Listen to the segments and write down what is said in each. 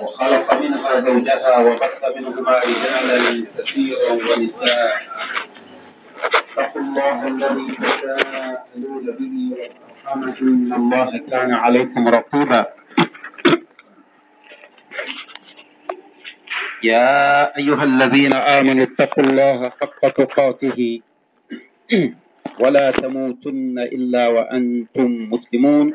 وخلق منها زوجها وبث منهما رجالا كثيرا ونساء اتقوا الله الذي تساءلون به والارحام ان الله كان عليكم رقيبا يا ايها الذين امنوا اتقوا الله حق تقاته ولا تموتن الا وانتم مسلمون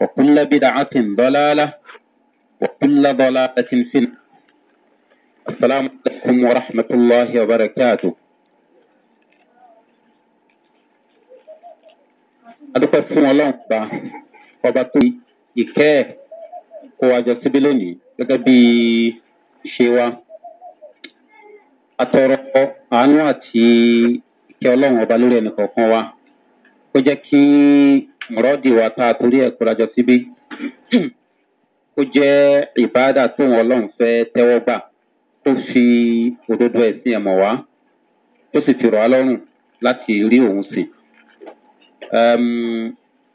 وكل بدعة ضلالة وكل ضلالة في السلام عليكم ورحمة الله وبركاته adúpẹ́ fún ọlọ́run pa ọba tó ìkẹ́ ẹ̀ kó wa jọ síbí lónìí gẹ́gẹ́ bí ṣe wa atọrọ àánú àti ìkẹ́ ọlọ́run ọba lórí ẹnì wa kó jẹ́ kí mọ̀rọ́dì wa tá a torí ẹ̀ kórajọ síbí kó jẹ́ ìbáàdà tó wọn ọlọ́run fẹ́ tẹ́wọ́ gbà tó fi òdodo ẹ̀sìn ẹ̀ mọ̀ wá tó sì fi rọ̀ á lọ́rùn láti rí òun sìn.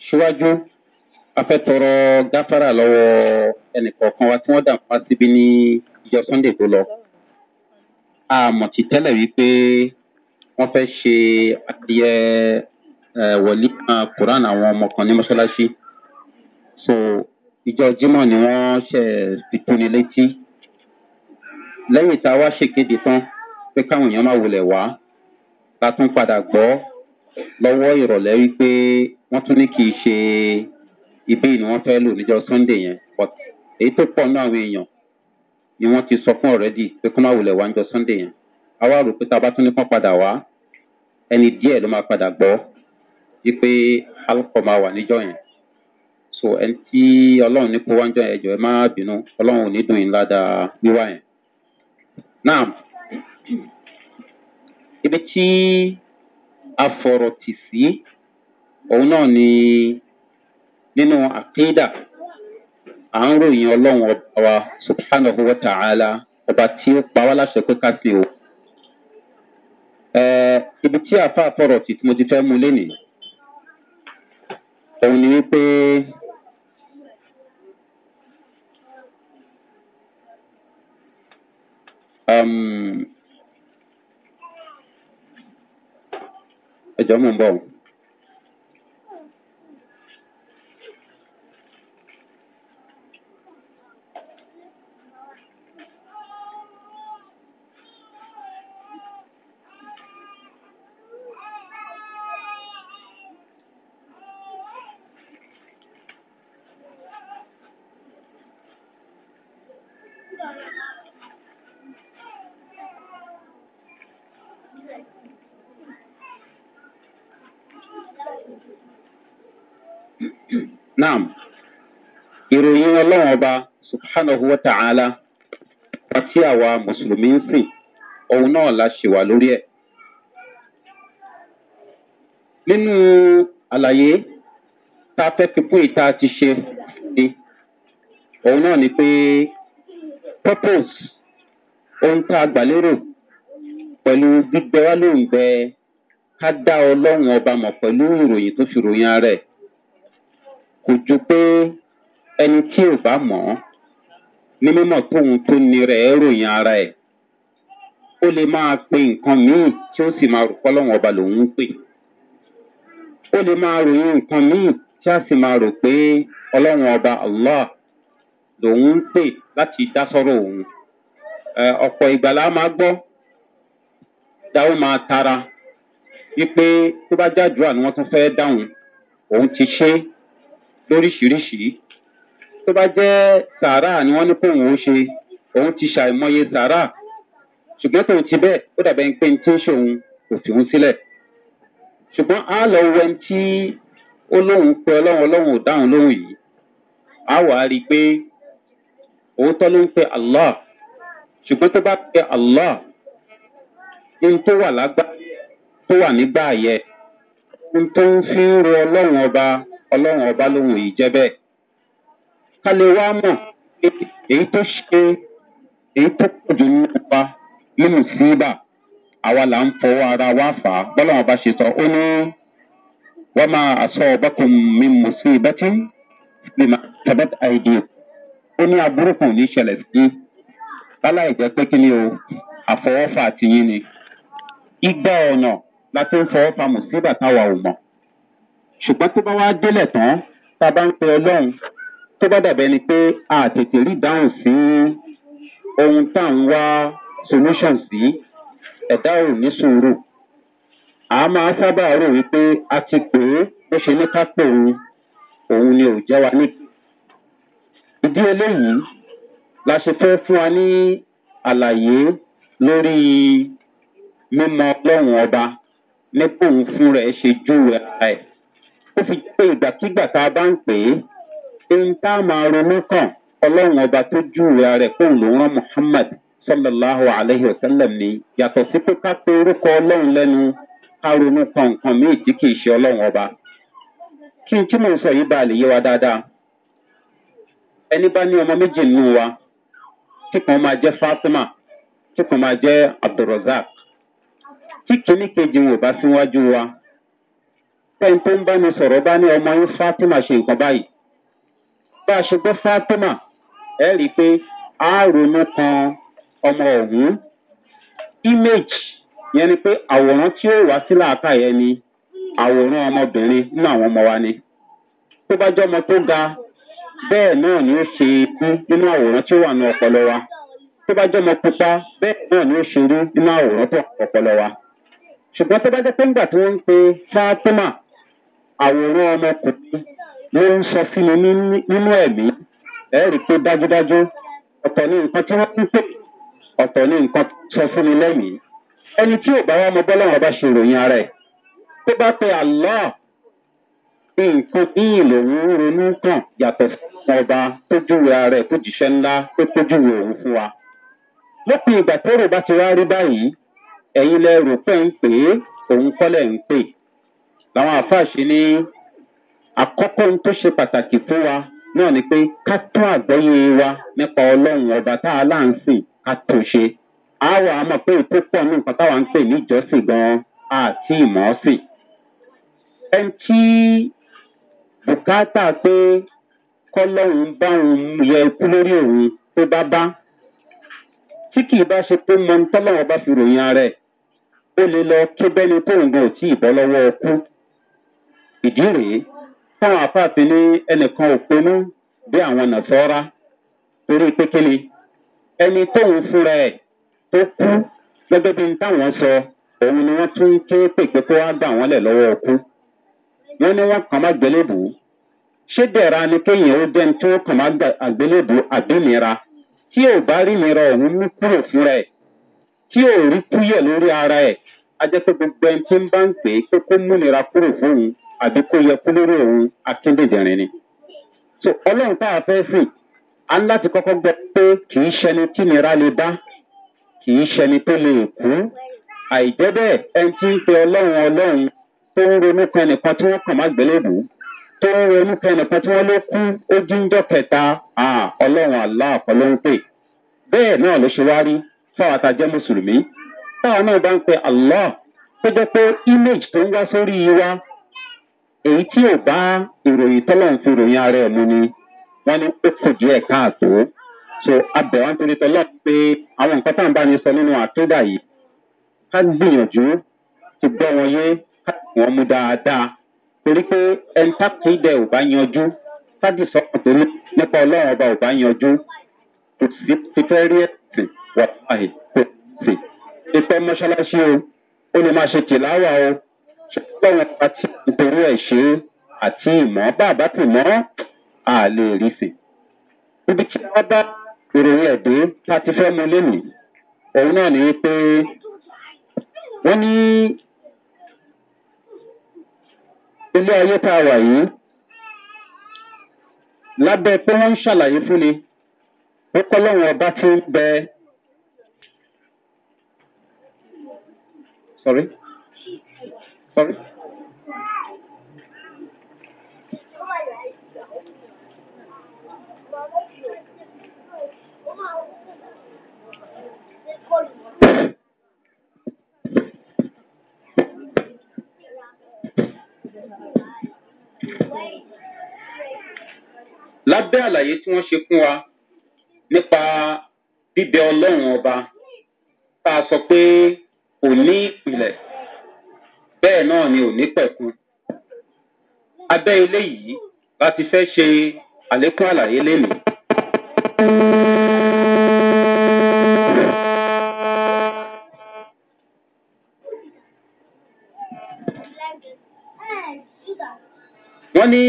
síwájú a fẹ́ tọrọ gáfárà lọ́wọ́ ẹnìkọ̀ọ̀kan wa tí wọ́n dà fún wa síbí ní ìjọ sunday tó lọ. a ti tẹ́lẹ̀ wípé wọ́n fẹ́ ṣe adìyẹ wọ̀límà quran àwọn ọmọ kan ní mọ́ṣáláṣí so ìjọ jimoh ni wọ́n ṣe fi tóni létí lẹ́yìn tá a wá ṣèkéde tán pé káwọn èèyàn máa wulẹ̀ wá la tún padà gbọ́ lọ́wọ́ ìrọ̀lẹ́ wípé wọ́n tún ní kì í ṣe ibí ni wọ́n fẹ́ lò níjọ sunday yẹn but èyí tó pọ̀ náà àwọn èèyàn ni wọ́n ti sọ fún ọ̀rẹ́dì pé kó má wulẹ̀ wá níjọ sunday yẹn a wá rò pé tá a bá tún ní kán padà wá ẹni díẹ̀ ló máa padà gbọ́ wípé alukọ máa wà níjọ so ẹni tí ọlọ́run ní kó wá ń jọ yẹn ẹ má bínú ọlọ́run ò ní dùn yín náà ibi tí a fọ̀rọ̀ tì sí òun náà ni nínú àkéèdà à ń ròyìn ọlọ́run ọba wa ta'ala ọba tí ó pa wá láṣẹ pé o. ibi tí a fà fọ̀rọ̀ tì tí mo òun ni wípé um, ẹjọ́ mò ń bọ̀ ọ́. naam ìròyìn ọlọ́run ọba subhanahu wa ta'ala pàtí àwa mùsùlùmí ń sìn òun náà la ṣe wà lórí ẹ̀. nínú àlàyé tá a fẹ́ fi ìta ti ṣe ni òun náà ni pé purpose ohun tá a gbà lérò pẹ̀lú gbígbẹ́ wá lóun ká pẹ̀lú ìròyìn tó fi kò ju pé ẹni tí ò bá mọ̀ ọ́ ní mímọ̀ tóun ni rẹ̀ ara ẹ̀ ó lè máa pe nǹkan míì tí ó sì máa rò ọba lòun ń pè ó lè máa ròyìn nǹkan míì tí a sì máa rò pé ọba allah lòun ń pè láti dá sọ́rọ̀ òun ọ̀pọ̀ ìgbà la máa gbọ́ dáwọ́ tara wípé tó bá jáde àná wọ́n tún fẹ́ dáhùn òun ti ṣe é. lóríṣiríṣi tó bá jẹ́ sàárà ni wọ́n ní kó òun ó ṣe òun ti ṣàìmọye sàárà ṣùgbọ́n tòun ti bẹ́ẹ̀ ó dàbẹ̀ ń pé ní tí ń ṣòun kò fi òun sílẹ̀ ṣùgbọ́n á lọ wẹ ní tí ó lóun pé ọlọ́run ọlọ́run ò dáhùn lóhùn yìí á wà á rí i pé òótọ́ ló ń pe allah ṣùgbọ́n tó bá pe allah ohun tó wà lágbá tó wà nígbà yẹ ohun tó ń fi ń ro ọlọ́run ọba ọlọ́run ọba lòun yìí jẹ́ bẹ́ẹ̀. ká lè wá mọ̀ èyí tó ṣe èyí tó pọ̀ jù nínú wa nínú síbà àwa là ń fọwọ́ ara wa fà á bọ́lọ́run ọba ṣe sọ ó ní wọ́n máa àṣọ ọbẹ̀kùn mi mú sí ibẹ́tí lè máa tẹ̀bẹ́tì àìdí ó ní aburú ní ìṣẹ̀lẹ̀ sí láláì jẹ́ pé kí ni o àfọwọ́fà àtìyín ni igba ọ̀nà la ti ń fọwọ́ pa mùsíbà táwa ò mọ̀. ṣùgbọ́n tó bá wá délẹ̀ tán tá a bá ń pe ọlọ́run tó bá dàbẹ́ ni pé a tètè rí ìdáhùn sí ohun tá à ń wá solution sí ẹ̀dá ò ní sùúrù a máa sábà rò wípé a ti pè é bó ṣe ní ká pè òun òun ni ò jẹ́ wa ní. ìdí eléyìí la ṣe fẹ́ fún wa ní àlàyé lórí mímọ ọlọ́run ọba nípò òun fún rẹ̀ ṣe júwe ara ẹ̀. ó fi pé ìgbàkigbà tá a bá ń pè é ohun tá a máa kàn ọlọ́run ọba tó muhammad sallallahu alayhi wa sallam ni yàtọ̀ sí pé ká pé orúkọ ọlọ́run lẹ́nu ká ronú kan nǹkan míì tí kì í ṣe n tí mò ń sọ yìí bá wa dáadáa ẹni bá ní ọmọ méjì nínú wa tí kan máa fatima tí kan máa abdulrozak tí kìíní kejì wò wa. tẹ́ni tó ń bá mi sọ̀rọ̀ bá ní ọmọ yín fatima ṣe nǹkan báyìí bá a ṣe gbọ́ fatima ẹ rí i pé a ronú kan ọmọ ọ̀hún image yẹn ni pé àwòrán tí ó wá sí làákà yẹn ni àwòrán ọmọbìnrin ní àwọn ọmọ wa ni tó bá jẹ́ ọmọ tó ga bẹ́ẹ̀ náà ni ọpọlọ wa tó pupa bẹ́ẹ̀ náà ni ó ṣe rú nínú ọpọlọ wa ṣùgbọ́n tó bá jẹ́ pé ńgbà fatima àwòrán ọmọkùnrin ló ń sọ fún mi nínú ẹ̀mí ẹ rí i pé dájúdájú ọ̀tọ̀ ni nǹkan tí wọ́n ń pè ọ̀tọ̀ ni nǹkan sọ fún mi lẹ́mìí ẹni tí ò bá wá mọ bọ́lọ́wọ́ bá ṣe ròyìn ara ẹ̀ tó bá pe àlọ́ nǹkan bíyìn lòun ń ronú kàn yàtọ̀ fún ọba tó júwe ara ẹ̀ tó jíṣẹ́ ńlá tó tó júwe òun fún wa lópin ìgbà tó rò bá ti wá rí báyìí ẹ̀yin lẹ rò pé ń pè é òun kọ́ ń pè é làwọn àáfàá ní àkọ́kọ́ ohun tó ṣe pàtàkì fún wa náà ni pé ká tó àgbọ́yé wa nípa ọlọ́run ọba tá a láǹsìn ká tó ṣe àwọ̀ àmọ̀ pé ètò pọ̀ ní nǹkan táwa ń pè ní ìjọsìn gan-an àti ìmọ̀ọ́sìn. ẹni tí bùkátà pé kọ́lọ́run bá òun yẹ ikú lórí òun tó bá bá tí kì í bá ṣe pé mọ tọ́lọ́wọ́ fi ròyìn ara ẹ̀ ó lè lọ kébẹ́ni tóun gan ò tí ì lọ́wọ́ ọkú. ìdí rèé táwọn afáàfin ní ẹnìkan ò bí àwọn nàṣọ́ra torí pékele ẹni tóun fúnra ẹ tó kú gẹ́gẹ́ bí táwọn sọ òun ni wọ́n tún ké pèpè kó wá gbà wọ́n lẹ̀ lọ́wọ́ ọkú wọ́n ní wọ́n kàn má ṣé dẹ̀ra ni kéèyàn ó tó kàn má tí ò bá rí òun mú kúrò fúnra tí ò rí àbí kó yẹ kó lórí òun akíndèjẹrin ni. so ọlọ́run tá a fẹ́ sìn á ń láti kọ́kọ́ gbọ́ pé kì í ṣẹni tí nira lè bá kì í ṣẹni tó lè kú àìjẹ́ bẹ́ẹ̀ ẹni tí ń pe ọlọ́run ọlọ́run tó ń ronú kan nìkan tí wọ́n kàn má gbélébù tó ń ronú kan nìkan tí wọ́n ló kú ó jíjọ́ kẹta ọlọ́run àlá ọ̀pọ̀lọ́ pè bẹ́ẹ̀ náà ló ṣe wá rí fáwọn àtàjẹ́ mùsùlùmí táwọn náà bá ń pe allah tó jẹ́ pé image tó ń wá sórí wa èyí tí ò bá ìròyìn tọ́lọ̀ ń fi ròyìn ara ẹ̀ mu ni wọ́n ní ó kù díẹ̀ káàtó so abẹ̀ wọn torí tọ́lọ̀ pé àwọn nǹkan tá à ń bá ní sọ nínú àtúndà yìí ká gbìyànjú ti gbọ́ wọn yé ká wọ́n mú dáadáa torí pé ẹni tá ò bá yanjú sáàdì sọ́kàn nípa ọlọ́run ọba ò bá yanjú kò sí ti wà láàyè kò sí ti fẹ́ o ó lè máa ṣe tìláwà o ṣùgbọ́n wọn bá tí nítorí ẹ̀ àti ìmọ̀ bá a bá ti mọ́ a lè rí sí. ibi tí wọ́n bá ìròyìn ẹ̀dẹ́ tá a ti fẹ́ mu lénìí òun náà ní pé wọ́n ní ilé ayé tá a wà yìí lábẹ́ pé wọ́n ń ṣàlàyé fún ni wọ́n kọ́ lọ́wọ́ ọba tí ń bẹ. Sorry. Sorry. lábẹ́ àlàyé tí wọ́n ṣe fún wa nípa bíbẹ ọlọ́run ọba tá a sọ pé kò ní ìpìlẹ̀ bẹ́ẹ̀ náà ni ò ní pẹ̀kun. abẹ́ ilé yìí la ti fẹ́ ṣe àlékún àlàyé lénìí. wọ́n ní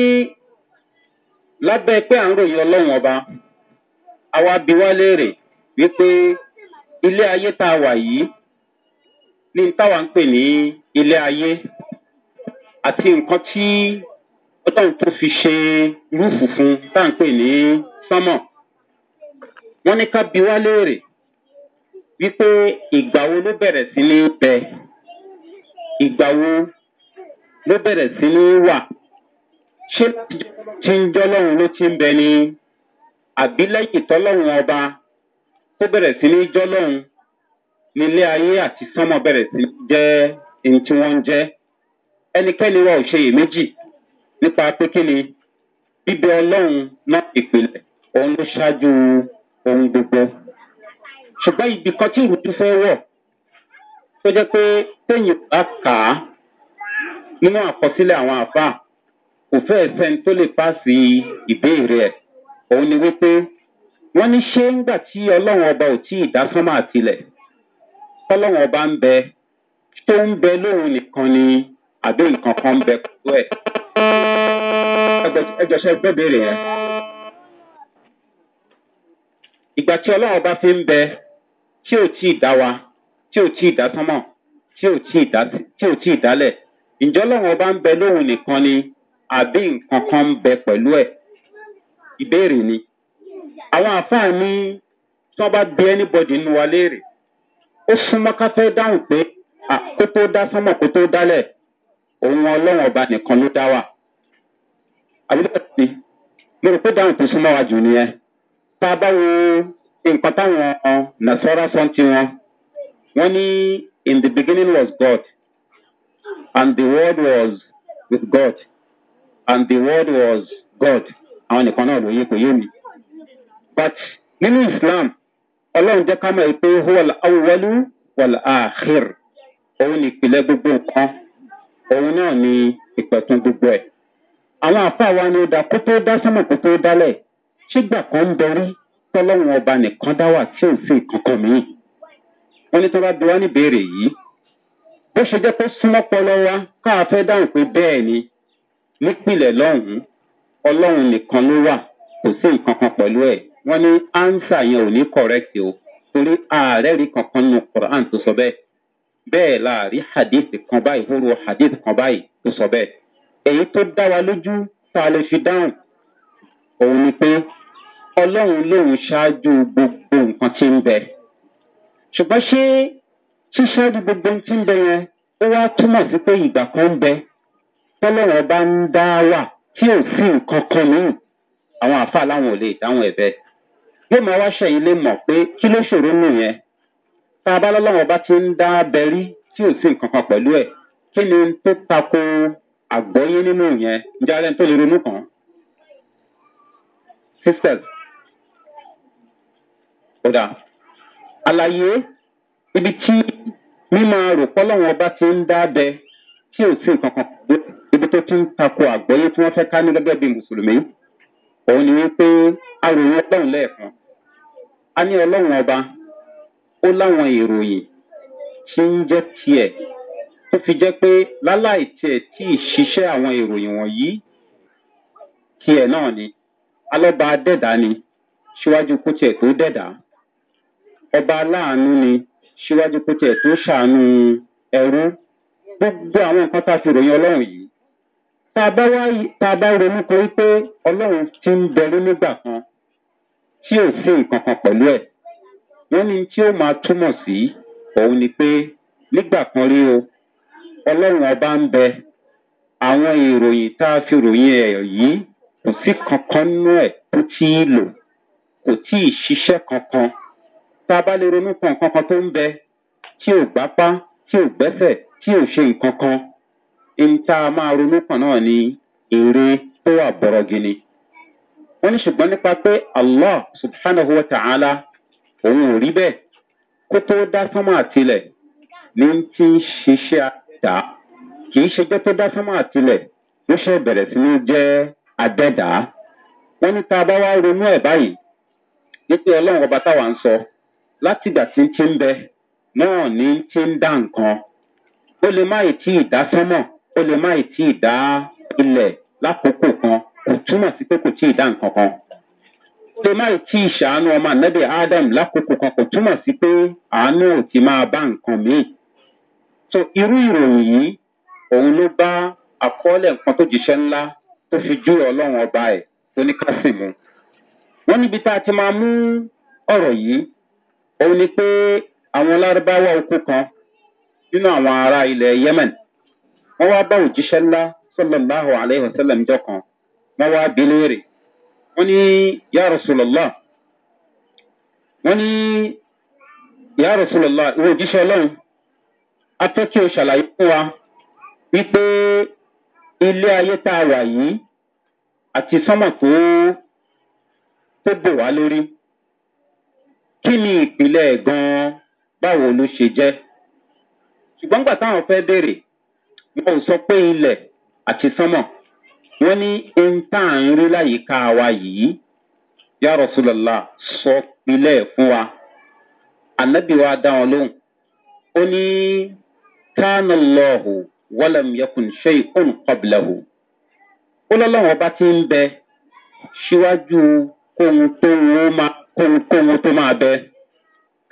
lábẹ́ pé à ń ròyìn ọlọ́run ọba àwa bí wá léèrè wípé ilé ayé tá a wà yìí ní táwa ń pè ní ilé ayé àti nǹkan tí ọlọ́run tó fi ṣe rúùfù fún tá à ń pè ní sánmọ̀ wọ́n ní ká bi wá léèrè wípé ìgbà wo ló bẹ̀rẹ̀ sí ní bẹ ìgbà wo ló bẹ̀rẹ̀ sí ní wà ṣé ti ń jọ́lọ́run ló ti ń bẹ ni àbí lẹ́yìn ọba tó bẹ̀rẹ̀ sí ní jọ́lọ́run nílé ayé àti sánmọ bẹrẹ sí jẹ ẹni tí wọn ń jẹ ẹnikẹni wa ò ṣe iyèméjì nípa pé kí ni bíbẹ ọlọrun náà ìpìlẹ òun ló ṣáájú ohun gbogbo ṣùgbọn ibi kan tí ìrújú fẹ wọ tó jẹ pé téèyàn bá kà á nínú àkọsílẹ àwọn àfa kò fẹẹ sẹni tó lè pàṣẹ ìbéèrè ẹ òun ni wípé wọn ní ṣé ńgbà tí ọlọrun ọba ò tí ì dá sánmọ àtìlẹ tọ́lọ́wọ̀n ọba ń bẹ tó ń bẹ lóhun nìkan ni àbí nǹkan kan ń bẹ pẹ̀lú ẹ̀. ẹ jọ̀ṣẹ́ gbé béèrè yẹn. ìgbà tí ọlọ́run ọba fi ń bẹ tí ò tí ì dá wa tí ò tí ì dá sánmọ̀ tí ò tí ì dálẹ̀ ǹjọ́ ọlọ́run ọba ń bẹ lóhun nìkan ni àbí nǹkan kan ń bẹ pẹ̀lú ẹ̀. ìbéèrè ni àwọn àfáà ní tí wọ́n bá gbé anybody nínú wa léèrè ó súnmọ́ ká tó dáhùn pé kó tó dá sánmọ̀ kó tó dálẹ̀ òun ọlọ́run ọba nìkan ló dá wà. àbúrò mi mo rò pé dáhùn tó súnmọ́ wa jù nìyẹn tá a bá wo nǹkan táwọn nasara sọ ti wọn wọn ní in the beginning was god and the Word was with god and the Word was god àwọn nìkan náà ló yẹ kó yé mi but nínú islam ọlọ́run jẹ́ ká mọ̀ pé wọ́n awọ́lú wọ́n àhír òun ni ìpìlẹ̀ gbogbo nǹkan òun náà ni ìpẹ̀tún gbogbo ẹ̀. àwọn àfáà wa ni ó da kó tó dá sọ́mọ̀ kó tó dálẹ̀ ṣígbà kan ń bẹ̀rí tọ́lọ́run ọba nìkan dá wà tí ò sí kankan míì. wọ́n ní tí wọ́n bá bí wá níbèrè yìí bó ṣe jẹ́ pé súnmọ́ pọlọ wa káà fẹ́ dáhùn pé bẹ́ẹ̀ ni nípìnlẹ̀ lọ́hùn-ún ọlọ́run nìkan ló wà kò sí nǹkan kan pẹ̀lú ẹ̀ wọn ní ánsà yẹn ò ní correct o torí ààrẹ rí kankan nínú quran tó sọ bẹ́ẹ̀ bẹ́ẹ̀ láàrí hadith kan báyìí horo hadith kan báyìí tó sọ bẹ́ẹ̀ èyí tó dá wa lójú tá a lè fi dáhùn òun ni pé ọlọ́run lòun ṣáájú gbogbo nǹkan tí ń bẹ ṣùgbọ́n ṣé ṣíṣáájú gbogbo tí ń bẹ yẹn ó wá túmọ̀ sí pé ìgbà kan ń bẹ tọ́lọ́run ọba ń dá wà tí ò sí nǹkan kan mìíràn àwọn àfa làwọn ò lè dáhùn ẹ̀ bẹ́ẹ̀ yóò máa wá ṣẹ̀yìn lè mọ̀ pé kí ló ṣòro nù yẹn tá a bá lọ́lọ́wọ́ bá ti ń dá abẹ́rí tí ò sí nǹkan kan pẹ̀lú ẹ̀ kí ni tó tako àgbọ́yé nínú yẹn ǹjẹ́ alẹ́ tó lè ronú kàn sisters kódà àlàyé ibi tí mímọ rò pọ́lọ́wọ́n bá ti ń dá abẹ tí ò sí nǹkan kan pẹ̀lú ibi tó ti ń tako àgbọ́yé tí wọ́n fẹ́ ká ní gẹ́gẹ́ bí mùsùlùmí òun ni wípé aròyìn ọlọ́run lẹ́ẹ̀kan a ní ọlọ́run ọba ó láwọn ìròyìn tí ń jẹ́ tiẹ̀ tó fi jẹ́ pé láláì tiẹ̀ tí ì ṣiṣẹ́ àwọn ìròyìn wọ̀nyí tiẹ̀ náà ni alọ́ba dẹ̀dá ni síwájú kó tiẹ̀ tó dẹ̀dá ọba aláàánú ni síwájú kó tiẹ̀ tó ṣàánú ẹrú gbogbo àwọn nǹkan tá a fi ròyìn ọlọ́run yìí tá a bá ronú kó ọlọ́run ti ń bẹ̀rù nígbà kan tí ò se nǹkan kan pẹ̀lú ẹ̀. wọ́n ní tí ó máa túmọ̀ sí òun ni pé nígbà kan rí o ọlọ́run ọba ń bẹ àwọn ìròyìn tá a fi ròyìn ẹ̀ yìí kò sí kankan nínú ẹ̀ tó ti ì lò kò tí ì ṣiṣẹ́ kankan tá a bá lè ronú kan kankan tó ń bẹ tí ò gbápá tí ò gbẹ́sẹ̀ tí ò ṣe nǹkan kan ní tá a máa ronú kan náà ni èrè tó wà gini wọ́n ní ṣùgbọ́n nípa pé allah subhanahu wa ta'ala òun ò rí bẹ́ẹ̀ kó tó dá sánmọ́ àtilẹ̀ ní ti ń ṣiṣẹ́ àdá kì í ṣe jẹ́ tó dá sánmọ́ àtilẹ̀ ló ṣe bẹ̀rẹ̀ sí ní jẹ́ adẹ́dá wọ́n ní tá a bá wá ronú ẹ̀ báyìí nítorí ọlọ́run ọba táwa ń sọ látìgbà tí ń ti ń bẹ náà ní ti ń dá nǹkan ó lè má ì tí ì dá sánmọ̀ ó lè má ì tí ì dá ilẹ̀ lákòókò kan kò túmọ̀ sí pé kò tíì dá nǹkan kan. ṣé máa tí ì ṣàánú ọmọ ànábì adam lákòókò kan kò túmọ̀ sí pé àánú ò ti máa bá nǹkan míì. so irú ìròyìn yìí òun ló bá àkọọ́lẹ̀ nǹkan tó jíṣẹ́ ńlá tó fi jú ọlọ́run ọba ẹ̀ tó ní kásì mu. wọ́n níbi tá a ti máa mú ọ̀rọ̀ yìí òun ni pé àwọn lárúbáwá oko kan nínú àwọn ará ilẹ̀ yemen wọ́n wá bá òjíṣẹ́ ńlá sọ́lọ́láhùn àlẹ́ ìhọ̀sẹ́lẹ̀ ńjọ́ kan wọ́n wá bí lóore wọ́n ní yàrá sùlọ́lá wọ́n ní yàrá sùlọ́lá ìwé ọlọ́run o ṣàlàyé fún wa wípé ilé ayé tá a tó lórí kí ni ìpìlẹ̀ gan-an báwo ló ṣe jẹ́ ṣùgbọ́n gbà táwọn fẹ́ wọn ò sọ pé ilẹ̀ àti wọ́n ní n tá à ń rí láyìíká wa yìí yá rọ̀ṣùlọ́lá sọ pilẹ̀ fún wa ànábì wa dá wọn lóhùn ó ní kánà lọ́hù wọ́lẹ̀m yẹkùn ṣe ìkún kọ́bìlẹ̀hù ó lọ́lọ́wọ́n bá ti ń bẹ síwájú kóhun tó máa bẹ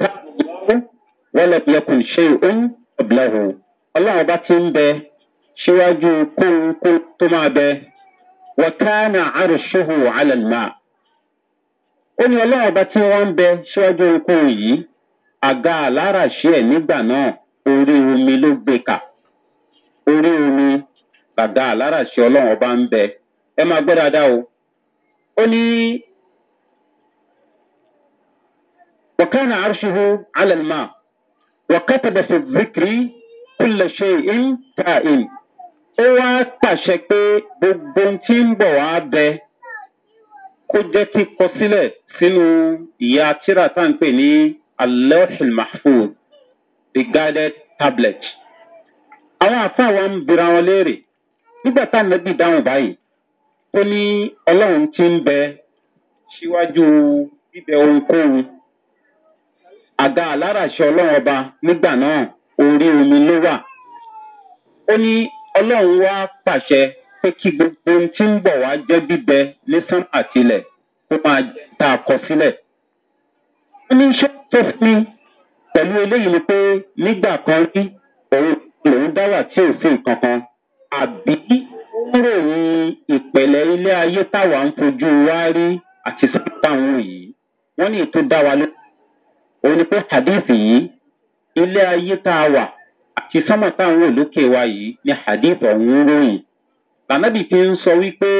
kánà lọ́hù ṣe ìkún kọ́bìlẹ̀hù ọlọ́wọ́n bá ti ń bẹ síwájú kóhun tó máa bẹ. wata ana-arushi hu wa alalma ouni ala'aba ti wonbe shi oju nkuwu yi a ga al'ara shi eni gbana oriunmi lokbeka oriunmi a ga al'ara shi alon obanbe ema gbada o uni wata ana-arushi hu alalma wakata da su vikiri kulle she in ta in ó wá pàṣẹ pé gbogbo ohun tí ń bọ̀ wá bẹ kó jẹ́ kíkọ sílẹ̀ sínú ìyá tíra tá à ń pè ní alẹ́hìn mahfoud the guided tablet. àwọn àfáà wa ń bira wọn léèrè nígbà tá ànábì dáhùn báyìí ó ní ọlọ́run ti ń bẹ síwájú bíbẹ ohunkóhun àga àláràṣẹ ọlọ́run ọba nígbà náà orí omi ló wà ó ní ọlọ́run wá pàṣẹ pé kí gbogbo ohun tí ń bọ̀ wá jẹ́ bíbẹ lẹ́sán àtilẹ̀ kó máa ta àkọsílẹ̀. ó ní iṣẹ́ tó fún mi pẹ̀lú eléyìí ni pé nígbà kan rí òun lòún dáwà tí ò sí nǹkan kan àbí ń ròyìn ìpẹ̀lẹ̀ ilé ayé táwa ń fojú wá rí àti sábàwọn yìí wọ́n ní ètò dá wa lórí òun ni pé hadith yìí ilé ayé tá a wà kìsámà tá à ń wò lókè wa yìí ni hadith ọ̀hún ń ròyìn lànàbì fi ń sọ wípé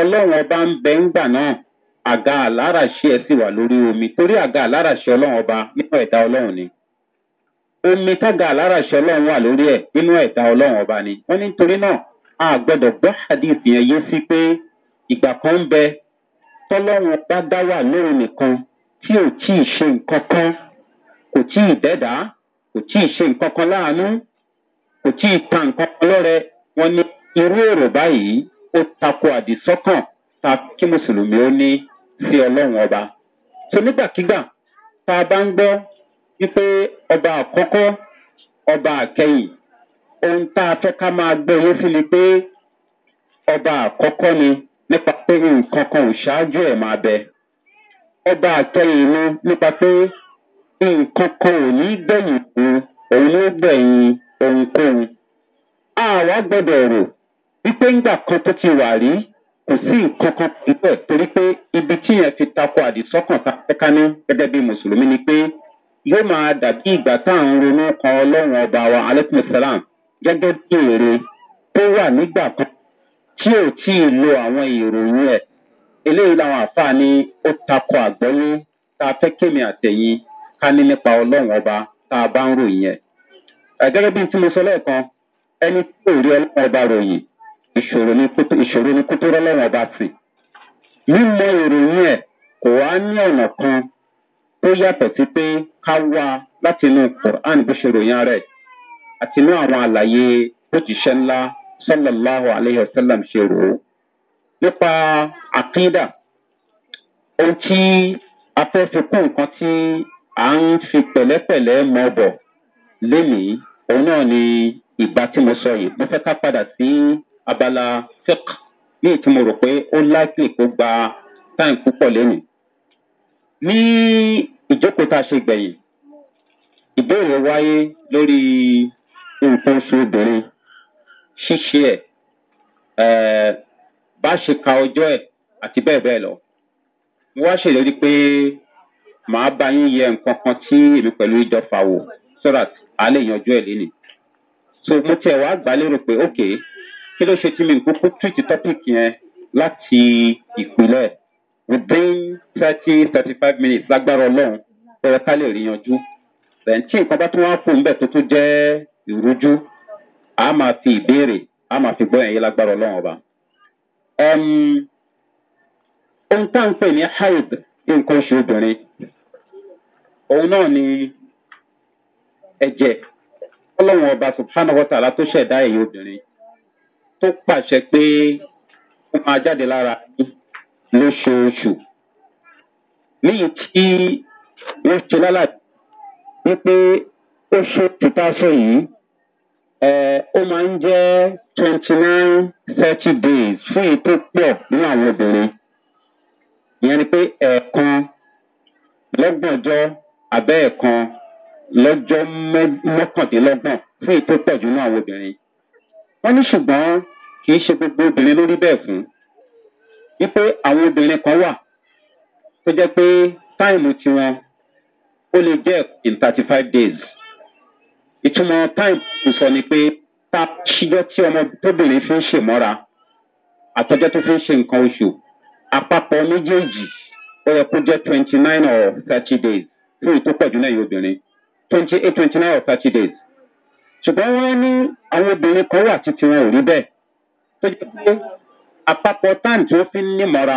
ọlọ́run ọba ń bẹ ńgbà náà àga àláràṣẹ ẹ sì wà lórí omi torí àga àláràṣẹ ọlọ́run ọba nínú ẹ̀dá ọlọ́run ni omi tága àláràṣẹ ọlọ́run wà lórí ẹ̀ nínú ẹ̀dá ọlọ́run ọba ni wọ́n ní nítorí náà a gbọ́dọ̀ gbọ́ hadith yẹn yé sí pé ìgbà kan ń bẹ tọ́lọ́run ọba dá wà lóhun nìkan tí ò tí ṣe nǹkan kan kò tí ì dẹ́dàá kò tí ì ṣe nǹkan kan láàánú kò tí ì ta nǹkan kan lọ́rẹ wọn ni irú èrò báyìí ó tako àdìsọ́kàn ta kí mùsùlùmí ó ní sí ọlọ́run ọba. so nígbàkigbà tá a bá ń gbọ́ wípé ọba àkọ́kọ́ ọba àkẹyìn ohun tá a fẹ́ ká máa gbọ́ yé sí ni pé ọba àkọ́kọ́ ni nípa pé nǹkan kan ò ṣáájú ẹ̀ máa bẹ ọba àkẹyìn ni nípa pé. nkankan kan ò ní gbẹ̀yìn fún òun ló gbẹ̀yìn ohunkóhun. àwa gbọ́dọ̀ rò wípé ńgbà kan tó ti wà rí kò sí nkankan kan níbẹ̀ torí pé ibi tí yẹn fi tako àdìsọ́kàn kákákání gẹ́gẹ́ bí mùsùlùmí ni pé yóò máa dàbí ìgbà tá à ń ronú kan ọlọ́run ọba wa aleykum salam gẹ́gẹ́ bí èrè tó wà nígbà kan tí ò tí ì lo àwọn ìròyìn ẹ̀ eléyìí làwọn àfáà ni ó tako àgbọ́yé tá a fẹ́ kémi àtẹ̀yìn ká ní nípa ọlọ́run ọba tá a bá ń ròyìn ẹ̀. gẹ́gẹ́ bí tí mo sọ lẹ́ẹ̀kan ẹni tí kò rí ọlọ́run ọba ròyìn ìṣòro ni kó tó ọba sí. mímọ ìròyìn ẹ̀ kò wá ní ọ̀nà kan tó yàtọ̀ sí pé ká wá láti inú quran bó ṣe ròyìn ara ẹ̀ àti inú àwọn àlàyé bó ti ṣe ńlá sallallahu alayhi wa sallam ṣe rò ó. nípa àkídà ohun tí a fẹ́ fi kún nǹkan tí à ń fi pẹ̀lẹ́pẹ̀lẹ́ mọ bọ̀ lénìí òun náà ni ìgbà tí mo sọ yìí mo fẹ́ ká padà sí abala fik ní ìtumọ̀ rò pé ó láìpẹ́ kó gba táìm púpọ̀ lénìí. ní ìjókòó tá a ṣe gbẹ̀yìn ìbéèrè wáyé lórí nǹkan oṣù obìnrin ṣíṣe ẹ̀ eh, bá ṣe ka ọjọ́ ẹ̀ àti bẹ́ẹ̀ bẹ́ẹ̀ lọ. mo wá ṣèlérí pé màá bá yín yẹ nǹkan kan tí èmi pẹ̀lú ìjọ fà wò so that a lè yanjú ẹ̀ lénìí. so mo tiẹ̀ wá gbà lérò pé ok kí ló ṣe tí mi kúkú túwìtì tọ́pìkì yẹn láti ìpínlẹ̀ within thirty thirty five minutes lágbára ọlọ́run pẹ̀lú ká lè rí yanjú. then tí nǹkan bá tún wá fún un bẹ́ẹ̀ tó tún jẹ́ ìrújú a máa fi ìbéèrè a máa fi gbọ́ ẹ̀yẹ lágbára ọlọ́run ọba. ohun tá ń pè ní hide nǹkan oṣù obìnrin òun náà ni ẹ̀jẹ̀ ọlọ́run ọba subhanahu wa ta'ala tó ṣẹ̀dá ẹ̀yìn obìnrin tó pàṣẹ pé ó máa jáde lára yín lóṣooṣù léyìí tí wọ́n ṣe lálàdé wípé ó ṣe tìtàṣọ yìí ó máa ń jẹ́ twenty nine thirty days fún èyí tó pọ̀ nínú àwọn obìnrin ìyẹn ni pé ẹ̀ẹ̀kan lọ́gbọ̀njọ́ abẹ́ẹ̀kan lọ́jọ́ mọ́kàndínlọ́gbọ̀n fún ètò pọ̀jù náà àwọn obìnrin. wọ́n ní ṣùgbọ́n kì í ṣe gbogbo obìnrin ló rí bẹ́ẹ̀ fún wípé àwọn obìnrin kan wà tó jẹ́ pé táìmù tiwọn ó lè jẹ́ in thirty five days. ìtumọ̀ táìmù sọ ni pé ta ṣíjọ́ tí ọmọ tóbìnrin fi ń ṣèmọ́ra àtọ́jọ́ tó fi ń ṣe nǹkan oṣù àpapọ̀ méjèèjì ó yẹ kó jẹ́ twenty nine or thirty days lórí tó náà yìí obìnrin twenty eight twenty nine or thirty days. ṣùgbọ́n wọ́n ní àwọn obìnrin kan wà títí wọn ò rí bẹ́ẹ̀ tó jẹ́ pé àpapọ̀ time tí wọ́n fi ń nímọ̀ra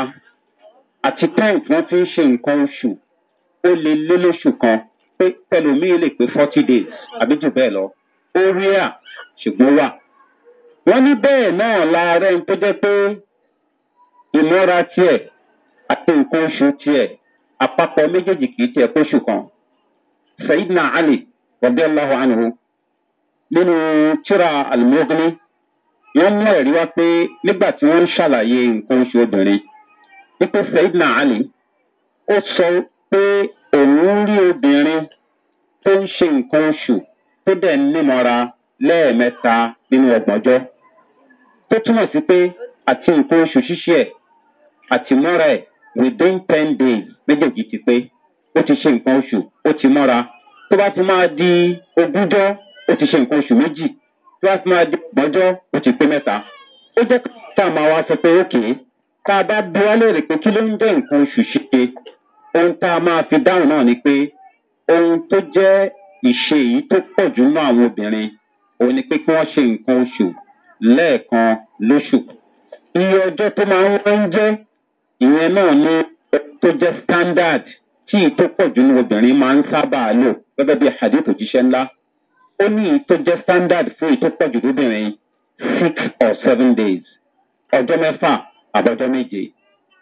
àti time tí wọ́n fi ń ṣe nǹkan oṣù ó lè lé lóṣù kan pé pẹlòmíì lè pé forty days àbí jù bẹ́ẹ̀ lọ ó rí à ṣùgbọ́n wà. wọ́n ní bẹ́ẹ̀ náà láàárẹ̀ tó jẹ́ pé ìmọ̀ra tiẹ̀ àti nǹkan oṣù tiẹ̀ àpapọ̀ méjèèjì kì í kóṣù kan sayidina ali rabi allahu anhu nínú tíra alimogini wọn mú pe wá pé nígbà tí wọ́n ń ṣàlàyé nǹkan oṣù obìnrin wípé sayidina ali ó sọ pé òun rí obìnrin tó ń ṣe nǹkan oṣù tó dẹ̀ ń nímọ̀ra lẹ́ẹ̀mẹta nínú ọgbọ̀njọ́ tó túmọ̀ sí pé àti nǹkan oṣù ṣíṣe ẹ̀ àti ẹ̀ within ten days méjèèjì ti pé ó ti ṣe nǹkan oṣù ó ti mọ́ra tó bá ti máa di ogúnjọ́ ó ti ṣe nǹkan oṣù méjì tó bá ti máa di ọgbọ́njọ́ ó ti pé mẹ́ta ó jẹ́ ká máa wá sọ pé ókè tá a bá bí wá lérè pé kí ló ń jẹ́ nǹkan oṣù ṣíṣe ohun tá a máa fi dáhùn náà ni pé ohun tó jẹ́ ìṣe èyí tó pọ̀ jù mọ́ àwọn obìnrin òun ni pé kí wọ́n ṣe nǹkan oṣù lẹ́ẹ̀kan lóṣù iye ọjọ́ tó máa ń wọ́n ń jẹ́ ìyẹn náà ní tó jẹ́ standard tí ì tó pọ̀ jù ní obìnrin máa ń sábà lò gẹ́gẹ́ bí hadith òjíṣẹ́ ńlá ó ní ì tó jẹ́ standard fún ì tó pọ̀ jù lóbìnrin six or seven days ọjọ́ mẹ́fà àbọ̀jọ́ méje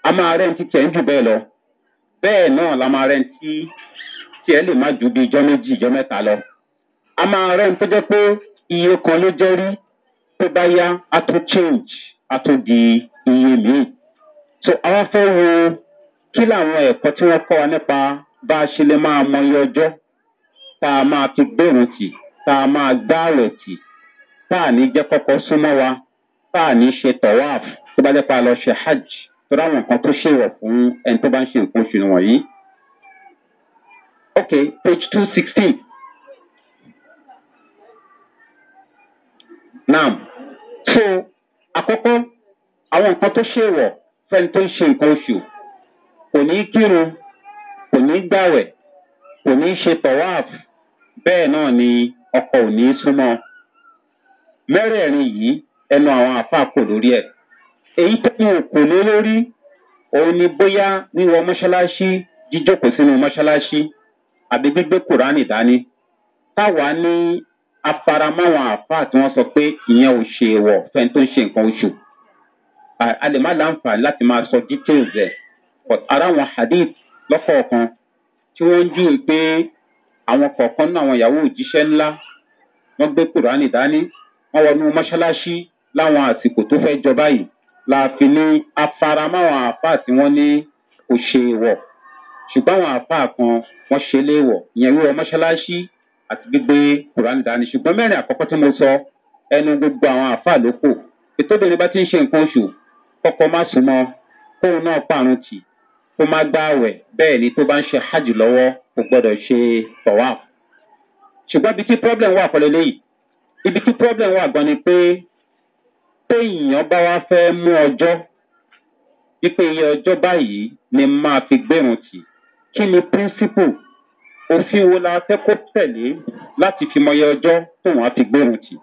a máa rẹ́ ti tiẹ̀ ń jù bẹ́ẹ̀ lọ bẹ́ẹ̀ náà la máa rẹ́ ti tiẹ̀ lè má ju bí ijọ́ méjì ijọ́ mẹ́ta lọ a máa rẹ́ tó jẹ́ pé iye kan ló jẹ́ rí tó bá yá a tó change a tó di iye míì so àwọn fẹ́ wo kí làwọn ẹ̀kọ́ tí wọ́n kọ́ wa nípa bá a ṣe lè máa mọ iye ọjọ́ tá a máa fi gbèrò tì tá a máa gbá rẹ̀ tì tá a ní jẹ́ kọ́kọ́ súnmọ́ wa tá a ní ṣe tọ̀wáàf tó bá lẹ́pa lọ ṣe hajj tó ráwọn nǹkan tó ṣèwọ̀ fún ẹni tó bá ń ṣe nǹkan oṣù wọ̀nyí. ok page two sixteen. naam so àkọ́kọ́ àwọn nǹkan tó ṣèwọ̀ fẹ́ni tó ń ṣe nǹkan oṣù kò ní kírun kò ní gbàwẹ̀ kò ní ṣe tọ̀wáàfù bẹ́ẹ̀ náà ni ọkọ ò ní súnmọ́ mẹ́rẹ̀ẹ̀rin yìí ẹnu àwọn àáfàá kò lórí ẹ̀ èyí tó ń kò lé lórí òun ni bóyá wíwọ mọ́ṣáláṣí jíjókòó sínú mọ́ṣáláṣí àbí gbígbé kùránì dání táwa ní afaramáwọn àáfàá tí wọ́n sọ pé ìyẹn ò ṣe èèwọ̀ fẹ́ni tó ń ṣe nǹkan oṣù a lè má láǹfààní láti máa sọ details ẹ̀ but ara àwọn hadith lọ́kọ̀ọ̀kan tí wọ́n ń júwe pé àwọn kọ̀ọ̀kan náà àwọn ìyàwó òjíṣẹ́ ńlá wọ́n gbé kùránì dání wọ́n wọnú mọ́ṣáláṣí láwọn àsìkò tó fẹ́ jọba yìí la fi ní afaramáwọn àáfàá tí wọ́n ní kò ṣe wọ̀ ṣùgbọ́n àwọn àáfàá kan wọ́n ṣe léèwọ̀ ìyẹn wíwọ mọ́ṣáláṣí àti gbígbé kùránì dání ṣùgbọ́n mẹ́rin àkọ́kọ́ tí mo sọ ẹnu gbogbo àwọn àáfàá ló kù ètò ìdòwìn bá ti ń ṣe nǹkan oṣù kọ́kọ́ má súnmọ́ kóun náà pààrùn tì kó má gbá àwẹ̀ bẹ́ẹ̀ ni tó bá ń ṣe hajj lọ́wọ́ kò gbọ́dọ̀ ṣe tọ̀wá. ṣùgbọ́n ibi tí problem wà kọ́lé léyìí ibi tí problem wà gan ni pé téèyàn bá wá fẹ́ mú ọjọ́ wípé iye ọjọ́ báyìí ni máa fi gbẹ̀rùn tì kí ni principle òfin wo la fẹ́ kó tẹ̀lé láti fi mọ iye ọjọ́ tó wọ́n á fi gbẹ̀rùn tì.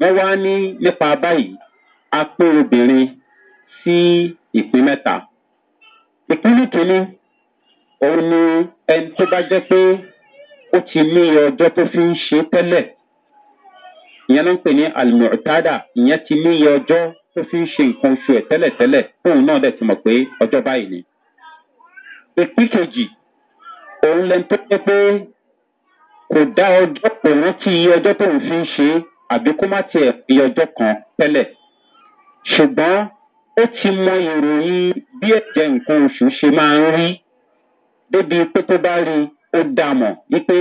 wọ́n wá ní nípa báyìí a pé obìnrin sí ìpín mẹ́ta. Ìpínlè kìíní, òun ni ẹni tó bá jẹ́ pé ó ti ní ọjọ́ tó fi ń ṣe tẹ́lẹ̀. Ìyẹn ló ń pè ní àlùmọ̀tádà. Ìyẹn ti ní ọjọ́ tó fi ń ṣe nǹkan oṣù ẹ̀ tẹ́lẹ̀tẹ́lẹ̀. Tóun náà dẹ̀ ti mọ̀ pé ọjọ́ báyìí ni. Ìpín kejì, òun lẹni tó jẹ́ pé kò dá ọjọ́ kò rántí ọjọ́ tóun fi ń ṣe àbí kó má tiẹ̀ fi ọjọ́ kan tẹ́lẹ̀. Ṣùgbọ́n ó ti mọ ìròyìn bí ẹ̀jẹ̀ nǹkan oṣù ṣe máa ń rí débi pé tó bá rí ó dà mọ̀ wípé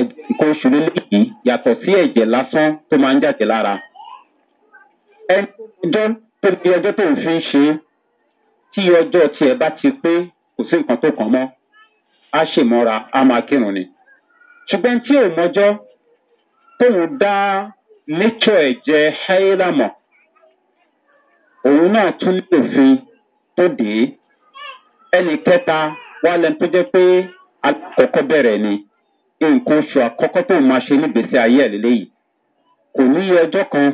nǹkan oṣù lélẹ́yìí yàtọ̀ sí ẹ̀jẹ̀ lásán tó máa ń jáde lára. ẹni ọjọ́ tó di ọjọ́ tó ń fi ń ṣe tí ọjọ́ tiẹ̀ bá ti pé kò sí nǹkan tó kàn mọ́ á ṣèmọ́ra á máa kírun ni. ṣùgbọ́n tí ò mọjọ́ tóun dá nature ẹ̀jẹ̀ hẹ́ẹ́rà mọ̀ òun náà tún ní òfin tó dé ẹnì kẹta wà lẹni tó jẹ pé alákọ̀ọ́kọ́ bẹ̀rẹ̀ ni nǹkan oṣù àkọ́kọ́ tó máa ṣe nígbèsè ayé ẹ̀ lélẹ́yìí kò ní iye ọjọ́ kan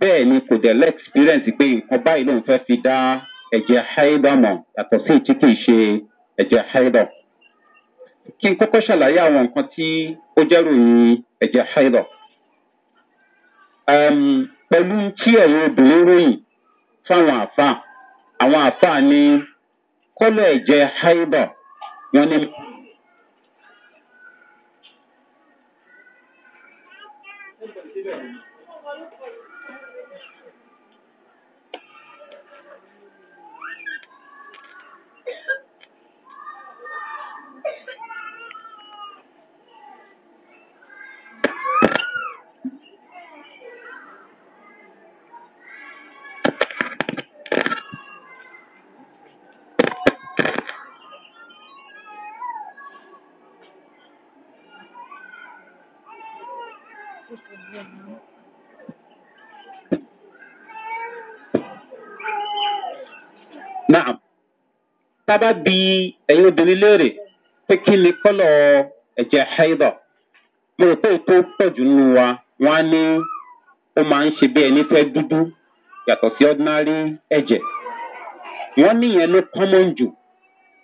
bẹ́ẹ̀ ni kò dẹ̀ lẹ́ẹ̀xpírẹ́ǹsì pé nǹkan báyìí lòun fẹ́ fi dá ẹ̀jẹ̀ haidọ̀ mọ̀ yàtọ̀ sí ìtí kìí ṣe ẹ̀jẹ̀ haidọ̀. kí n kọ́kọ́ ṣàlàyé àwọn nǹkan tí ó jẹ́ ròyìn ẹ̀jẹ̀ haidọ̀. pẹ̀lú tí ẹ̀yin obìnrin ròyìn fáwọn àfáà àwọn àfáà ni kọ́lọ̀ ẹ̀jẹ̀ haibọ̀ wọn ni tábà bí ẹ̀yin obìnrin léèrè pé kí ni kọ́lọ̀ ẹ̀jẹ̀ haidọ̀ mo rò pé wa wọ́n á ní ó máa ń ṣe bí ẹni fẹ́ dúdú yàtọ̀ sí ordinary ẹ̀jẹ̀ wọ́n níyẹn ló common jù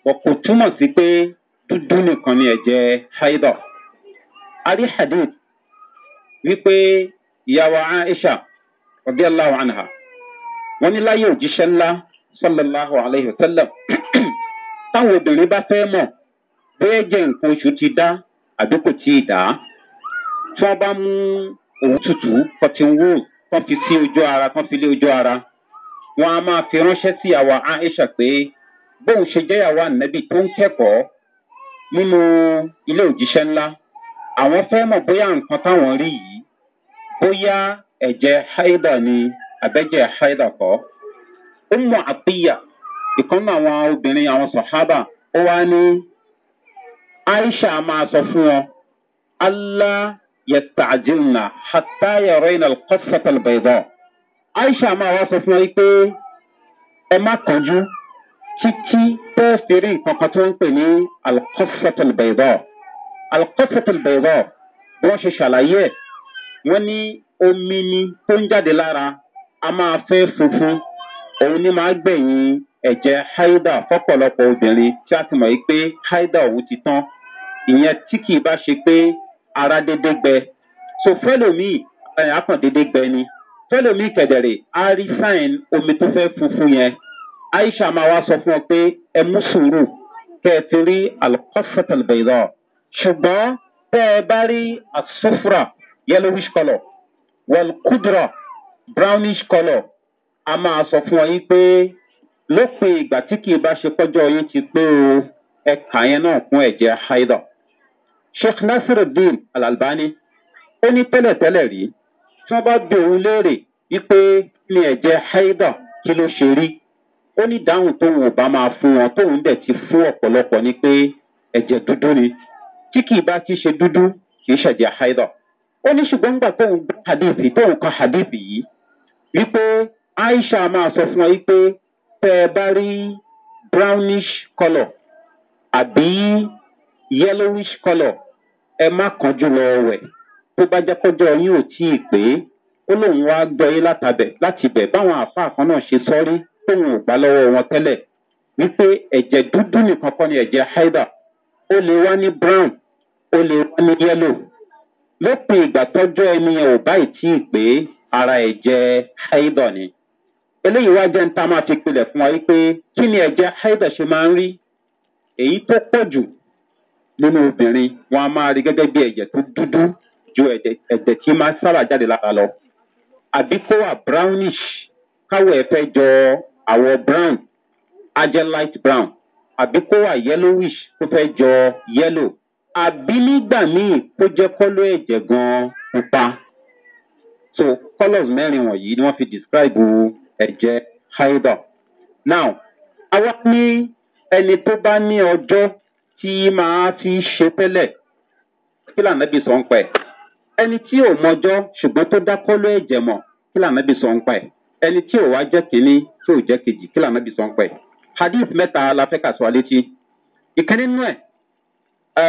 wọ́n kò túmọ̀ sí pé dúdú nìkan ni ẹ̀jẹ̀ a wípé ìyàwó aisha ọ̀bí aláwọ̀ àná wọn ní láyé òjíṣẹ́ ńlá sallallahu alayhi wa táwọn obìnrin bá fẹ́ mọ̀ bóyá ẹ̀jẹ̀ nǹkan oṣù ti dá àbí kò tí ì dá tí wọ́n bá mú òwú tutù cotton wool kan fi sí ojú ara kan fi lé ojú ara wọn a máa fi ránṣẹ́ sí àwa aisha pé bóun ṣe jẹ́yàwó ànábì tó ń kẹ́kọ̀ọ́ nínú ilé òjíṣẹ́ ńlá àwọn fẹ́ mọ̀ bóyá nǹkan táwọn rí yìí bóyá ẹ̀jẹ̀ haida ni àbẹ́jẹ̀ haida kọ́ ó mọ àpéyà ìkànnì àwọn obìnrin àwọn sọ̀hábà ó wá ní aisha máa sọ fún wọn allah yẹtàjìnnà hatayẹ rẹ́yìn alkọ́sẹ̀tẹ̀l bẹ̀dọ̀ aisha máa wá sọ fún wọn pé ẹ má kánjú títí tó fèrè nǹkan kan tó ń pè ní alkọ́sẹ̀tẹ̀l bẹ̀dọ̀ alkọ́sẹ̀tẹ̀l bẹ̀dọ̀ bí wọ́n ṣe ṣàlàyé ẹ̀ wọ́n ní omi ni tó ń jáde lára a máa fẹ́ funfun òun ni máa gbẹ̀yìn ẹ̀jẹ̀ haida fọ́pọ̀lọpọ̀ obìnrin tí a ti mọ̀ pé haida òun ti tán ìyẹn tí kì í bá ṣe pé ara dédé gbẹ so fẹ́lòmíì ẹ̀yìn akàn dédé gbẹ ni fẹ́lòmíì kẹ̀dẹ̀rẹ̀ á rí sáìn omi tó fẹ́ funfun yẹn aisha máa wá sọ fún ọ pé ẹ sùúrù kẹ ẹ ti rí alkọ́fẹ́tàlbẹ̀dọ̀ ṣùgbọ́n tẹ́ ẹ bá rí asufra yellowish colour wọlkudra brownish colour a máa sọ fún ọ yín pé lópin ìgbà tí kì í bá ṣe pọ́jọ́ yín ti pé o ẹ̀ka yẹn náà kún ẹ̀jẹ̀ haidọ̀. sheikh nasiruddin alalbani ó ní tẹ́lẹ̀tẹ́lẹ̀ rí tí wọ́n bá gbé òun léèrè wípé ní ẹ̀jẹ̀ haidọ̀ kí ló ṣe rí ó ní dáhùn tóun ò bá máa fún wọn tóun dẹ̀ ti fún ọ̀pọ̀lọpọ̀ ni pé ẹ̀jẹ̀ dúdú ni tí kì í bá ti ṣe dúdú kì í ṣẹ̀jẹ̀ haidọ̀. ó ní ṣùgbọ́n gbà tóun gbọ́ hadithi tóun kan hadithi yìí wípé aisha máa sọ fún ọ wípé tẹ́ ẹ bá rí brownish colour àbí yellowish colour ẹ má kánjú lọ wẹ̀ tó bá jẹ́ kọjọ́ yín ò tí ì pé ó lóun wá gbọ́yé látàbẹ̀ láti bẹ̀ báwọn àáfàá kan náà ṣe sọ́rí tóun ò gbà lọ́wọ́ wọn tẹ́lẹ̀ wípé ẹ̀jẹ̀ dúdú nìkan kọ́ ni ẹ̀jẹ̀ haida ó lè wá ní brown ó lè wá ní yellow lópin ìgbà tọ́jọ́ ẹni yẹn ò báyìí tí ì pé ara ẹ̀jẹ̀ haida ni eléyìí wá jẹ́ ń tá máa fi pilẹ̀ fún wa yìí pé kí ni ẹ̀jẹ̀ haida ṣe máa ń rí èyí tó pọ̀ jù nínú obìnrin wọn a máa rí gẹ́gẹ́ bí ẹ̀jẹ̀ tó dúdú ju ẹ̀jẹ̀ tí máa sábà jáde lára lọ àbí kó wà brownish káwọ̀ ẹ̀ fẹ́ jọ àwọ̀ brown á light brown àbí kó wà yellowish tó fẹ́ jọ yellow àbí nígbà míì kó jẹ́ kọ́lọ́ ẹ̀jẹ̀ gan-an pupa so colours mẹ́rin wọ̀nyí ni wọ́n fi describe o. ẹ̀jẹ̀ haidọ̀. now àwa ní ẹni tó bá ní tí fi ṣe tẹ́lẹ̀ kí lànà bí sọ ń pẹ́ ẹni tí ò mọjọ́ ṣùgbọ́n tó dákọ́lọ́ ẹ̀jẹ̀ mọ̀ kí lànà bí sọ ń pẹ́ ẹni tí ò wá kínní tí ò kejì kí lànà bí sọ ń hadith mẹ́ta la fẹ́ kà sọ ìkànnì nínú um,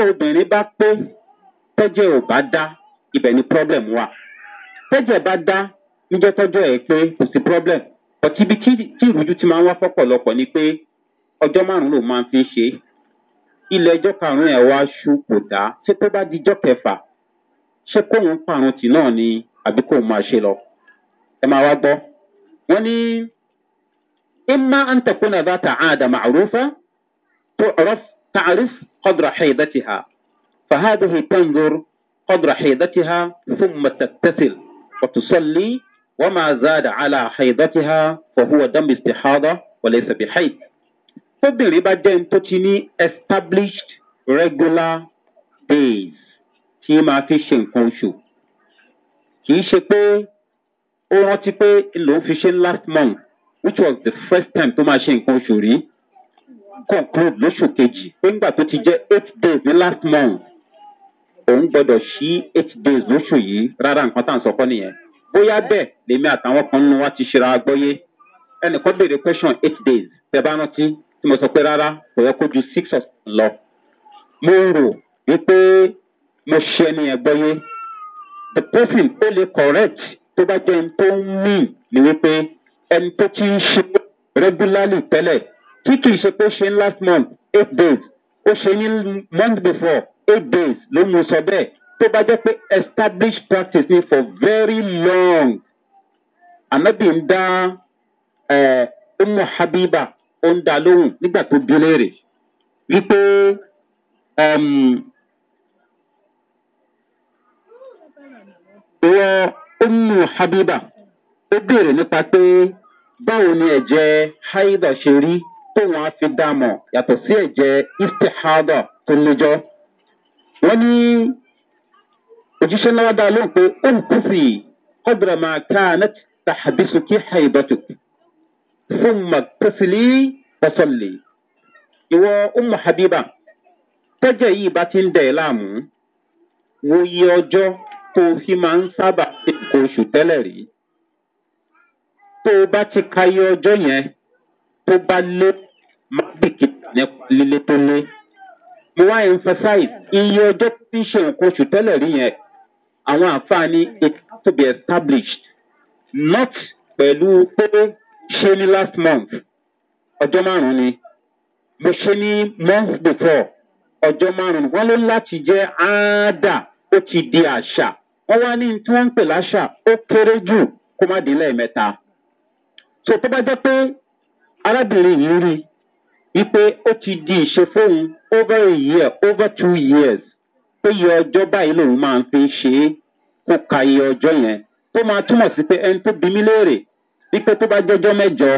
obìnrin tọ́jọ́ ò bá dá ibẹ̀ ni problem wà tọ́jọ́ bá dá níjọ́ tọ́jọ́ ẹ̀ pé kò sí problem ọtí ibi tí ìrújú ti máa ń wá fọ́pọ̀lọpọ̀ ni pé ọjọ́ márùn-ún ló máa fi ń ṣe ilẹ̀ ẹjọ́ karùn-ún ẹ̀ wá ṣu kò dá ṣé tó bá dijọ́ kẹfà ṣé kóun parun tì náà ni àbí kóun máa ṣe lọ ẹ máa wá gbọ́ wọ́n ní ima an takuna data ada ma'rufa ta'rif qadra haidatiha فهذه تنظر قدر حيضتها ثم تتسل وتصلي وما زاد على حيضتها فهو دم استحاضة وليس بحيض tóbìnrin bá jẹ́ tó ti ní established regular days tí máa fi ṣe nǹkan oṣù kì í ṣe pé ó rántí pé lòun fi ṣe last month which was the first time tó máa ṣe nǹkan oṣù rí conclude lóṣù kejì pé nígbà tó ti jẹ́ eight days ní last month òun gbọdọ̀ sí eight days lóṣù yìí rárá nǹkan tá à ń sọ kọ́ nìyẹn bóyá bẹ́ẹ̀ lèmi àtàwọn kan nínú wa ti ṣera gbọ́yé ẹnìkan béèrè question eight days tẹ bá rántí tí mo sọ pé rárá kò yẹ kó ju six ọ̀sán lọ mo rò wípé mo ṣe ẹni yẹn gbọ́yé the person tó lè correct tó bá jẹ́ ẹni tó ń mì ni wípé ẹni tó ti ń ṣe regularly tẹ́lẹ̀ tí kì í ṣe pé ó ṣe ń last month eight days ó ṣe ní month before eight days ló mú sọ bẹ́ẹ̀ tó bá jẹ́ pé established practice ni for very long anabi ń dá ọmọ habiba ó ń dá lóhùn nígbà tó bí léèrè wípé ìwọ ọmọ habiba ó béèrè nípa pé báwo ni ẹ̀jẹ̀ haida ṣe rí tóun á fi dá mọ̀ yàtọ̀ sí ẹ̀jẹ̀ istihada tó lójọ́ wọ́n ní òjíṣẹ́ náà dá lóhùn pé ó ń kúfì kọ́bìrà máa ká náà tàbísù kí haibatu fún màkúsìlì bọ́sọ̀lì. ìwọ ọmọ habiba tẹ́jẹ̀ yìí bá ti ń dẹ̀ láàmú wo iye ọjọ́ tó fi máa ń sábà ṣe nǹkan oṣù tẹ́lẹ̀ rí tó bá ti ka iye ọjọ́ yẹn tó bá lé má bìkítà nípa lílé tó lé mo wá emphasize iye ọjọ́ tí ń ṣe nǹkan oṣù tẹ́lẹ̀ rí yẹn àwọn àǹfààní it has to be established not pẹ̀lú pé ṣe ní last month ọjọ́ márùn-ún ni mo ṣe ní month before ọjọ́ márùn-ún wọ́n ló láti jẹ́ áádà ó ti di àṣà wọ́n wá ní tí wọ́n ń pè láṣà ó kéré jù kó má dín lẹ́ẹ̀mẹ́ta so tó bá jẹ́ pé arábìnrin yìí rí i wípé ó ti di ìṣe fóun over a year over two years pé iye ọjọ́ báyìí lòun máa ń fi ṣe é kó ka iye ọjọ́ yẹn tó máa túmọ̀ sí pé ẹni tó bí mí léèrè wípé tó bá jọjọ́ mẹ́jọ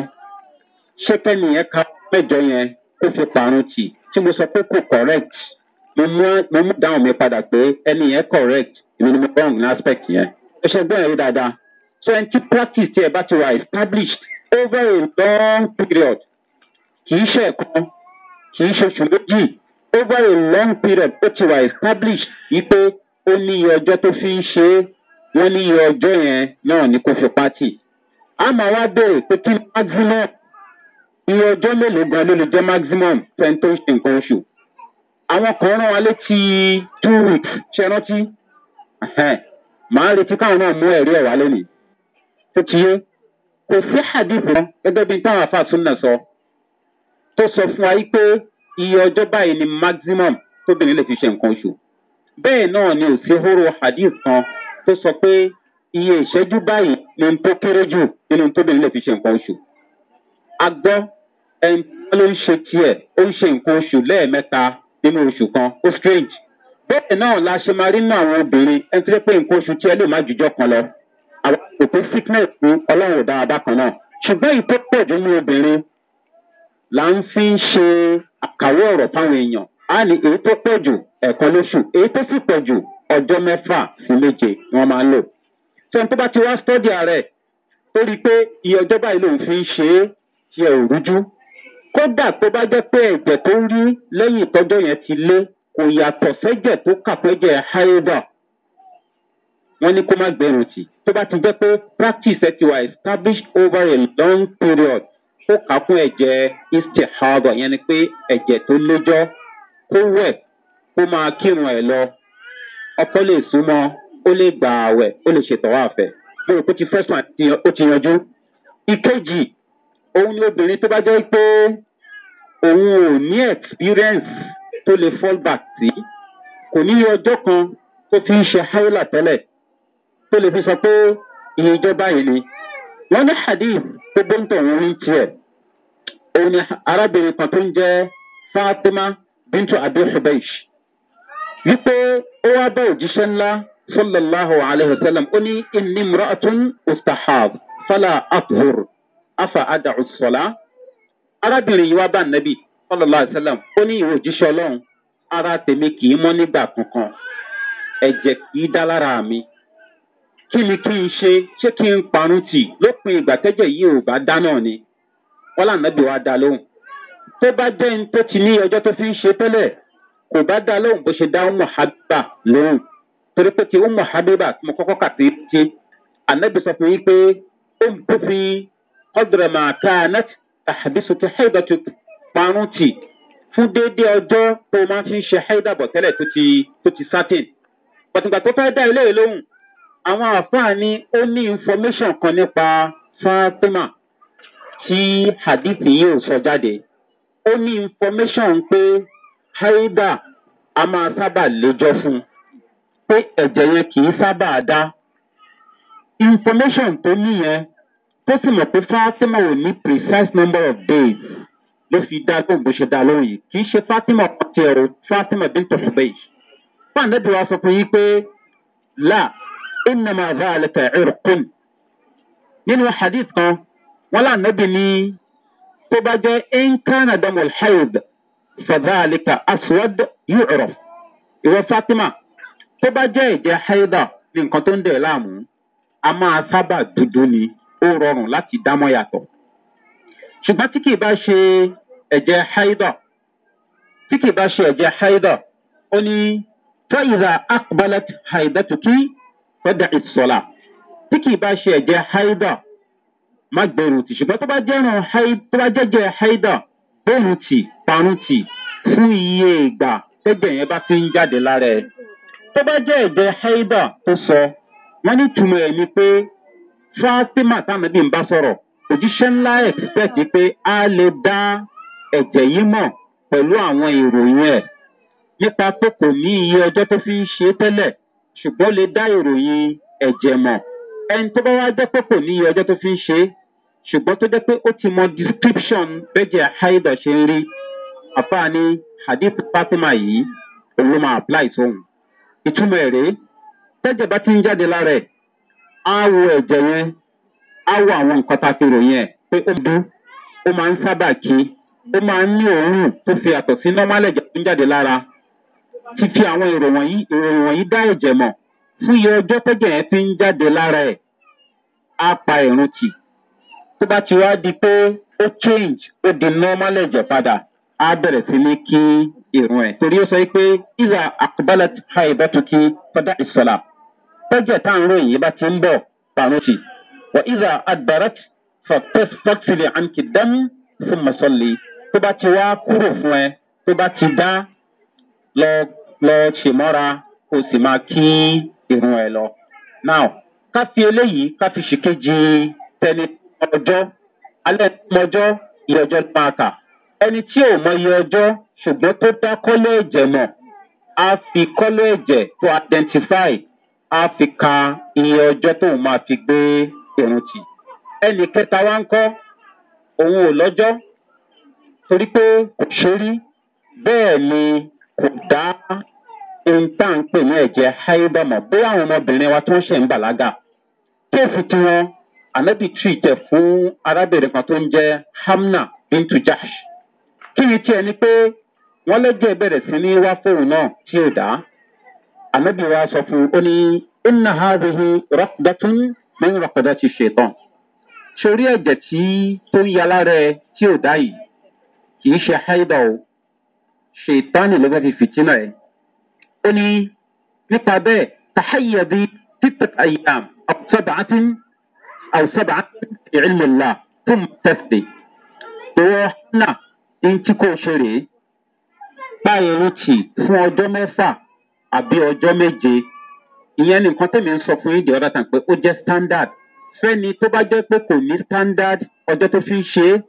ṣé kẹ́niyẹn ka mẹ́jọ yẹn kó fi parun tì tí mo sọ pé kò correct mo mú mo mú dáhùn mi padà pé ẹni yẹn correct èmi ni mo wrong ní aspect yẹn ẹ ṣe gbọ́n ẹ̀rí dáadáa so ẹni tí practice tí ẹ bá ti wà established over a long period kì í ṣe ẹ̀kan kì í ṣe oṣù méjì over a long period ó ti wà established wípé ó ní iye ọjọ́ tó fi ń ṣe é wọ́n ní iye ọjọ́ yẹn náà ni kò fi pátì. a máa wá béèrè pé kí ni maximum iye ọjọ́ mélòó gan ló lè jẹ́ maximum ten tó ń ṣe nǹkan oṣù. àwọn kan rán wa létí two weeks ṣe rántí. màá retí káwọn náà mú ẹ̀rí ẹ̀ wá lónìí. tó ti yé kò sí àdìsí gẹ́gẹ́ bí táwọn afáàtún sọ. So tó sọ fún wa pé iye ọjọ́ báyìí ni maximum tóbìnrin lè fi ṣe nǹkan oṣù bẹ́ẹ̀ náà ni òfin horo hadith kan tó sọ pé iye ìṣẹ́jú báyìí ni n tó kéré jù nínú tóbìnrin lè fi ṣe nǹkan oṣù a gbọ́ ẹni tó ló ń ṣe tiẹ̀ ó ń ṣe nǹkan oṣù lẹ́ẹ̀mẹ́ta nínú oṣù kan ó strange bẹ́ẹ̀ náà la ṣe máa rí nínú àwọn obìnrin ẹni tó jẹ́ pé nǹkan oṣù tiẹ̀ lè má jùjọ́ kan lọ àwọn òpin sickness ní ọlọ́run ò dáadáa kan náà ṣùgbọ́n ìpẹ́pẹ́ ìdúnnú obìnrin là ń fi ń ṣe àkàwé ọ̀rọ̀ fáwọn èèyàn á ní èyí tó pọ̀ jù ẹ̀kan lóṣù èyí tó sì pọ̀ jù ọjọ́ mẹ́fà sí méje ni wọ́n máa ń lò. tó ń tó bá ti stọ́dì ààrẹ tó rí i pé iye ọjọ́ báyìí lòun fi ń ṣe é tiẹ̀ ò rújú. kódà tó bá jẹ́ pé ẹ̀jẹ̀ tó ń rí lẹ́yìn ìtọ́jọ́ yẹn ti lé kò yàtọ̀ sẹ́jẹ̀ tó kàpẹ́jẹ̀ haida wọ́n ní kó má gbẹ̀rù tì tó bá ti jẹ́ pé practice ẹ ti wà established over a long period kó kà á fún ẹ̀jẹ̀ istihaba yẹn ni pé ẹ̀jẹ̀ tó lójọ́ kó wẹ̀ kó máa kírun ẹ̀ lọ ọkọ lè súnmọ́ ó lè gbà àwẹ̀ ó lè ṣètò àfẹ́ mo rò pé ti first one ó ti yanjú. ìkejì òun ni obìnrin tó bá jẹ́ pé òun ò ní experience tó lè fall back sí kò ní ọjọ́ kan tó fi ń ṣe haila tẹ́lẹ̀ tó lè fi sọ pé ìyẹn ìjọba yìí ni wọ́n ní hadith tó ń tọ̀ wọ́n ní tiẹ̀ òun ni arábìnrin kan tó ń jẹ́ fatima bintu abi hubeish wípé ó wá bá òjíṣẹ́ ńlá sallallahu alayhi wa sallam ó ní inni muratun ustahab fala abhur afa ada'u sọlá arábìnrin yìí wá bá nàbì sallallahu alayhi wa sallam ó ní ìwé òjíṣẹ́ ọlọ́run ara tèmi kì í mọ́ nígbà kankan ẹ̀jẹ̀ kì í dá lára mi kí ni kí n ṣe ṣé kí n parun tì lópin ìgbà yìí ò bá dá náà ni wọn là nàbì wa dá lóhùn tó bá jẹ́ ní tó ti ní ọjọ́ tó fi ń ṣe tẹ́lẹ̀ kò bá dá lóhùn bó ṣe dá ọmọ habiba lóhùn torí pé ti ọmọ habiba tí mo kọ́kọ́ kà sí ti ànábì sọ fún yín pé ó ń tó fi ọdọ̀rọ̀ màá ká anat àbísọ ti haida tó parun tì fún déédéé ọjọ́ tó máa fi ń ṣe haida bọ̀ tẹ́lẹ̀ tó ti sátìn pàtàkì tó fẹ́ dá ilé ìlóhùn àwọn àfáà ni ó ní information kan nípa fatima tí hadith yìí ò sọ jáde ó ní information pé haida a máa sábà léjọ́ fún pé ẹ̀jẹ̀ yẹn kì í sábà dá information tó níyẹn tó sì mọ̀ pé fatima ò ní precise number of days ló fi dá tó bó ṣe dá lóhùn yìí kì í ṣe fatima ọtí ẹ̀rọ fatima bí n tó fún bẹ́ẹ̀ fún àdébí wa sọ fún yín pé là ìnàmọ̀ àbá àlẹ́ tẹ̀ ẹ̀rọ kùn nínú hadith kan wọn là nẹ́bì ní tó bá jẹ́ ẹ̀ńkánà dẹ́mọ̀l haid fadhalika aswad yu'rọ ìwọ fatima tó bá jẹ́ ìjẹ́ haida ní nǹkan tó ń dẹ̀ láàmú a máa sábà dúdú ni ó rọrùn láti dámọ́ yàtọ̀ ṣùgbọ́n tí kì bá ṣe ẹ̀jẹ̀ haida tí kì bá ṣe ẹ̀jẹ̀ haida ó ní fẹ́ìzà akbalat haidatuki fẹ́dà ìsọ̀la tí kì bá ṣe ẹ̀jẹ̀ haida má gbẹrù tì ṣùgbọ́n tó bá jẹ́ ràn tó bá jẹ́jẹ́ haida bóòrùn tì parun tì fún iye ìgbà tẹ́jẹ̀ yẹn bá fi ń jáde lára ẹ̀. tó bá jẹ́ ẹ̀jẹ̀ haida tó sọ wọ́n ní túmọ̀ ẹ̀ ni pé fatima tàmídìí ń bá sọ̀rọ̀ òjíṣẹ́ ńlá expect pé a lè dá ẹ̀jẹ̀ yìí mọ̀ pẹ̀lú àwọn ìròyìn ẹ̀ nípa pé kò ní iye ọjọ́ tó fi ń ṣe tẹ́lẹ̀ ṣùgbọ́n lè dá ìròyìn ẹ̀jẹ̀ mọ̀ ẹni tó bá wá jẹ́ pé kò ní iye ọjọ́ tó fi ń ṣe ṣùgbọ́n tó jẹ́ pé ó ti mọ description bẹ́jẹ̀ haida ṣe ń rí àfáà ní hadith fatima yìí òun ló máa apply sóhun ìtumọ̀ ẹ̀ rèé tẹ́jẹ̀ bá ti ń jáde lára ẹ̀ á wo ẹ̀jẹ̀ yẹn á wo àwọn nǹkan tá a fi ròyìn ẹ̀ pé ó dún ó máa ń sábà kí ó máa ń ní òórùn tó fi àtọ̀ sí normal ẹ̀jẹ̀ tó ń jáde lára fífi àwọn èrò wọ̀nyí dá ẹ̀jẹ̀ mọ̀ fún iye ọjọ́ tẹ́jẹ̀ yẹn ti ń jáde lára ẹ̀ á pa ẹ̀rùn tì tó bá ti wá di pé ó change ó di normal ẹ̀jẹ̀ padà á bẹ̀rẹ̀ sí ní kí irun ẹ̀. torí ó sọ pé ìzà àkùbálẹ̀ ha ìbá tuntun fọdá ìsọ̀là tẹ́jẹ̀ tá à ń ròyìn bá ti ń bọ̀ pàrọ̀ sí. wà ìzà àdàrẹ́t fọ̀tẹ́sítọ́sílẹ̀ àǹkì dání fún mọ̀sọ́lì tó bá ti wá kúrò fún ẹ tó bá ti dá lọ lọ ṣèmọ́ra kó sì máa kí irun ẹ lọ. now ká fi eléyìí ká fi ṣìkejì tẹni ọjọ́ alẹ́ ọjọ́ iye ọjọ́ máa kà ẹni tí ò mọ iye ọjọ́ ṣùgbọ́n tó dá kọ́lé ẹ̀jẹ̀ mọ̀ a fi kọ́lé ẹ̀jẹ̀ tó identify a fi ka iye ọjọ́ tóun máa fi gbé irun tì ẹnì kẹta wá ń kọ́ òun ò lọ́jọ́ torí pé kò ṣe rí bẹ́ẹ̀ ni kò dá ohun tá à ń pè ní ẹ̀jẹ̀ háídọ̀mọ̀ bóyá àwọn ọmọbìnrin wa tó ń ṣe ń bàlágà kéèfù tiwọn anabi tìtẹ̀ fún arábìnrin kan tó ń jẹ́ hamna bintu jash kí ni tiẹ̀ ni pé wọ́n lẹ́jọ́ bẹ̀rẹ̀ sí ní wá fóun náà tí ò dá anabi wa sọ fún un ó ní inna hadhihi raqdatun min raqdati shaitan sórí ẹ̀jẹ̀ tí tó ń yalá rẹ tí ò dá yìí kì í ṣe haida o ṣètánì ló fẹ́ fi fìtínà ẹ̀ ó ní nípa bẹ́ẹ̀ tàhayà bíi títà àyàm أو سبعة في علم الله ثم تفدي ìwọ́nà ntí kò ṣe rèé báyìí rántí fún ọjọ́ mẹ́fà àbí ọjọ́ méje ìyẹn nìkan tẹ̀mí ń sọ fún yín jẹ́wọ́dá tán pé ó jẹ́ standard fẹ́ni tó bá jẹ́ pé kò ní standard ọjọ́ tó fi ń ṣe é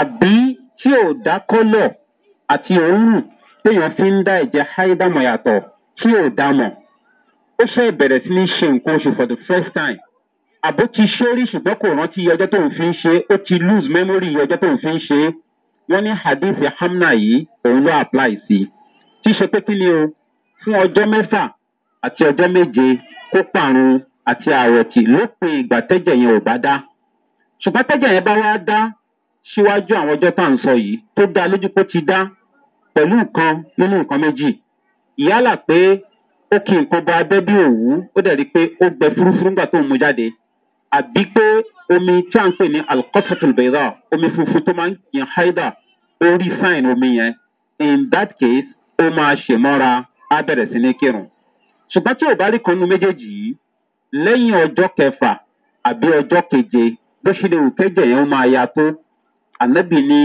àbí tí ò dá kọ́lọ̀ àti òórùn téèyàn fi ń dá ẹ̀jẹ̀ háídàmọ̀ yàtọ̀ tí ò dá mọ̀ ó ṣe bẹ̀rẹ̀ sí ní ṣe nǹkan oṣù for the first time àbó ti ṣórí ṣùgbọ́n kò rántí ọjọ́ tó ń fi ń ṣe ó ti lose memory ọjọ́ tó ń fi ń ṣe wọ́n ní hadith hamna yìí òun ló apply sí tí ṣe pé kí ni o fún ọjọ́ mẹ́fà àti ọjọ́ méje kó pààrùn àti àròtì lópin ìgbà tẹ́jẹ̀ yẹn ò bá dá ṣùgbọ́n tẹ́jẹ̀ yẹn bá wá dá síwájú àwọn ọjọ́ tá à ń sọ yìí tó dá lójú pé ó ti dá pẹ̀lú nǹkan nínú nǹkan méjì ìyálà pé ó kí nǹkan bọ abẹ́ bí òwú ó dẹ̀ rí i pé ó gbẹ fúrúfúrú nígbà tó ń mu jáde àbí pé omi tí à ń pè ní alcosatul beira omi funfun tó máa ń yàn haida ó rí omi yẹn in that case ó máa ṣèmọ́ra á bẹ̀rẹ̀ sí ní kírun ṣùgbọ́n tí ò bá rí kan nu méjèèjì yìí lẹ́yìn ọjọ́ kẹfà àbí ọjọ́ keje bó ṣe lè wù kẹ́jẹ̀ yẹn ó máa ya tó ànábì ní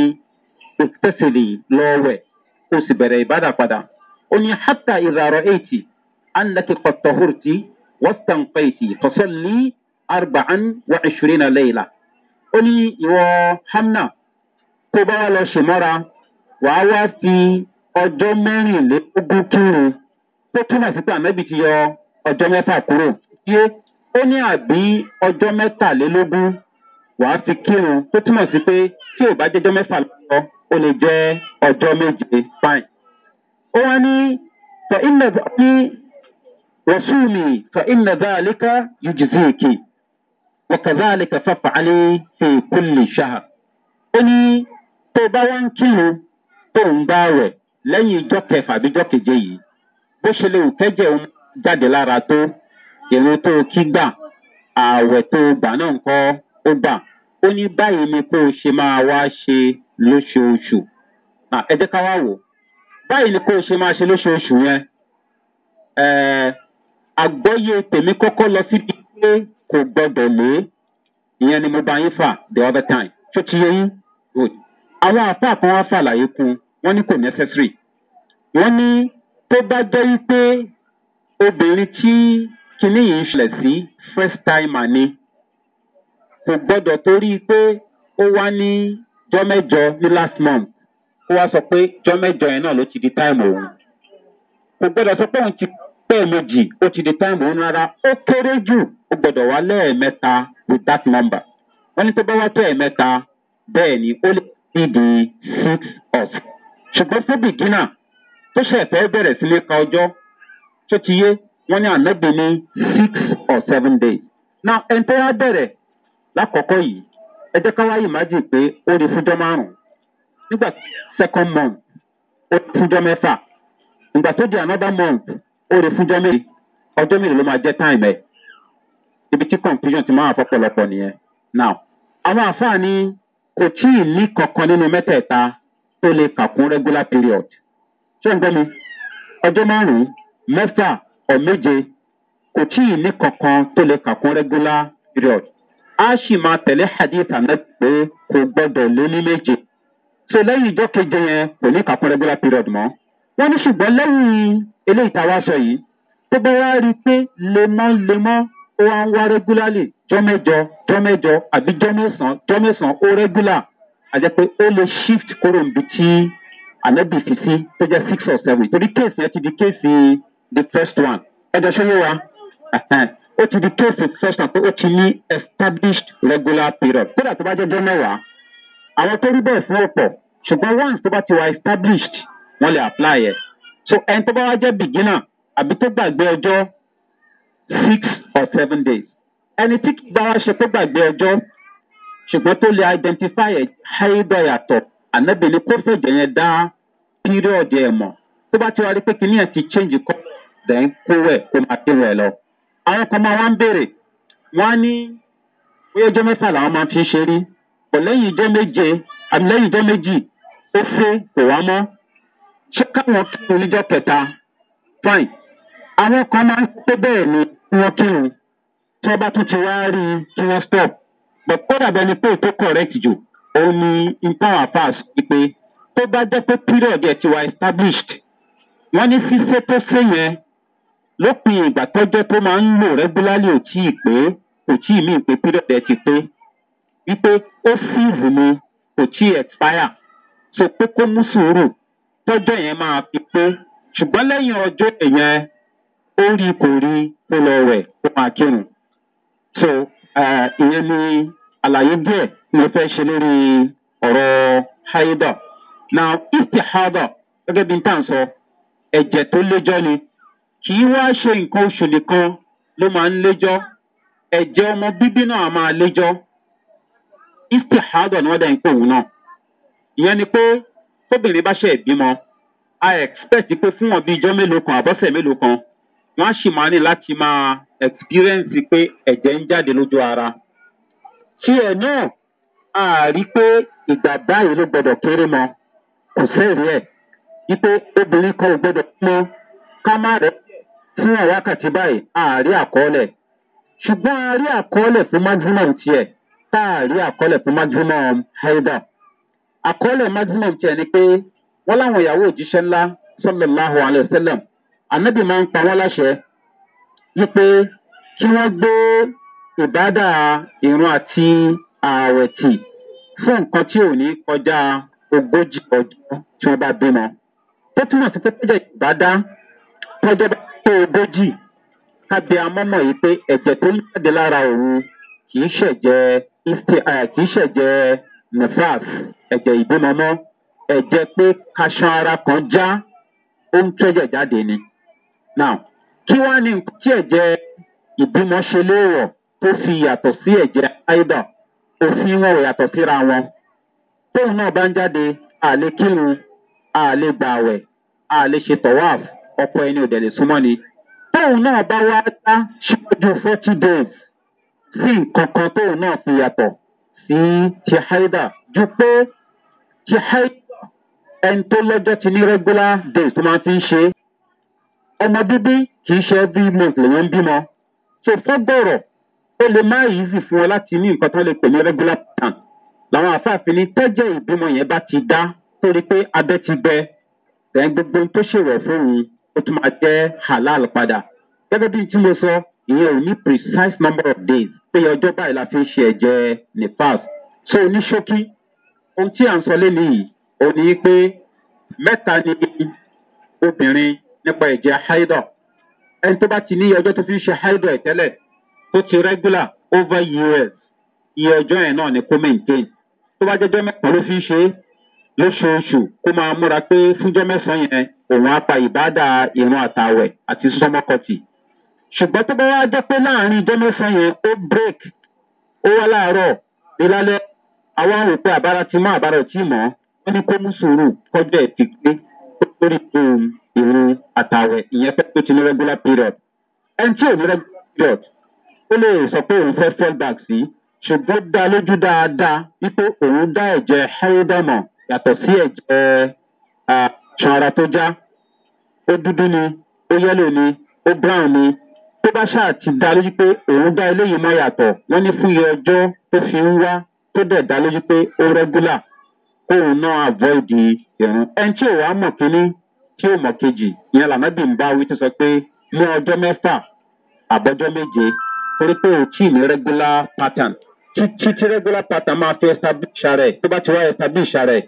òtẹ́sẹ̀lì lọ́wẹ̀ ó sì bẹ̀rẹ̀ ìbádà padà ó ní hátà ìràrọ̀ èyí tí ànàkì kọ̀tọ̀hùrùtì wọ́tàǹpẹ̀yìtì fọ́sọ́lì arba'an wa ishirina leila ó ní ìwọ hamna tó bá wà lọ sùmọ́ra wàá wá fi ọjọ́ mẹ́rìnlélógún kírun tó túmọ̀ sí pé àmẹ́bí ti yọ ọjọ́ mẹ́fà kúrò yé ó ní àbí ọjọ́ mẹ́tàlélógún wàá fi kírun tó túmọ̀ sí pé tí ò bá jẹ́jọ́ mẹ́fà lọ ó lè jẹ́ ọjọ́ méje fine. ó wá ní fẹ́ ìnà ní rọ̀ṣùmí fẹ́ ìnà dáa yìí jù sí èké ọ̀kadà àlekàfà fàálẹ́ fi kúlì ṣáà. ó ní tó bá wá ń kírun tó ń bá rẹ̀ lẹ́yìn ijọ́ kẹfà àbí ijọ́ keje yìí bó ṣe lè wù kẹ́jẹ̀ òun jáde lára tó ìrún tó kí gbà ààwẹ̀ tó gbà náà kọ́ ó gbà ó ní báyìí ni kó o ṣe máa wá ṣe lóṣooṣù ẹ ká wá wò báyìí ni kó o ṣe máa ṣe lóṣooṣù yẹn àgbọ́yé tèmi kọ́kọ́ lọ síbi pé kò gbọdọ̀ lé ìyẹn ni mo bá yín fà the other time tó ti yé yín good àwọn àpá kan wá fàlàyé kun wọn ní kò necessary wọn ní tó bá jẹ́ wípé obìnrin tí kinní yìí ń ṣẹlẹ̀ sí first timer ni kò gbọdọ̀ torí pé ó wá ní jọ́mẹ́jọ ní last month ó wá sọ pé jọ́mẹ́jọ yẹn náà ló ti di time òun kò gbọdọ̀ sọ pé òun ti pẹ́ẹ̀mejì ó ti di táìmù òun rárá ó kéré jù ó gbọ́dọ̀ wá lẹ́ẹ̀mẹ́ta with that number wọ́n ní tó bá wá tó bẹ́ẹ̀ ni ó lè ti di six off ṣùgbọ́n fún bìgínà tó ṣe ẹ̀fẹ́ bẹ̀rẹ̀ sí ka ọjọ́ tó ti yé wọ́n ní ní six or seven days na ẹni bẹ̀rẹ̀ lákọ̀ọ́kọ́ yìí ẹ jẹ́ ká ìmájì pé tó di ó rè fúnjọ́ mẹ́rin ọjọ́ mélòó ló máa jẹ́ táìmù ẹ̀ ibi tí confusion ti máa wà fọ́pọ̀lọpọ̀ nìyẹn. now àwọn àfáà ni kò tí ì ní kankan nínú mẹ́tẹ̀ẹ̀ta tó lè kà kún regular period ṣé n gbọ́ mi ọjọ́ márùn-ún mẹ́fà ọ̀ méje kò tí ì ní kankan tó lè kà kún regular period a sì máa tẹ̀lé hadith àná pé kò gbọ́dọ̀ lé ní méje so lẹ́yìn ìjọ́ keje yẹn kò ní kà kún regular period mọ́ wọ́n ní ṣùgbọ́n lẹ́yìn eléyìí tá a wá sọ yìí tó bá wá rí i pé lemọ́lemọ́ ó wá ń wá rẹ́gúlálì jọ́mẹ́jọ jọ́mẹ́jọ àbí jọ́mẹ́sàn jọ́mẹ́sàn ó rẹ́gúlà àti pé ó lè shift kúrò níbi tí ànábì fífi tó jẹ́ six or seven torí kéèsì yẹn ti di kéèsì the first one ẹ̀jẹ̀ ṣé yé wa ó ti di kéèsì first one pé ó ti ní established regular period kódà tó bá jẹ́ jọ́mẹ́wàá àwọn tó rí bẹ́ẹ̀ fún ọ̀pọ̀ ṣùgbọ́n once tó bá ti wà established wọ́n lè apply ẹ̀ so ẹni tó bá wá jẹ́ bìgínà àbí tó gbàgbé ọjọ́ six or seven days ẹni tí kì í bá wá ṣe tó gbàgbé ọjọ́ ṣùgbọ́n tó lè identify ẹ̀ ṣáídọ̀ yàtọ̀ ànábìlẹ̀ kó fẹ̀jẹ̀ yẹn dá period ẹ̀ mọ̀ tó bá ti wá rí pé kìíní ẹ̀ ti change colour then kó wẹ̀ kó máa dín wẹ̀ lọ. àwọn kan máa wá ń béèrè wọ́n á ní bóyá ọjọ́ mẹ́fà làwọn máa fi ń ṣe rí kò lẹ́yìn ijọ́ méje àmì lẹ́yìn ijọ́ méjì ó fẹ́ kò wá mọ́ ṣé káwọn kírun níjọ́ kẹta fine àwọn kan máa ń pé bẹ́ẹ̀ ni wọ́n kírun tí wọ́n bá tún ti wá rí i kí wọ́n stop but kódà bẹ́ẹ̀ ni pé ètò correct jù òun ni nǹkan àfàs pé tó bá jẹ́ pé period ẹ̀ ti wà established wọ́n ní fífé tó fẹ́ yẹn lópin ìgbà tọ́jọ́ tó máa ń lò regularly ò tí ì pé kò tí ì mí pé period ẹ̀ ti pé wípé ó fíìvù ni kò tí ì expire so pé kó mú sùúrù tọ́jọ́ yẹn máa fi pé ṣùgbọ́n lẹ́yìn ọjọ́ yẹn ó rí kò rí kó lọ rẹ̀ kó máa kírun. so ìyẹn ni àlàyé díẹ̀ mo fẹ́ ṣe lórí ọ̀rọ̀ haida. now istihada gẹ́gẹ́ bí n sọ ẹ̀jẹ̀ tó léjọ́ ni kì í wá ṣe nǹkan oṣù nìkan ló máa ń léjọ́ ẹ̀jẹ̀ ọmọ bíbí náà máa léjọ́ ni wọ́n tóbìnrin bá ṣe ìbímọ a expect pé fún wọn bíi ijọ́ mélòó kan àbọ̀sẹ̀ mélòó kan wọ́n á sì máa ní láti máa experience pé ẹ̀jẹ̀ ń jáde lójú ara. tí ẹ̀ náà a rí pé ìgbà báyìí ló gbọdọ̀ kéré mọ kò sẹ́ẹ̀rí ẹ̀ wípé obìnrin kan ò gbọdọ̀ mọ ká má rẹ̀ fún àwọn báyìí a rí àkọọ́lẹ̀ ṣùgbọ́n a rí àkọọ́lẹ̀ fún maximum tiẹ̀ tá a rí àkọọ́lẹ̀ fún maximum header àkọọ́lẹ̀ maximum tiẹ̀ ni pé wọ́n láwọn ìyàwó òjíṣẹ́ ńlá sọ́lọ́láhu alẹ́ sẹ́lẹ̀m ànábì máa ń pa wọ́n láṣẹ wípé kí wọ́n gbé ìbádà ìrún àti ààwẹ̀ tì fún nǹkan tí ò ní kọjá ogójì ọjọ́ tí wọ́n bá bímọ. tó túmọ̀ sí pé tọ́jà ìbádá tọ́jà bá tó ogójì kábí amọ́mọ́ yìí pé ẹ̀jẹ̀ tó ń jáde lára òun kì í ṣẹ̀jẹ̀ kì í ṣẹ̀jẹ̀ nefas ẹ̀jẹ̀ ìbímọmọ́ ẹ̀jẹ̀ pé kaṣan ara kan já ó ń tẹ́jẹ̀ jáde ni. now kí wá ní nǹkan tí ẹ̀jẹ̀ ìbímọ ṣe léèwọ̀ tó fi yàtọ̀ sí ẹ̀jẹ̀ áìdà òfin wọn ò yàtọ̀ síra wọn. tóun náà bá ń jáde àlè kírun àlè gbààwẹ̀ àlè ṣe tọ̀wáàfù ọkọ ẹni ò dẹ̀ lè súnmọ́ ni. tóun náà bá wá dá ṣáájú forty days sí nǹkan kan tóun náà fi yàtọ̀ sí ti áìdà ju pé ti hẹ́ẹ́ ẹni tó lọ́jọ́ ti ní regular days tó máa fi ń ṣe ọmọ bíbí kì í ṣe every month lèyàn ń bímọ so fọ́gbọ̀rọ̀ ó lè má easy fún ọ láti ní nǹkan tó lè pè ní regular pattern làwọn àfáàfin ní tẹ́jẹ̀ ìbímọ yẹn bá ti dá torí pé abẹ́ ti bẹ ẹ̀ gbogbo ohun tó ṣèrò fóun ó tún máa jẹ́ halal padà gẹ́gẹ́ bí tí mo sọ ìyẹn ò ní precise number of days pé ọjọ́ báyìí la fi ń ṣe ẹ̀jẹ̀ nifas so ní ṣókí ohun tí à ń sọ lẹ́nu yìí ò ní í pé mẹ́ta ni obìnrin nípa ìjẹ́ haidọ̀ ẹni tó bá ti ní ọjọ́ tó fi ń ṣe haidọ̀ ẹ̀ tẹ́lẹ̀ tó ti regular over years iye ọjọ́ yẹn náà ni kó maintain tó bá jẹ́jọ́ mẹ́ta ló fi ń ṣe lóṣooṣù kó máa múra pé fúnjọ́ mẹ́sàn-án yẹn òun á pa ìbádà irun àtàwẹ̀ àti sọmọkọtì ṣùgbọ́n tó bá wá jẹ́ pé láàrin ijọ́ án yẹn ó break ó wá láàárọ̀ ìlàlẹ́ àwa rò pé àbára ti mọ àbára ò tí mọ wọn ní kó mú sùúrù kọjá ẹ ti gbé lórí ohun ìrun àtàwẹ ìyẹn fẹ tó ti ní regular period ẹni tí ò ní regular period ó lè sọ pé òun fẹ fall back sí ṣùgbọ́n dá lójú dáadáa wípé òun dá ẹ̀jẹ̀ hẹ́rẹ́dàmọ̀ yàtọ̀ sí ẹ̀jẹ̀ ṣan ara tó já ó dúdú ni ó yẹ́lò ni ó brown ni tó bá ṣáà ti dá lójú pé òun dá eléyìí mọ́ yàtọ̀ wọ́n ní fún iye ọjọ́ tó fi ń wá tó dẹ̀ dá lójú pé ó rẹ́gúlà kóun náà avoid ìrún ẹni tí ò wá mọ̀ kínní tí ò mọ̀ kejì ìyẹn lànàbì ń bá wí tó sọ pé ní ọjọ́ mẹ́fà àbọ̀jọ́ méje torí pé ò tí ní regular pattern títí tí regular pattern máa fi establish rẹ̀ tó bá ti wá establish rẹ̀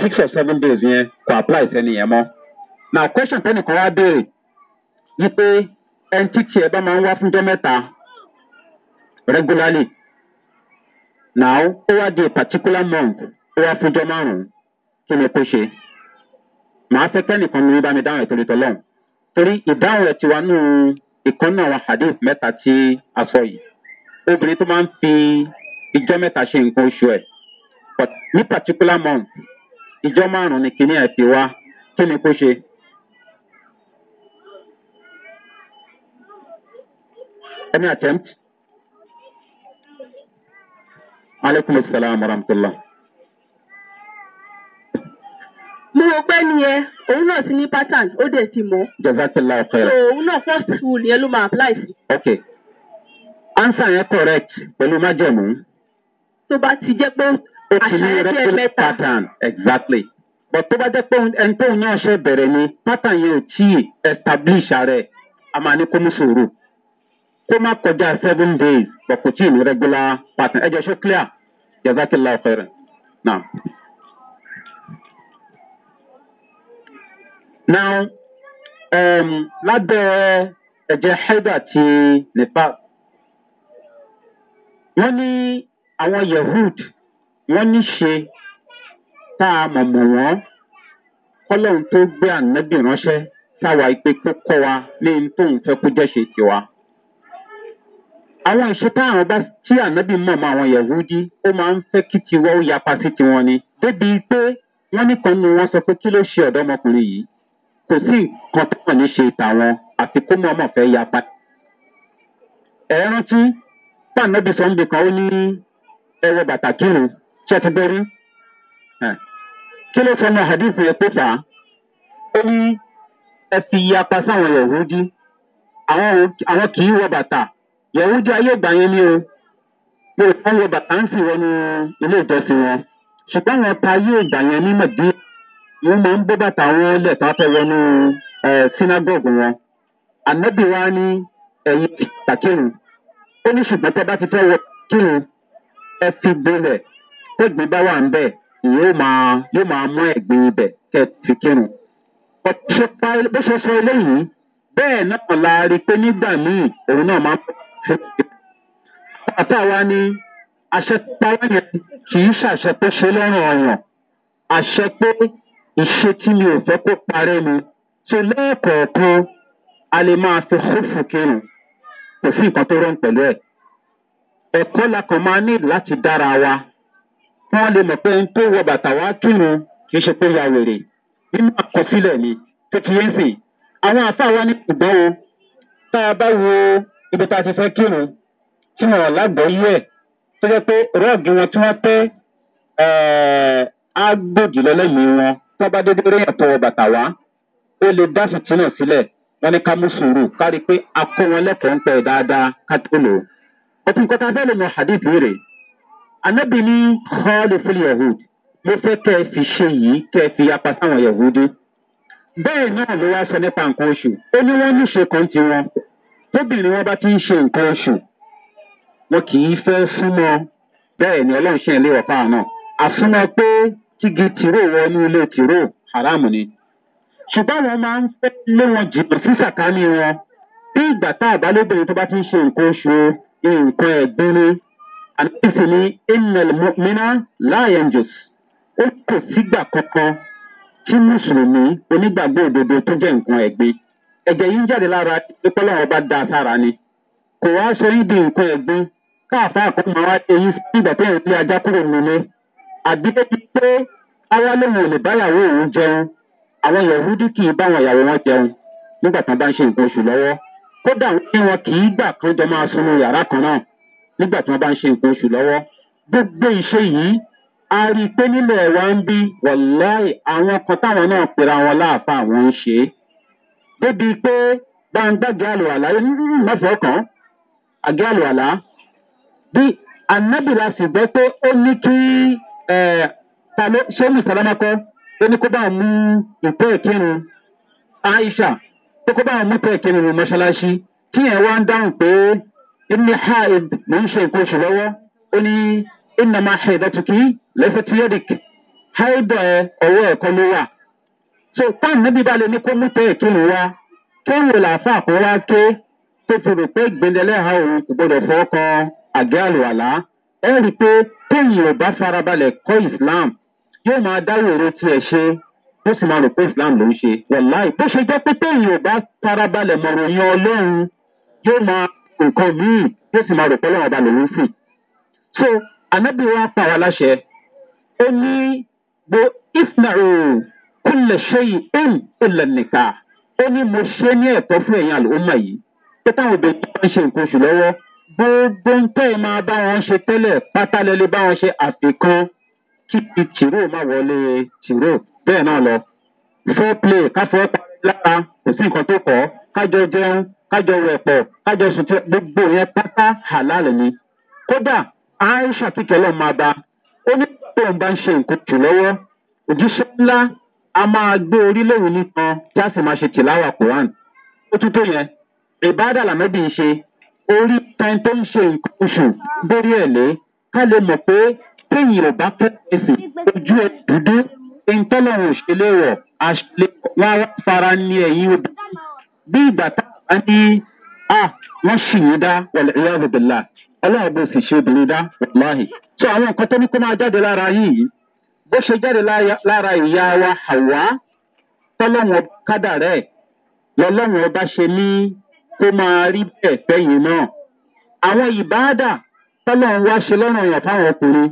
six or seven days yẹn kò apply sẹ́ni yẹn mọ́. na question tẹ́nìkan wá béèrè wípé ẹni tí tiẹ̀ bá máa ń wá fúnjọ́ mẹ́ta regularly now over wá particular month over wá fúnjọ márùn-ún kí ni kó ṣe màá fẹ́ kẹ́nìkan ní bá mi dáhùn ètò ìtọ́ lọ́hùn torí ìdáhùn rẹ̀ ti wá nù ìkànnì àwọn hadith mẹ́ta tí a sọ yìí obìnrin tó máa ń fi ìjọ mẹ́ta ṣe nǹkan oṣù ẹ̀ ní particular month ìjọ márùn-ún ni kìnìún ẹ̀ fi wá kí ni kó ṣe. any attempt? aleykum salaam wa rahmatulah. mo rò pé nìyẹn òun náà ti ní pattern ó dẹ̀ ti mọ̀. jazakila ọkọọrẹ. so òun náà first school yẹn ló máa apply sí. ok answer yẹn correct pẹ̀lú májẹ̀mú. tó bá ti jẹ́ pé àṣàyàn jẹ́ mẹ́ta. pattern exactly but tó bá jẹ́ pé ẹni tó ń yàn ṣe bẹ̀rẹ̀ ni pattern yẹn ò tíì establish ara a máa ní kó mú sòrò kó má kọjá seven days pọ̀pọ̀ tí ìlú regular pattern ẹjọ́ ṣó clear jazakillah fẹ́rẹ̀ now. now um, lábẹ́ ẹ̀jẹ̀ haida ti nepal wọ́n ní àwọn yehud wọ́n ní ṣe tá a mọ̀mọ̀ wọ́n kọ́lọ́hún tó gbé ànábì ránṣẹ́ sáwa ìpè kó wa ní tóun fẹ́ kó jẹ́ ṣe tiwa àwọn nǹkan táwọn bá tí ànábì mọ̀ mọ́ àwọn yahudi ó máa ń fẹ́ kí tiwọn ó yapa sí tiwọn ni débi pé wọ́n nìkan ni wọ́n sọ pé kí ló ṣe ọ̀dọ́mọkùnrin yìí kò sí nǹkan tó kàn ní ṣe tàwọn àfi kó mọ̀ọ́mọ̀ fẹ́ yapa. ẹ rántí pàǹdàbí sọ́ńdì kan ó ní ẹwọ bàtà kírun ṣe ti borí kí ló sọ ọmọ hadith yẹn pé fà á ó ní ẹ fi yapa sáwọn yahudi àwọn kì í wọ bàtà. yẹ̀wúdí ayé ìgbà ni o pé wọn bàtà ń sì ní ilé ìjọsìn wọn ṣùgbọ́n wọn ta ayé ìgbà ní mọ̀dí wọn máa wọn lẹ̀ tá a fẹ́ wọn ànábì wa ní ẹ̀yìn ti wọ kírun ẹ fi bá wà ń yóò máa yóò máa mú fi kírun bó ṣe sọ eléyìí i pé nígbà àti àwa ni àṣẹ táwa yẹn kì í ṣàṣẹ tó ṣe lọ́rùn ọ̀yàn àṣẹ pé ìṣe tí mi ò fẹ́ kó parẹ́ ni tó lẹ́ẹ̀kọ̀ọ̀kan a lè máa fi hófù kírun kò sí nǹkan tó rọrùn pẹ̀lú ẹ̀. ẹ̀kọ́ la kàn máa ní láti dára wa wọ́n lè mọ̀ pé n tó wọ bàtà wá kírun kì í ṣe pé ya wèrè nínú àkọsílẹ̀ ni tó ti yẹn sìn àwọn àfáà wa ní ṣùgbọ́n o tá a bá wo ibi tá a ti fẹ́ kírun tí wọn lágbọ́yé ẹ̀ tó jẹ́ pé rọ́ọ̀gì wọn tí wọ́n tẹ́ á gbòdì lọ́lẹ́yìn wọn tí wọ́n bá dédé réyàn tọwọ́ bàtà wá ó lè dá fìtínà sílẹ̀ wọ́n ní ká mú sùúrù kárí pé a kó wọn lẹ́kọ̀ọ́ ń pẹ́ dáadáa ká tó lò ó. ọtún kọ́ta fẹ́ lè mọ hadith rè anabi ní hall of fame yahud mo fẹ́ kẹ́ ẹ fi ṣe yìí kẹ́ ẹ fi yapa sáwọn yahudi. bẹ́ẹ̀ náà ló wá sọ nípa nǹkan oṣù ó ní wọ́n níṣe kan tiwọn tóbìnrin wọn bá ti ń ṣe nǹkan oṣù wọn kì í fẹ́ súnmọ́ bẹ́ẹ̀ ni ọlọ́run ilé ọ̀pá náà àsúnmọ́ pé kígi tìró wọ inú ilé tìró haram ni ṣùgbọ́n wọn máa ń fẹ́ lé wọn jìnnà sí sàkání wọn bí ìgbà tá àbálòbìnrin tó bá ti ń ṣe nǹkan oṣù nǹkan ẹ̀gbinrin àdéhùn ní inel mina lions ó kò sígbà kankan tí mùsùlùmí onígbàgbọ́ òdodo tó jẹ́ nǹkan ẹ̀gbin ẹ̀jẹ̀ yìí ń jáde lára ìpínlẹ̀ ọba da sára ni kò wá ṣe ń di nǹkan ẹ̀gbin káàfáà kan máa wá ṣe yín nígbà tó ń lé ajá kúrò nílé àbí ó ti pé awa lóun ò lè báyàwó òun jẹun àwọn yahudi kì í báwọn ìyàwó wọn jẹun nígbà tán bá ń ṣe nǹkan oṣù lọ́wọ́ kódà wọn kì í gbà kán jọ máa sunú yàrá kan náà nígbà tí wọn bá ń ṣe nǹkan oṣù lọ́wọ́ gbogbo ìṣe yìí a rí i pé nílẹ̀ wa ń bí wọ̀láì àwọn kan táwọn náà pera wọn láàfáà wọn ń ṣe é. débi pé bí sì pé ó ní kí ṣé mùsàlámákọ́ ó ní kó bá mú ìpẹ́ ìkírun aisha tó kó bá mú kí wá ń dáhùn pé haid ń ṣe nǹkan oṣù lọ́wọ́ ó ní innama haidatiki lẹ́sẹ̀ tí yẹ́dìk haidọ̀ ọwọ́ ẹ̀kọ́ ló wà. so táà níbi bá lè ní kó mú tó ìkíni wá tó ń lò láàfà kó wá ké tó ti rò pé gbẹndẹlẹ́hà òun kò gbọdọ̀ fọ́ àgẹ́ àlùwàlá ẹ rí i pé téèyàn ò bá farabalẹ̀ kọ́ islam yóò máa dáwòrò tiẹ̀ ṣe ó sì máa rò pé islam ló ń ṣe wàláì bó ṣe jẹ́ pé téèyàn ò bá farabalẹ̀ mọ̀rọ̀ yan ọlọ́run yóò máa nǹkan míì yóò sì máa rò pé ọlọ́run ọba lòún sì. so anabi wa pa wa láṣẹ ó ní gbo ifnaru kúlẹ̀ ṣẹ́yìn ẹ̀ǹ ilẹ̀ nìka ó ní mo ṣe ní ẹ̀tọ́ fún ẹ̀yìn àlùmọ̀ yìí pé táwọn obìnrin bá ń ṣe nǹkan oṣù lọ́wọ́ gbogbo ń tẹ́ ẹ máa bá wọn ṣe tẹ́lẹ̀ pátálẹ́lẹ́ bá wọn ṣe àfikún kí ti tìró má wọlé tìró bẹ́ẹ̀ náà lọ. four play káfọ́ lára kò sí nǹkan tó kọ́ kájọ jẹun kájọ wẹ̀pọ̀ kájọ sùn tẹ gbogbo yẹn pátá halal ni. kódà aisha kíkẹ́ lọ́ọ́ máa bá ó ní tó ń bá ń ṣe nǹkan jù lọ́wọ́ òjíṣẹ́ ńlá a máa gbé orílẹ̀-èdè nìkan tí a sì máa ṣe tìláwà quran ó tún tó yẹn ìbáàdà làmẹ́bí ń ṣe orí tan tó ń ṣe nǹkan oṣù dórí ẹ̀ lé ká lè mọ̀ pé téèyàn ò bá fẹ́ ẹsẹ̀ ojú ẹ dúdú ìtọ́lọ́run òṣèlè wọ̀ àṣìlè wọn wá fara ní ẹ̀yìn odò bí ìgbà táwọn ní à wọ́n sì yín dá wọ̀lẹ̀ ìyá ọ̀bẹ̀bẹ̀ ọlọ́run bó sì ṣe obìnrin dá wọ̀láhì. sọ àwọn nǹkan tó ní kó máa jáde lára yìí bó ṣe jáde lára ìyá wa àwa tọ́lọ́wọ́n kádàrẹ́ lọ́lọ́wọ́n ọba ṣe ní kó máa rí bẹ́ẹ̀ fẹ́yìn náà àwọn ìbáàdà tọ́lọ́wọ́n wá ṣe lọ́rùn ọ̀yàn fáwọn ọkùnrin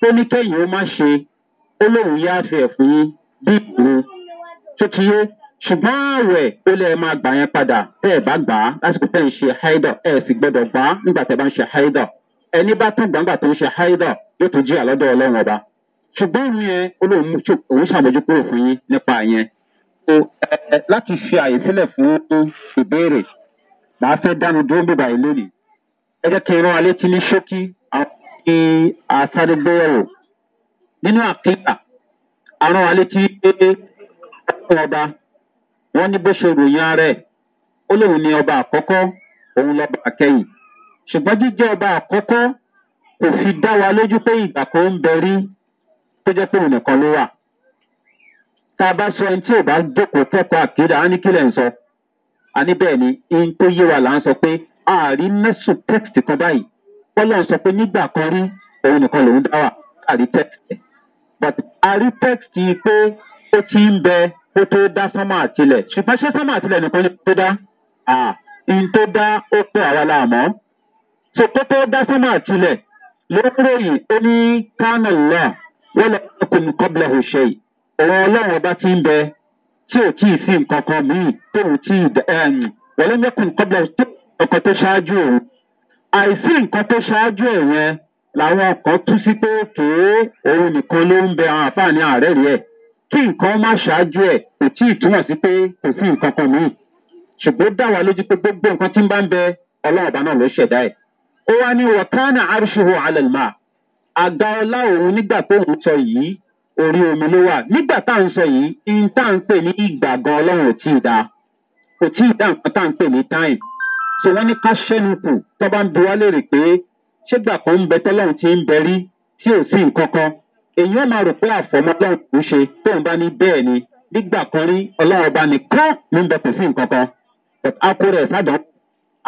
tó ní kẹ́yìn ó má ṣe ó lóun yá fẹ́ fún yín bí ìgbòho tó ti yé ṣùgbọ́n ààwẹ̀ ó lè máa gbà yẹn padà tẹ́ ẹ̀ bá gbà á lásìkò tẹ́ ẹ̀ ń ṣe haidọ̀ ẹ̀ sì gbọ́dọ̀ gbà á nígbà tẹ́ bá ń ṣe haidọ̀ ẹni bá tán gbàǹgbà tó ń ṣe haidọ̀ yóò tó jí àlọ́dọ̀ ọlọ́run ọba ṣùgbọ́n òun yẹn olóhùn mú òun ṣàmójúkúrò fún yín nípa yẹn so láti ṣe àyè sílẹ̀ fún ìbéèrè màá fẹ́ dánu dúró ń bèbà yìí lónìí ẹ jẹ́ kí n rán alé tí ní ṣókí àti àsárégbéyẹ̀wò nínú àkíyà arán alé tí pé ọkọ ọba wọn ní bó ṣe ròyìn ara ẹ ó lóun ọba àkọ́kọ́ òun lọ́ba àkẹyìn ṣùgbọ́n jíjẹ́ ọba àkọ́kọ́ kò fi dá wa lójú pé ìgbà kan ń bẹ rí tó jẹ́ pé òun nìkan ló wà. tá a bá sọ ẹni tí ò bá jókòó kẹ́kọ̀ọ́ àkéde á ní kílẹ̀ ń sọ. a ní bẹ́ẹ̀ ni ihun tó yé wa là ń sọ pé ààrí mẹ́sùn tẹ́kìtì kan báyìí wọ́n sọ pé nígbà kan rí òun nìkan lòún dá wà àrí tẹ́kìtì. but àrí tẹ́kìtì pé ó ti ń bẹ kó tó dá sánmà àtìlẹ̀ ṣùgbọ́n ṣé sánmà àtìlẹ̀ nìkan ló tó dá? ihun tó dá ó pé àwa la so kó tó dá sánmà àtìlẹ̀ ló ń ó ní kánà lọ́ọ̀ wọ́n lọ kó mi kọ́bílẹ̀ hù ṣe yìí ọ̀rọ̀ ọlọ́run ọba ti ń bẹ tí ò tí ì sí nǹkan kan míì tó ò tí ì ẹ̀yìn wọ́n lọ́mọ kó mi kọ́bílẹ̀ tó nǹkan tó ṣáájú òun àìsí nǹkan tó ṣáájú ẹ̀ yẹn làwọn kan tú sí pé kéé òun nìkan ló ń bẹ àwọn àfààní ààrẹ rí kí nǹkan má ṣáájú ẹ̀ kò tí ì túmọ̀ sí pé kò sí nǹkan kan míì ṣùgbọ́n dá wa lójú pé gbogbo nǹkan tí ń bá ń bẹ ọlọ́ọ̀bá àga ọlá òun nígbà tó ń sọ yìí orí omi ló wà nígbà tá à ń sọ yìí in tá à ń pè ní ìgbàgbọ́ ọlọ́run ò tí ì dáa kò tí ì dá nǹkan tá à ń pè ní time so wọ́n ní ká ṣẹ́nu kù tó bá ń bi wá léèrè pé ṣé gbà kan ń bẹ tọ́lọ́run ti ń bẹ rí tí ò sí nǹkan kan èèyàn máa rò pé àfọmọ́ ọlọ́run kò ṣe tóun bá ní bẹ́ẹ̀ ni nígbà kan rí ọlọ́run bá ní kán ló ń bẹ kò sí nǹkan kan but a kó rẹ̀ sábà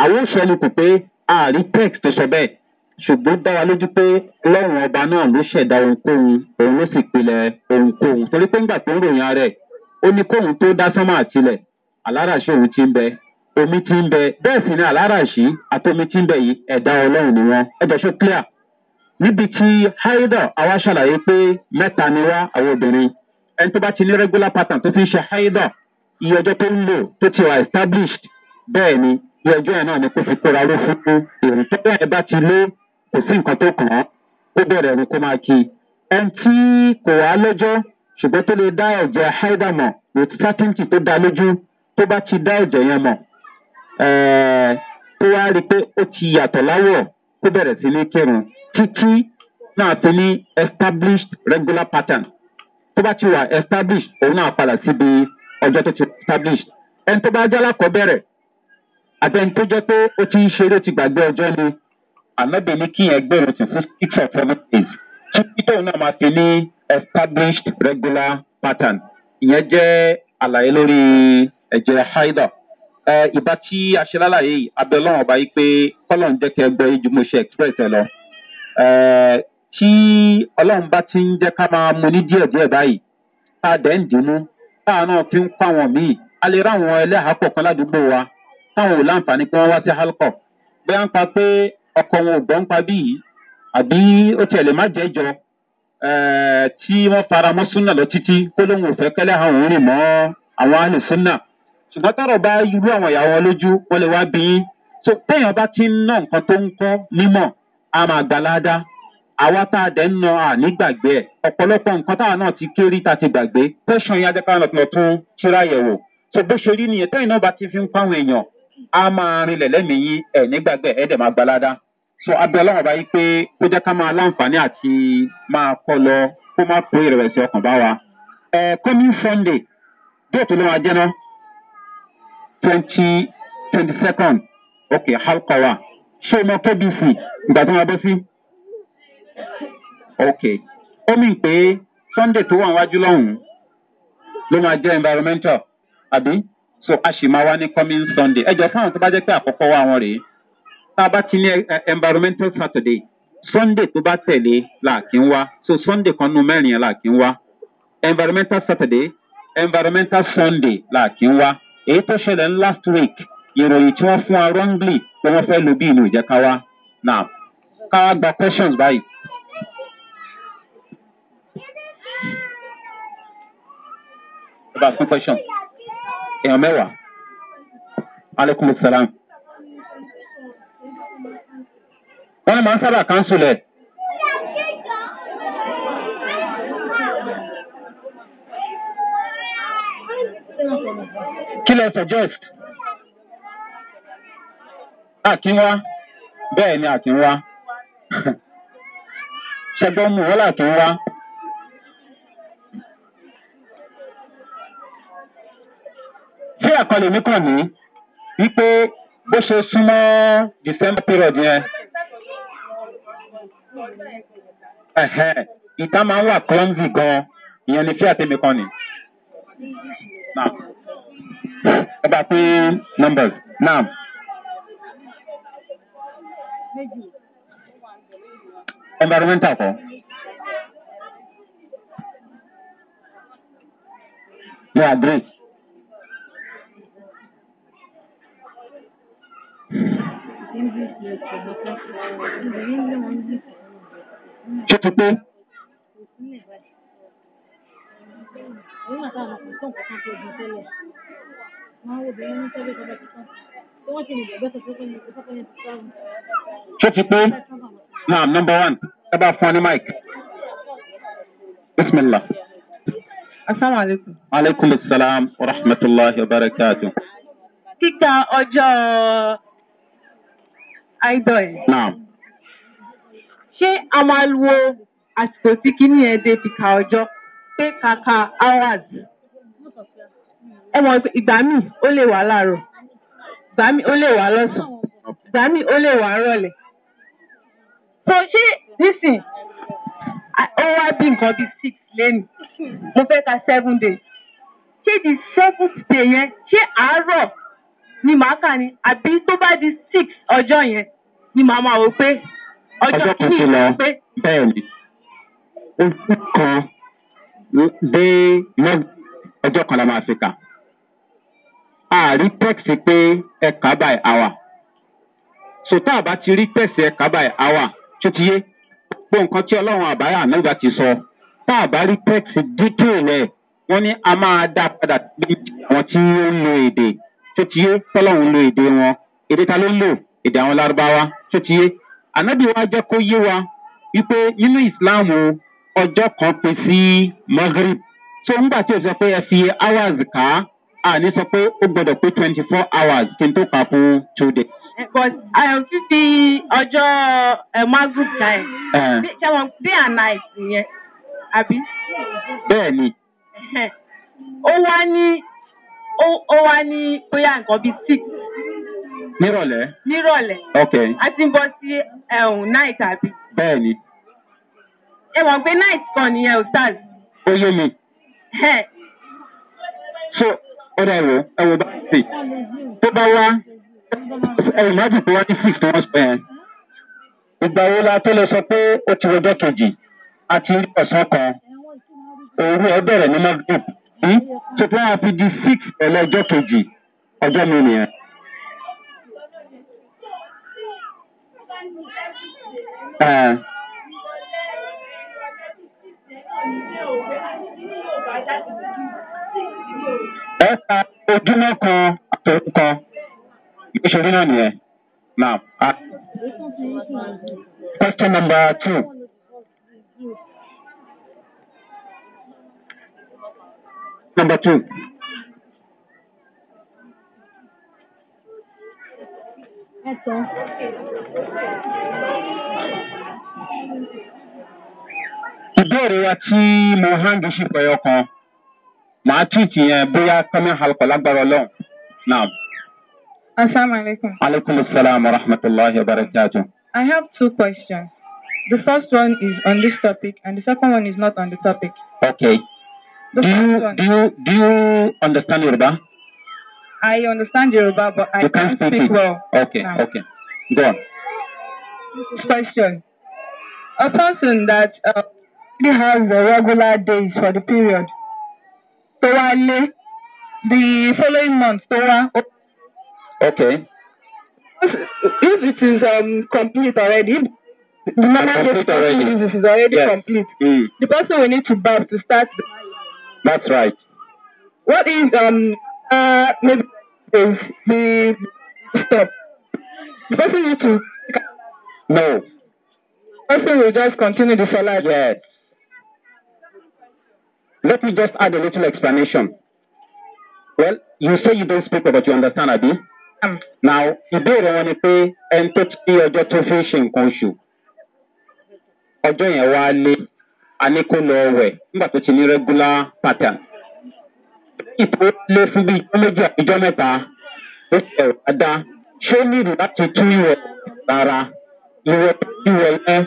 àwọn ò ṣẹ́nu kù pé ààrí text sọ bẹ́ẹ̀ ṣùgbọ́n dá wa lójú pé lọ́rùn ọba náà ló ṣẹ̀dá ohunkóhun òun ló sì pilẹ̀ ohunkóhun torí pé ńgbà tó ń ròyìn ara ẹ̀ ó ní kóhun tó dá sánmọ́ àtilẹ̀ aláràṣí òun ti ń bẹ omi ti ń bẹ bẹ́ẹ̀ sì ni aláràṣí àtomi ti ń bẹ yìí ẹ̀dá ọlọ́run ni wọ́n ẹ jẹ́ ṣó clear níbi tí haida àwa ṣàlàyé pé mẹ́ta ni wá àwọn obìnrin ẹni tó bá ti ní regular pattern tó fi ń ṣe haida iye ọjọ́ tó ń lò tó ti wà established bẹ́ẹ̀ ni iye ọjọ́ yẹn náà ni kò fi kóra ló fún un èrò tó bẹ́ẹ̀ bá ti lé kò sí nǹkan tó kàn án ó bẹ̀rẹ̀ ẹ̀rù kó máa kí i. ẹni tí kò wá lọ́jọ́ ṣùgbọ́n tó lè dá ẹ̀jẹ̀ haida mọ̀ with certainty tó dá lójú tó bá ti dá ẹ̀jẹ̀ yẹn mọ̀ eh, tó wá rí i pé ó ti yàtọ̀ láwọ̀ tó bẹ̀rẹ̀ sí ní kírun títí náà ti ní established regular pattern tó bá ti wà established òun náà padà síbi ọjọ́ tó ti established ẹni tó bá jẹ́ alákọ̀ọ́bẹ̀rẹ̀ àtẹni tó jẹ́ pé ó ti ń ṣeré ti gbàgbé ọjọ́ ni àmẹ́bẹ̀ ní kí yẹn gbèrò sí fún six or seven days tí peter náà máa fi ní established regular pattern ìyẹn jẹ́ àlàyé lórí ẹ̀jẹ̀ haida ìbá tí a ṣe lálàyé yìí abẹ́lọ́wọ̀n ọba yìí pé kọ́lọ̀ ń jẹ́ kí ẹ gbọ́ yìí ju mo ṣe express ẹ lọ tí ọlọ́run bá ti ń jẹ́ ká máa mu ní díẹ̀díẹ̀ báyìí tá a ń dìímú tá fi ń kọ́ àwọn míì a lè ráwọn ẹlẹ́hàá pọ̀ kan ládùúgbò wa táwọn ò láǹfààní pé wọ́n wá sí halkọ̀ bẹ́ẹ̀ ń pa pé ọkọ wọn ò gbọ́n pa bí yìí àbí ó tiẹ̀ lè má jẹ́jọ tí wọ́n fara mọ́ súnà lọ títí kó lóun ò fẹ́ kẹ́lẹ́ àwọn òórìn mọ́ àwọn àlè súnà ṣùgbọ́n tọ́rọ̀ bá irú àwọn ìyàwó lójú wọ́n lè wá bí yín tó téèyàn bá ti ń ná nǹkan tó ń kọ́ nímọ̀ a máa gbà ládá àwa tá a dẹ̀ ń nà á nígbàgbé ẹ̀ ọ̀pọ̀lọpọ̀ nǹkan táwa náà ti kéré tá a ti gbàgbé tẹ̀sán yẹn adẹ́káwọn ọ̀tún ọ̀tún kíra yẹ̀wò tó bó ṣe rí nìyẹn tẹ́yìn náà bá ti fi ń pa àwọn èèyàn a máa rinlẹ̀ lẹ́mìí yín ẹ̀ nígbàgbé ẹ̀ dẹ̀ máa gbà ládá so abẹ́ ọlọ́run ọba yìí pé kó jẹ́ ká máa láǹfààní àti máa kọ́ lọ kó má kó ìrẹ̀wẹ̀sì ọkàn bá wa. ẹ coming sunday déètò ló máa jẹ́nà twenty twenty second ok halkọ wa ṣé o mọ kbc ìgbà tó máa bọ́ sí. ok ó mì pé sunday tó wà wájú lọ́hùn-ún ló máa jẹ́ environmental àbí so a sì máa wá ní coming sunday ẹ jọ fún àwọn tó bá jẹ́ pé àkọ́kọ́ wá wọn rèé tá a bá ti ní eh, environmental saturday sunday tó bá tẹ̀lé làákín wá so sunday kan nu mẹ́rin yẹn làákín wá environmental saturday environmental sunday làákín wá èyí tó ṣẹlẹ̀ ní last week ìròyìn tí wọ́n fún wa wrongly pé wọ́n fẹ́ lo bí ìlú ìjẹ́ká wá now ká wá gba questions báyìí. ẹ bá fún question èèyàn mẹ́wàá aleykum wọ́n máa ń sábà kánsulẹ̀. kí lẹ suggest? àkínwá bẹ́ẹ̀ ni àkínwá ṣẹgbọ́n mu wọ́n làkínwá. tí àkọlù mi kàn ní wípé bó ṣe súnmọ́ december period yẹn ìta máa ń wà clumsy gan ìyẹn ni fíà tèmi kan ni. ẹ bá pín numbers now. environmental kọ. mo agree. English, English, ṣé ti pé. òun náà táwọn ọkùnrin tó nǹkan kan tó ju tẹ́lẹ̀ wọn á wo obìnrin ní tẹ́lẹ̀ tó bá ti tán tí wọ́n ti lè bẹ̀rẹ̀ sọ pé ní ìfọ́pẹ́ ní ti tán. ṣé ti pé náà nọmba one ẹ bá fún ọ ní mic bisimilah. asalaamualeykum. aleykum salaam wa rahmatulahi wa barakatu. kíka ọjọ́ idol. naam. ṣé a máa wo àsìkò tí kíní yẹn dé fi ka ọjọ́ pé kàkà hours ẹ mọ̀ ìgbà míì ó lè wà láàárọ̀ ìgbà míì ó lè wà lọ́sàn-án ìgbà míì ó lè wà rọ̀lẹ́. so ṣé nísìn ó wá bí nǹkan bíi six lẹ́nu mo fẹ́ ka seven days ṣé di seventh day yẹn ṣé àárọ̀ ni màá kà ní àbí tó bá di six ọjọ́ yẹn ni màá máa wò pé ọjọ́ kejìlá bẹ́ẹ̀ ni oṣù kan dé ọjọ́ kan la máa fi kà àrí tẹ́ẹ̀sì pé ẹ̀ka báyìí àwà sòtá àbá ti rí tẹ̀sí ẹ̀ka báyìí àwà tó ti yé gbogbo nǹkan tí ọlọ́run àbáyà ànágbà ti sọ tá àbá rí tẹ̀sí dídùn rẹ̀ wọ́n ní a máa dá padà bí àwọn tí ó ń lo èdè tó ti yé tọ́lọ́run lo èdè wọn èdè ta ló ń lò èdè àwọn lárúbáwá tó ti yé Anabiwa wa jẹ́ kó yé wa wípé nínú ìsìláàmù kan pin sí maghreb tó ń gbà tí o sọ hours kà a àní sọ pé ó gbọdọ̀ pé twenty four hours kí n tó kà fún two days. but eh, fífi ọjọ́ eh, maghreb time eh. ṣé wọn day and night àbí. ó wá ní ó wá ní bóyá nǹkan bíi six nírọ̀lẹ́. nírọ̀lẹ́. ok. a ti ń bọ́ sí ẹ̀hún um, night àbí. bẹ́ẹ̀ni. ẹ mọ̀ pé night kan nìyẹn ò stars. ó yé mi. so ó dà wò ẹ wò bá sí tó bá wá ẹ̀rù má dùn pé wọ́n ní six tó wọ́n sọ yẹn. ìgbà wo la tó lè sọ pé ó ti rọjọ́ kejì a ti rí ọ̀sán kan òru ẹ bẹ̀rẹ̀ ní mọ́gàdùn. Hmm? tó bá wà fi di six ẹ̀lẹ́jọ́ kejì ọjọ́ mi nìyẹn. ẹ eh. ka ojúmọ́ kan àtọ̀rọ̀ kan ìṣòro náà nìyẹn. Now, uh, question number two. Number two. That's all. ọjọ́ ìrora tí mo hangi ship ẹyọ kan màá tìtì yẹn bóyá kọ́mí halkọ̀ lágbára ọlọ́run náà. asalaamualeykum. aleykum salaam wa rahmatulahi wa barakatu. I have two questions. The first one is on this topic and the second one is not on the topic. Okay. The do you, one. do you do you understand Yoruba? I understand Yoruba but I can't speak, speak well. Okay, now. okay. Go on. Question. A person that uh, This has the regular days for the period. Tó wá uh, the following month tó uh, Okay. If it is um, complete already, the normal complete already. Is, already yes. complete. Mm. The person will need to bath to start. The... That's right. What is um uh maybe the, the step? The person need to. No. The person will just continue the salary. Yes. Let me just add a little explanation. Well, you say you don't speak, but you understand, Abi. Um. Now, ìbéèrè wọn ni pé ẹni tó ti ọjọ́ tó fi ṣe nǹkan oṣù. Ọjọ́ yẹn wá lé aníkóló ọwẹ̀ nígbà tó ti ní regular pattern. Ìpò lé fún bíi ìjọ méjì àbíjọ mẹ́ta ó ṣe ẹ̀rọ adá. Ṣé ó nílò láti tún ìwẹ̀ rárá? Ìwẹ̀ ìwẹ̀ yẹn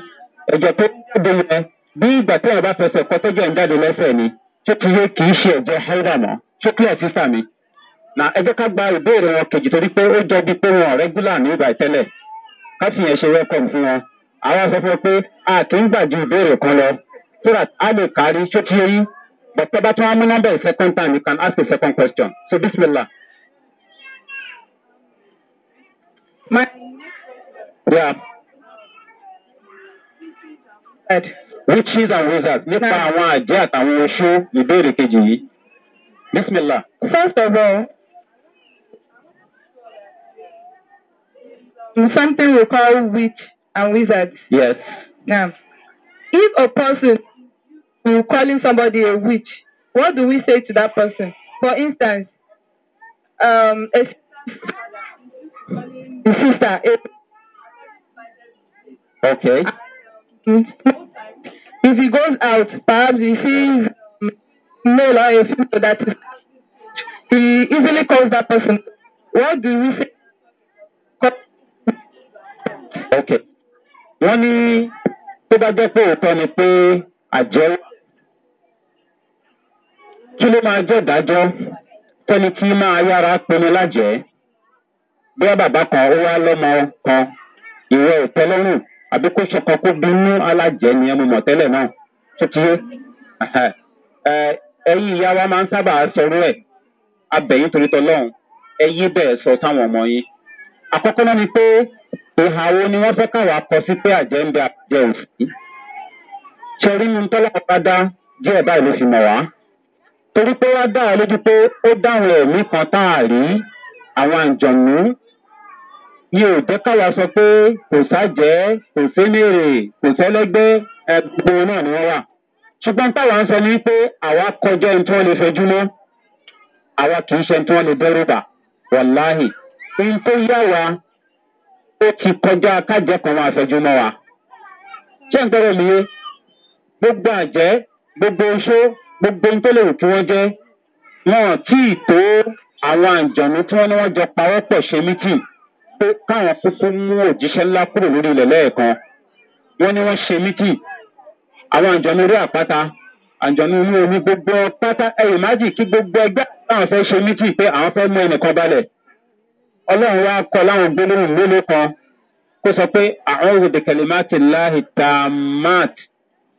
ẹ̀jẹ̀ tó ń jáde yẹn bí ìgbà tí wọn bá fẹsẹ̀ kọ́ tọ́jú ẹ̀ ń jáde lẹ́sẹ̀ ni haira mọ́ sísà mi. na ẹ jẹ́ ká gba ìbéèrè wọn kejì torí pé ó jọ bíi pé wọn regular ní ìgbà ìtẹ́lẹ̀ ká yẹn ṣe fún wọn. a kì í gbà ju kan lọ so that a lè kárí ṣé kí yẹ second time you can ask a second question so witches and wizards nípa àwọn àjẹ́ àtàwọn oṣó ìbéèrè kejì yìí bismillah. first of all something we call witch and wizard. yes. now if a person is calling somebody a witch what do we say to that person for instance um, a sister a. okay. Mm If he goes out, perhaps he sees um, male or a female that is, he easily calls that person. What do you say? Okay. Wọ́n ní tó bá jẹ́ pé òótọ́ ni pé àjọ kí ló máa jẹ́ ìdájọ́ tẹ́ni tí máa yára pinnu lájẹ́ bí bàbá kan ó wá lọ́mọ kan ìwé òtẹ́lọ́rùn àbí kó sọkàn kó dunú alájẹ ni ẹ mo mọ̀ tẹ́lẹ̀ náà tó ti yé ẹyin ìyá wa máa ń sábà sọrú ẹ̀ abẹ̀yìn torí tọlọ́run ẹyí bẹ́ẹ̀ sọ táwọn ọmọ yín àkọ́kọ́ náà ni pé ìhà wo ni wọ́n fẹ́ káwa kọ sí pé àjẹ́ ń bẹ àjẹ́ òsì sọrí ní tọ́lá ọba dá díẹ̀ báyìí ló fi mọ̀ wá torí pé wá dá ọ lójú pé ó dáhùn ẹ̀mí kan tá a rí àwọn àjọ̀nú yóò jẹ́ káwa sọ pé kò sájẹ́ kò sẹ́lẹ̀rè kò sẹ́lẹ́gbẹ́ ẹgbẹ́ náà ni wọ́n wà. ṣùgbọ́n táwa ń sọ ní pé àwa kọjá ohun tí wọ́n lè fẹjú mọ́ àwa kì í ṣe ohun tí wọ́n lè dẹ́rù bà wàláhì. ohun tó yá wa ó ti kọjá kájẹ́ kan wọn àfẹjú mọ́ wa. ṣé n gbọ́dọ̀ mi gbogbo àjẹ́ gbogbo oṣó gbogbo ohun tó lè wù kí wọ́n jẹ́ wọn ò tíì tó àwọn àǹjọ̀nú tí wọ́n ní wọ́n jọ pawọ́pọ̀ ṣe mítìn pé káwọn kúkú mú òjíṣẹ́ ńlá kúrò lórí ilẹ̀ lẹ́ẹ̀kan wọ́n ní wọ́n ṣe mítì àwọn àjọ̀nú orí àpáta àjọ̀nú inú omi gbogbo pátá ẹ̀yìn májì kí gbogbo ẹgbẹ́ àwọn fẹ́ ṣe mítì pé àwọn fẹ́ mú ẹnìkan balẹ̀ ọlọ́run wá kọ láwọn gbólóhùn mélòó kan kó sọ pé àwọn òdìkẹ̀lẹ̀ máa ti láhì tààmát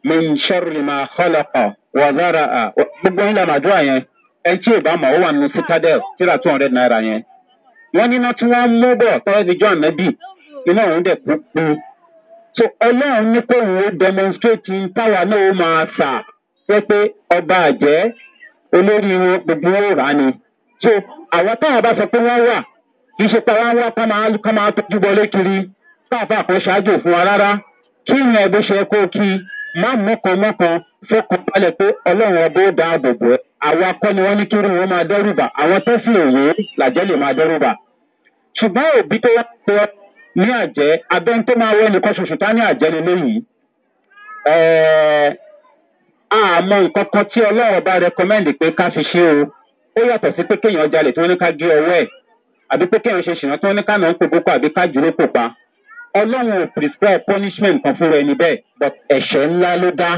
min sharri ma khalaqa wa zara'a gbogbo yín màdúrà yẹn ẹn tí ò bá mọ̀ ó wà nínú citadel tíra two hundred naira yẹn wọn níná tí wọn mú bọ tọ́wọ́ fi jọ iná òun dẹ̀ kú pé so ọlọ́run ní pé òun ó demonstrate táwa náà ó máa sà pé pé ọba àjẹ́ olórí wọn gbogbo wọn ò rà ni so àwọn táwọn bá sọ pé wọ́n wà kì í ṣe pé wọ́n wá ká máa ká máa tójú bọlé kiri káàfà kan ṣáájú òfin wa rárá kí ìyẹn bó ṣe kó kí i má mọ́kàn mọ́kàn fọkàn balẹ̀ pé ọlọ́run ọdún ó dáàbò bò ẹ́ àwọn akọni wọn ní kí irú wọn máa dẹ́rùbà àwọn tó sì òye làjẹ́ lè máa dẹ́rùbà. ṣùgbọ́n òbí tó wá pé ọ ní àjẹ́ abẹ́ tó máa wọ ẹnìkan ṣoṣo tá ní àjẹ́ ni léyìí. àmọ́ nǹkan kan tí ọlọ́run bá rẹkọmẹ́ndì pé ká fi ṣe o ó yàtọ̀ sí pé kéèyàn jalè tí wọ́n ní ká gé ọwọ́ ẹ̀ àbí pé kéèyàn ṣe ṣìnà tí wọ́n ní ká náà ń pò ọlọ́run ò prescribe punishment kan fún ẹni bẹ́ẹ̀ but ẹ̀ṣẹ̀ ńlá ló dá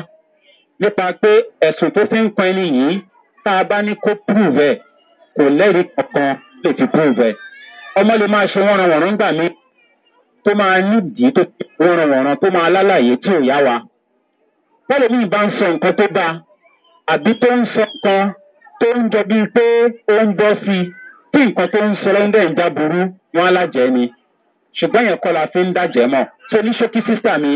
nípa pé ẹ̀sùn tó fi ń kan ẹni yìí tá a bá ní kó prove ẹ̀ kò lẹ́rìí kankan lè fi prove ẹ̀ ọmọ lè máa ṣe wọ́nranwọ̀nran gbà mí tó máa nídìí tó wọ́nranwọ̀nran tó máa lálàyé tí ò yá wa bọ́ọ̀lù mi bá ń sọ nǹkan tó dáa àbí tó ń sọ kan tó ń jọ bíi pé ó ń bọ́ sí i tí nǹkan tó ń sọ lọ́ńdẹ̀ ń já burú wọn á ni ṣùgbọ́n yẹn kọ́ la fi ń dàjẹ́ mọ́ tó ní ṣókí sísá mi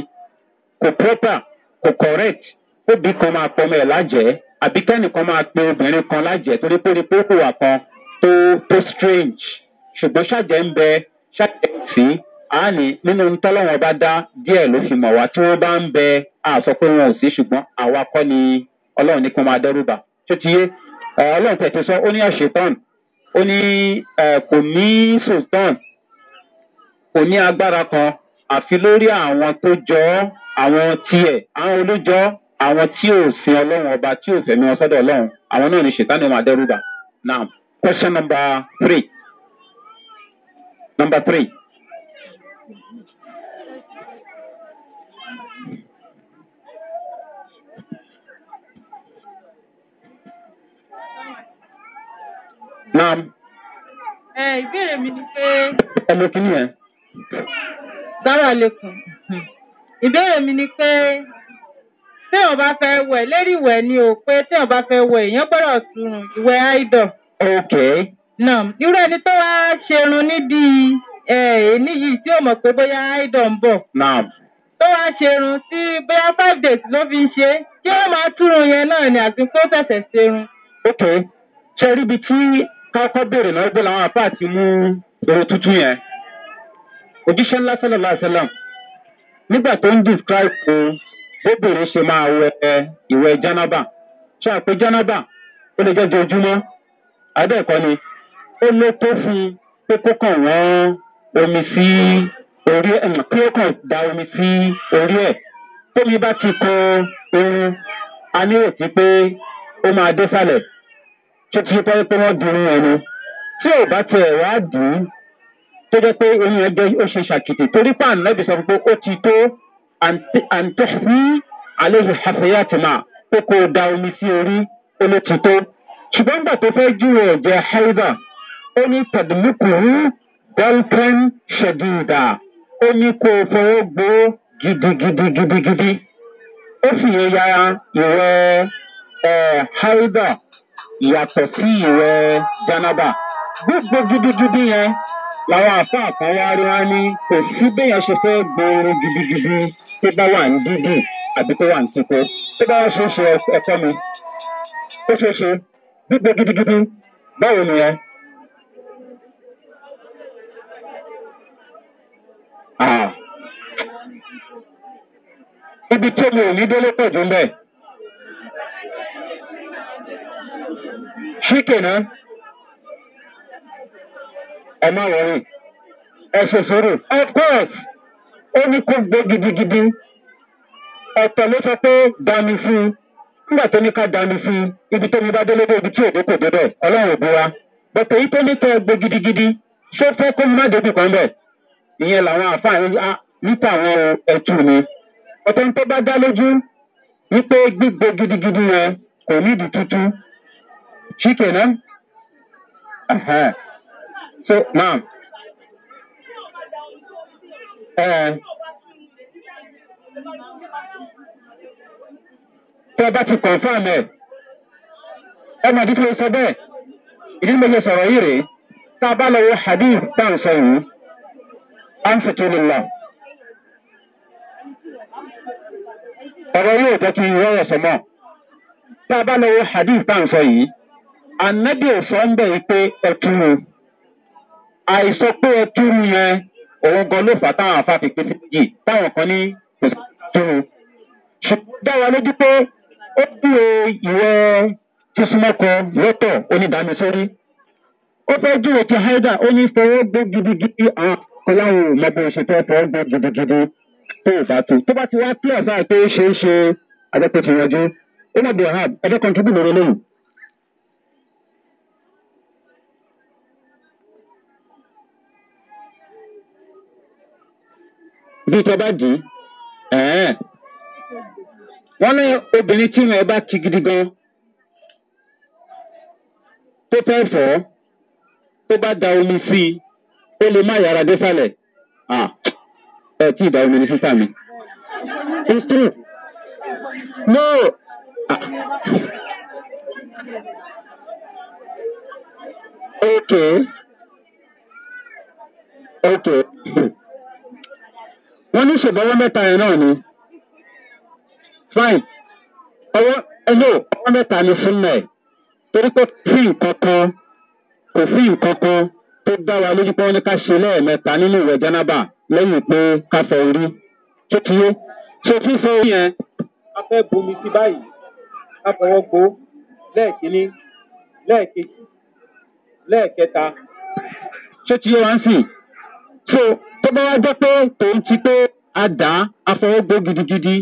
kò proper kò correct obì kan máa pọ́ mẹ́ẹ̀ lájẹ́ àbí kẹ́nìkan máa pe obìnrin kan lájẹ́ torí pé onípò hùwà kan tó tó strange ṣùgbọ́n ṣàjẹ́ ń bẹ ṣàjẹ́ sí àání nínú tọ́lọ́wọ́n bá dá díẹ̀ ló fi mọ̀ wá tí wọ́n bá ń bẹ àsọ pé wọn ò sí ṣùgbọ́n àwa kọ́ ni ọlọ́run ní kí wọ́n máa dẹ́rùbà tó ti yé ọlọ́run tẹ̀ ó ní àṣetán ó ní kò ní sultan kò ní agbára kan àfi lórí àwọn tó jọ ọ́ àwọn tiẹ̀ àwọn olójọ́ àwọn tí ò sin ọlọ́run ọba tí ò fẹ̀mí wọn sọ́dọ̀ ọlọ́run àwọn náà ní ṣètánì wọn adẹ́rùbà now question number three number three. Nam. Ẹ ìbéèrè mi ni pé. Ẹ lo kíní yẹn. Assalamu alaikum. Ìbéèrè mi ni pé téèyàn bá fẹ́ wẹ̀ lérí ìwẹ̀ ni o pé téèyàn bá fẹ́ wẹ̀ èèyàn gbọ́dọ̀ sunrùn ìwẹ̀ háídọ̀. Okay. Naam irú ẹni tó wá ṣerun ní bíi èní yìí tí ò mọ̀ pé bóyá háídọ̀ ń bọ̀. Naam. Tó wá ṣerun tí bóyá five days ló fi ń ṣe ṣé ó máa túrun yẹn náà ni àti pé ó ṣẹ̀ṣẹ̀ ṣerun. Okay. Ṣé ríbi tí kọ́kọ́ béèrè náà gbé làwọn àpá àti mú èrò tuntun yẹn? òjíṣẹ́ ńlá sọ́lọ̀ máa ṣẹlẹ̀ nígbà tó ń describe bóbìnrin ṣe máa wẹ ìwẹ̀ jánábà ṣe àpè jánábà ó lè jẹ́ jojúmọ́ àbẹ́ẹ̀kọ́ ni ó lé tó fún pé kó kàn wọ́n omi sí orí ẹ̀ kí ó kàn da omi sí orí ẹ̀ tómi bá ti kan irun a nírètí pé ó máa dé sálẹ̀ tó ti pẹ́ pé wọ́n dirun ẹnu tí ò bá tiẹ̀ wá dùn ún tó jẹ́ pé oyún ẹgbẹ́ ó ṣe ṣàkìtì torí pa ànábì sọ pé ó ti tó àǹtẹ̀fí àlejò àfẹ́yàtìmá pé kò da omi sí orí ó ló ti tó ṣùgbọ́n gbà tó fẹ́ júwe ẹ̀jẹ̀ haida ó ní tàdùmùkùrú belkan ṣẹ̀dúdà ó ní kó o fọwọ́ gbó gidigidi gidigidi ó sì yẹ yára ìwẹ́ ẹ̀ haida yàtọ̀ sí ìwẹ́ janaba gbogbo gidigidi yẹn làwọn àfa kan wá rí wọn ní kò sí béèyàn ṣe fẹ́ gbòòrò gidigidi tó bá wà ní dídùn àbí tó wà ní kíkó tó bá wá ṣeéṣe ẹ̀kọ́ mi ó ṣeéṣe gbígbé gidigidi báwo nìyẹn. Ah. ibi tó mi ò ní délé pọ̀ jù ń bẹ̀. ṣíkè náà ẹ má wọrí ẹ ṣe sùúrù of course ó ní kó gbé gidigidi ọ̀tọ̀ ló sọ pé dání sí i nígbà tó ní ká dání sí i ibi tó ní bá délé dé ibi tí èdè kò dé bẹ́ẹ̀ ọlọ́run ò búra bọ́tọ̀ èyí tó ní kẹ́ gbé gidigidi ṣé fẹ́ kó má débi kan bẹ́ẹ̀ ìyẹn làwọn àfààní ah, níta àwọn ẹtù ni ọ̀tọ̀ ní tó bá dá lójú wípé gbígbé gidigidi yẹn kò ní ìdí tútú chicken eh? náà. So, ma'am. Uh, tẹ́ ẹ bá ti confam ẹ̀ ẹ máa dúpẹ́ sọ bẹ́ẹ̀ ìdí mi lè sọ̀rọ̀ yìí rèé tá a bá lọ wo hadith tá à ń sọ yìí à ń fìtí nìlá. ọ̀rọ̀ yóò jẹ́ kí wọ́n rọ̀ sọ́mọ́ tá a bá lọ wo hadith tá à ń sọ yìí ànádìí ò sọ ń bẹ̀ yìí pé ẹ tún un àìsọ pé ẹ túrú yẹn òun gan ló fà táwọn afa fi pé sí méjì táwọn kan ní kò sí túrú ṣùgbọ́n dá wa lójú pé ó bí o ìwọ sísúnmọ́kọ lọ́tọ̀ onídàámẹ́sórí ó fẹ́ júwèé ti haida ó ní fọwọ́ gbé gidigidi àwọn akọláwò mọ́bí oṣù tó fọwọ́ gbé gidigidi tó ò bá tó tó bá ti wá pílọ̀ sáà pé ó ṣeé ṣe àjẹpẹ́ ti yanjú ó mọ̀ bí ọ̀hán ẹ̀dẹ́ kan tó bí lóore lóyún. bí tọ́ bá dì í wọ́n ní obìnrin tí wọn bá ti gidi gan tó fẹ́ fọ́ tó bá da omi sí i ó lè má yàrá dé ẹ tí ì da omi ní sísá mi. Ah. okay okay wọ́n ní ṣèbọ̀wọ́ mẹ́ta yẹn náà ni fine ọwọ́ ẹ̀lò eh, ọwọ́ mẹ́ta ni súnmọ̀ ẹ̀ torí pé sí nǹkan kan kò sí nǹkan kan tó dá wa lójú pé wọ́n ní ká ṣe lẹ́ẹ̀mẹ́ta nínú ìwẹ̀ jánábà lẹ́yìn pé ká fọ orí tó ti yó tó fi fọ orí yẹn a fẹ́ bomi sí báyìí ká fọwọ́ gbó lẹ́ẹ̀kíní lẹ́ẹ̀kejì lẹ́ẹ̀kẹta tó ti wá ń sìn so tó bá wá jẹ́ pé tòun ti pé a dá afọwọ́gbó gidigidi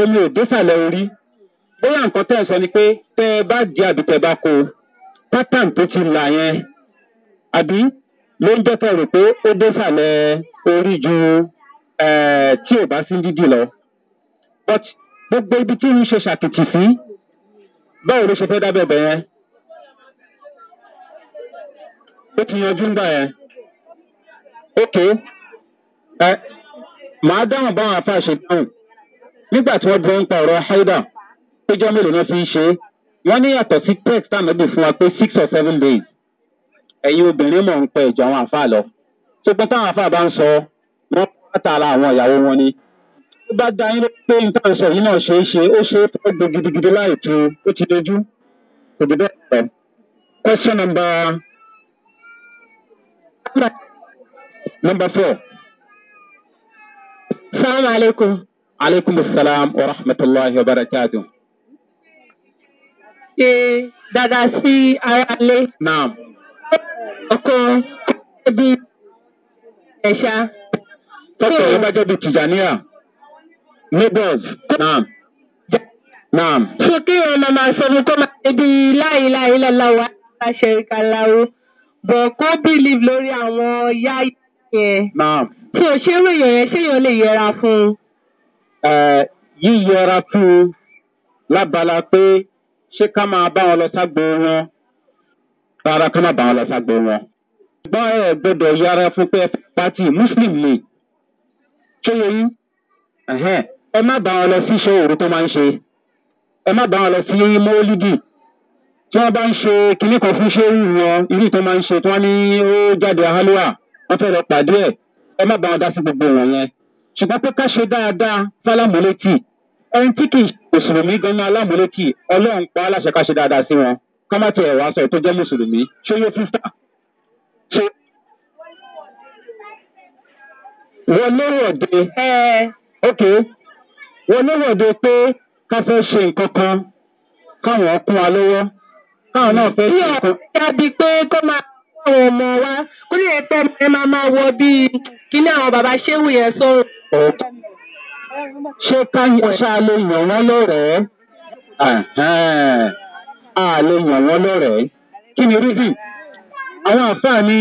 omi ò désàlẹ̀ orí bóyá nǹkan tẹ́ ẹ̀ sọ ni pé tẹ́ ẹ bá jẹ àbí tẹ́ ẹ bá kó pátán tó ti là yẹn àbí ló ń jẹ́ kẹ́ rò pé ó désàlẹ̀ orí ju tí ò bá sí dídì lọ but gbogbo ibi tí ń ṣe ṣàkìtì sí báwo ló ṣe fẹ́ dábẹ́ bẹ̀ yẹn ó ti yanjú ń bà yẹn ok ẹ màá dáhùn báwọn afa ṣe dáhùn nígbà tí wọ́n dúró ń pa ọ̀rọ̀ haida péjọ mélòó náà fi ń ṣe wọ́n ní yàtọ̀ sí text àmọ́bì fún wa pé six or seven days ẹ̀yin obìnrin mọ̀ ń pẹ́ ìjọ àwọn afa lọ tó pé táwọn afa bá ń sọ wọ́n pátá àwọn ìyàwó wọn ni tó bá da yín ló pé nǹkan sọ yìí náà ṣe é ṣe ó ṣe é tọ́ gbé gidigidi láì tu ó ti dojú kò dé bẹ́ẹ̀ pẹ́ question number. Number four. Salam alaikum. Alaikum salam wa rahmatullahi wa barakatuh. Ṣé dada sí ara lé? Naam. Ọkọ ẹbí ẹ̀ṣá. Tọ́kọ̀ yóò bá jẹ́ bí Tìjàníà. Neighbors. Naam. Naam. Ṣé kí ọmọ máa sọ fún kọ́ máa ṣe bí láìláìlá láwa ṣe kàláwo? Bọ̀ kó bìlì lórí àwọn yáyí yẹn. ṣé o ṣerú èèyàn yẹn ṣéèyàn lè yẹra fún un. yíyẹra fún un lábala pé ṣé ká máa bá wọn lọ ságbo wọn rárá ká máa bá wọn lọ ságbo wọn. ṣùgbọ́n ẹ gbọ́dọ̀ yára fún pé pati muslim ni ṣé yẹ yín ẹ má bá wọn lọ sí iṣẹ́ òru tó máa ń ṣe ẹ má bá wọn lọ sí mọ́lídì tí wọ́n bá ń ṣe kinní kan fún ṣé òru wọn irú tó máa ń ṣe tí wọ́n ní ó jáde ahálùwà wọ́n fẹ́ lọ pàdé ẹ̀ ẹ má bá wọn dá sí gbogbo wọn yẹn ṣùgbọ́n pé ká ṣe dáadáa fálámúlétì ẹni tí kì í mùsùlùmí ganan alámúlétì ọlọ́run pa aláṣẹ ká ṣe dáadáa sí wọn ká má tẹ ẹ̀wà sọ ètò jẹ́ mùsùlùmí ṣé yóò fún sáà. wọ́n lérò ok wọ́n lérò ọ̀dẹ pé ká fẹ́ ṣe nǹkan kan káwọn kún wa lọ́wọ́ káwọn náà fẹ́ ṣe nǹkan. yóò yá di pé kó máa àwọn ọmọ wa kó lè pẹ́ ẹ máa máa wọ bíi kíní àwọn bàbá ṣéwù yẹn sọ̀rọ̀. ṣé káyọ̀ ṣá lè yàn wọ́n lọ́rẹ̀ẹ́? a lè yàn wọ́n lọ́rẹ̀ẹ́. kí ni rídì? àwọn àfáà ni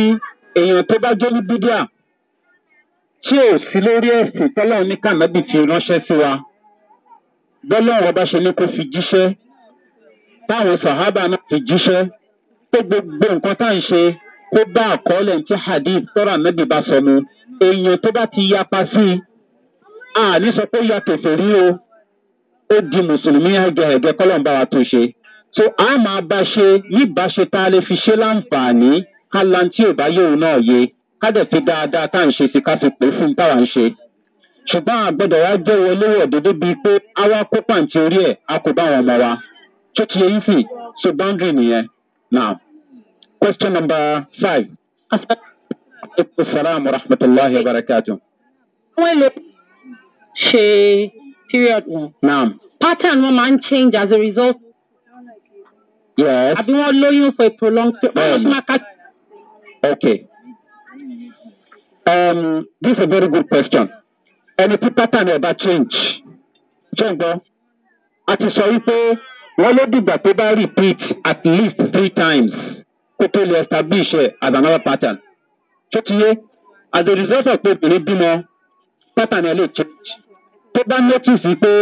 èèyàn tó bá jẹ́ ní bídíà tí ò sí lórí ẹ̀sìn tọ́lọ́run ní kànábì fi ránṣẹ́ sí wa bọ́lọ́run ọba ṣe ní kó fi jíṣẹ́ táwọn sàhábà náà fi jíṣẹ́ pé gbogbo nǹkan tá à ń ṣe kó bá àkọọ́lẹ̀ tí hadith sọ́ra mẹ́bí bá sọ mu èèyàn tó bá ti yapa sí i àní sọ pé yàtọ̀ fèrí o ó di mùsùlùmí ẹgẹ ẹgẹ kọ́lọ́n bá wa tó ṣe so a máa bá ṣe níbàṣe tá a lè fi ṣe láǹfààní ká lantí ò bá yóò náà yé ká dẹ̀ fi dáadáa tá à ń ṣe sí ká fi pè fún táwa ń ṣe ṣùgbọ́n àgbẹ̀dọ̀ wa jẹ́ wọlé wọ̀ bíi pé a wá kó pàǹtí orí ẹ̀ a kò bá wọn mọ̀ wa tó ti yẹ yín sì so boundary nìyẹn now. Question number five. Asalaamu rahmatulahi wa barakatu. Wọ́n lè ṣe period wọn. Naam. Pattern wọn máa ń change as a result. Yes. Àbí wọ́n lóyún for a prolonged period. Báwo Okay. Um, this is a very good question. Ẹni tí pattern ẹ̀ bá change. Ṣé n gbọ́? A ti sọ wípé wọ́n ló dìgbà tó bá repeat at least three times kó tó lè establish eh, as another pattern. tó ti as a result of pé obìnrin bímọ pattern ẹ̀ lè change. tó bá notice pé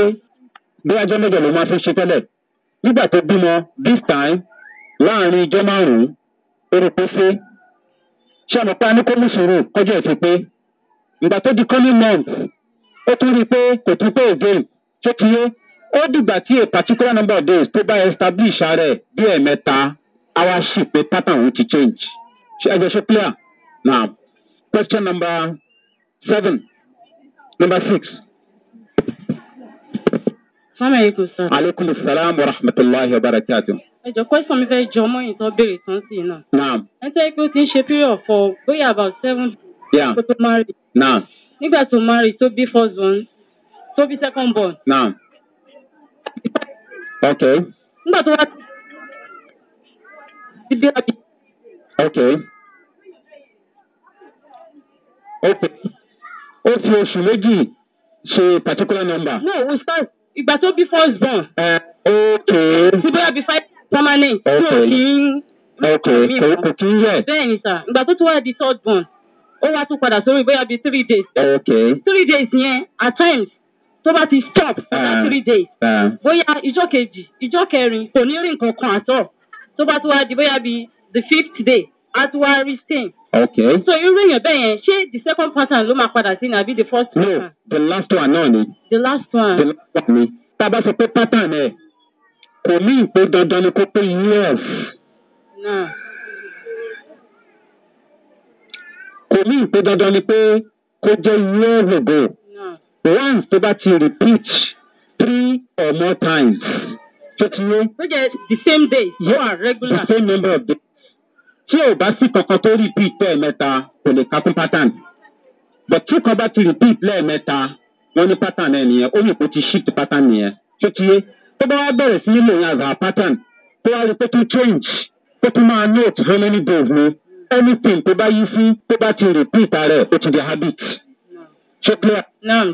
bí ajọ́ mẹ́jọ ló máa fi ṣe tẹ́lẹ̀ nígbà tó bímọ this time láàrin ijọ́ márùn-ún orí pé ṣé ṣé àmọ́ pé a ní kó ní sùúrù kọjá ẹ̀ fi pé ìgbà tó di coming month ó tún rí i pé kò tún pé again ṣé ó dìgbà tí a particular number of days tó bá establish ara ẹ̀ bí ẹ̀mẹ́ta Our sì the pattern will change ṣe ẹjọ ṣe clear now question number seven number six. sàmẹ́yìkù sọ. aleykum salaam wa rahmatulahi wa barakatu. ẹjọ question mi fẹ́ jọ mọ́ ìtọ́ béèrè tó ń sìn náà. naam. ẹ jẹ́ pé o ti ń ṣe period for bóyá about seven. yeah kó tó marry. naam. nígbà tó marry tó bí first born tó bí second born. naam. ok. nígbà tó wá ti ok, Okay. Ó fi oṣù méjì ṣe particular number. No, we start ìgbà tó bí first born. Uh, okay. Tí bóyá bí five permanent. Okay. Ok. Kò kí ń yẹ. Bẹ́ẹ̀ni sà, ìgbà tó tún wá di third born, ó wá tún padà sórí bóyá bí three days. Ok. Three days yẹn at times tó bá ti stop for that ah. three days. Ah. Bóyá ìjọ́ kejì, ìjọ́ kẹrin kò ní rí nǹkan kan àtọ̀ tó bá tún wá di bóyá bíi the fifth day a tún wá rí stain. okay. so irú èèyàn bẹ́ẹ̀ yẹn ṣé the second pattern ló máa padà sí ni àbí the first pattern. no the last one náà ni. the last one. the last one ni tá a bá sọ pé pattern ẹ kò ní ìpè dandan ni kó pé years. náà. kò ní ìpè dandan ni pé kó jẹ́ years ago. once tó bá ti repeat three or more times tuntun. ó jẹ the same day. you are regular. the same number of days. tí ò bá sí kankan tó repeat lẹ́ẹ̀mẹ́ta kò lè kakún pattern. but tí kan bá ti repeat lẹ́ẹ̀mẹ́ta wọ́n ní pattern ẹ̀ nìyẹn ó yẹ kó ti shift pattern nìyẹn. tuntun tó bá wá bẹ̀rẹ̀ sí nílò yẹn as pattern tó wá rí pé tó change tó tún máa note how many days ni anything tó bá yí sí tó bá ti repeat ara ẹ̀ ó ti di habit. ṣé clear? naam.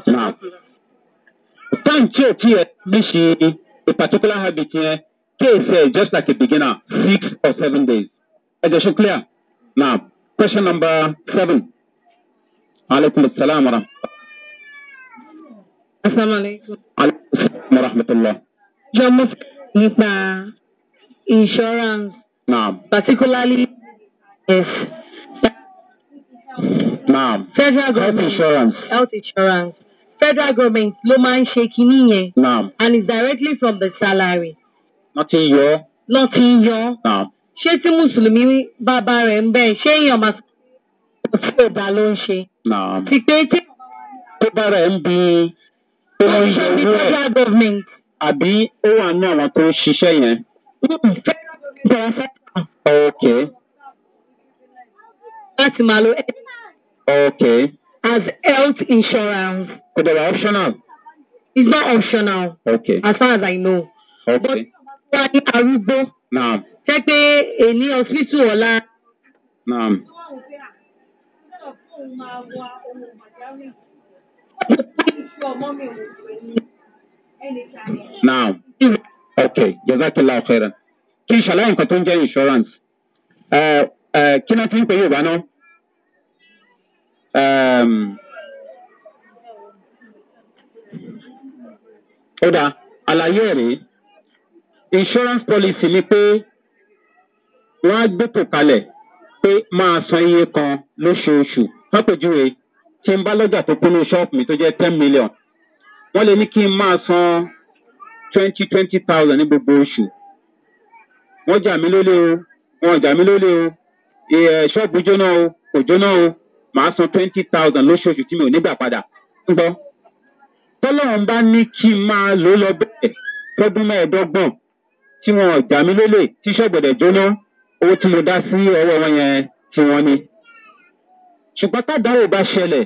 time tí ò tí ẹ bí ṣe a particular habit here, yẹn kéèsè just like a beginner six or seven days. Is it so clear now question number seven. aleykum salaam wa rahmatulah. asalaamualeykum. aleykum wa uh, insurance. naam. particularly yes. naam. health insurance. health insurance federal government ló máa ń ṣe kinní yẹn. and it's directly from the salary. wọ́n ti yọ ọ́. lọ́ ti yọ ọ́. naam ṣé tí mùsùlùmí bàbá rẹ̀ ń bẹ̀ ṣé èèyàn máa sọ sí ọ̀dà ló ń ṣe. ti pé tí. tó bá rẹ̀ ń bi owó yọ federal government. àbí ó wà ní àwọn tó ń ṣiṣẹ́ yẹn. Hmm, federal government ọ̀rọ̀ fẹ́ràn. ok. láti máa lo. ok. okay as health insurance. Could they be optional? It's not optional. Okay. As far as I know. Okay. But are ní arúgbó. Naam. Jẹ́ pé èmi hospital ọ̀la. Naam. Naam. Okay. Jazakallah khairan. Kí ṣàlàyé nǹkan tó ń jẹ́ insurance. Kí náà ti ń pè Yorùbá náà? Um, oda àlàyé ẹ̀ insurance policy ni pe wọ́n á gbẹ́tò kalẹ̀ pé máa san iye kan lóṣooṣù pápẹ́júwe tí n bá lọ́jà tó kún ní mi tó jẹ́ ten million wọ́n lè ní kí n máa san twenty twenty thousand ní gbogbo oṣù wọ́n jà mí lólè o wọ́n jà mí lólè o ṣọ́ọ̀bù jóná o kò jóná o màá san twenty thousand lóṣooṣù tí mi ò ní gbà padà ń gbọ́. tọ́lọ́run bá ní kí n máa lò lọ bẹ́ẹ̀ tọdún mẹ́ẹ̀ẹ́dọ́gbọ̀n tí wọn ọ̀jà mi lólè tí sọ̀gbọ̀dẹ̀ jóná owó tí mo dá sí ọwọ́ wọn yẹn tí wọ́n ní. ṣùgbọ́n tádàrò bá ṣẹlẹ̀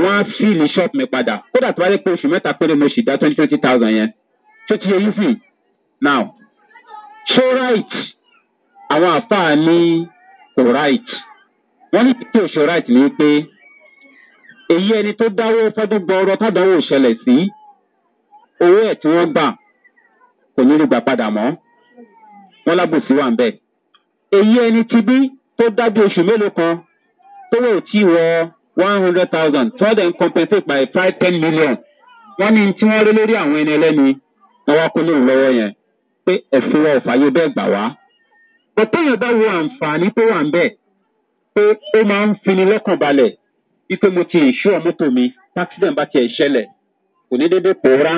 wọ́n á sí ní ṣọ́ọ̀pù mi padà kódà tó bá dé pé oṣù mẹ́ta péré mo sì dá twenty twenty thousand yẹn tó ti yẹ yín sìn now ṣó right àwọn àfáà ní kò right wọ́n ní kí òṣè right ni pé èyí ẹni tó dáwó fọdún gbọọrọ tádàwó ṣẹlẹ̀ sí owó ẹ̀ tí wọ́n gbà kò ní rí gbà padà mọ́ wọ́n lábòsí wà ń bẹ̀. èyí ẹni ti bí tó dájú oṣù mélòó kan tówó tí wọ one hundred thousand two hundred and compensate by five ten million wọ́n ní tí wọ́n rí lórí àwọn ẹni ẹlẹ́ni wọ́n wá kó lóun lọ́wọ́ yẹn pé ẹ̀fọ́ ọ̀fà yóò bẹ́ẹ̀ gbà wá. bọ́tẹ́yìn bá wo àǹfààní tó wà ń bẹ́ẹ̀ pé ó máa ń fini lọ́kàn balẹ̀ wípé mo ti ìṣúọ̀ mọ́tò mi accident bá tiẹ̀ ṣẹlẹ̀ kò ní déédéé pòórá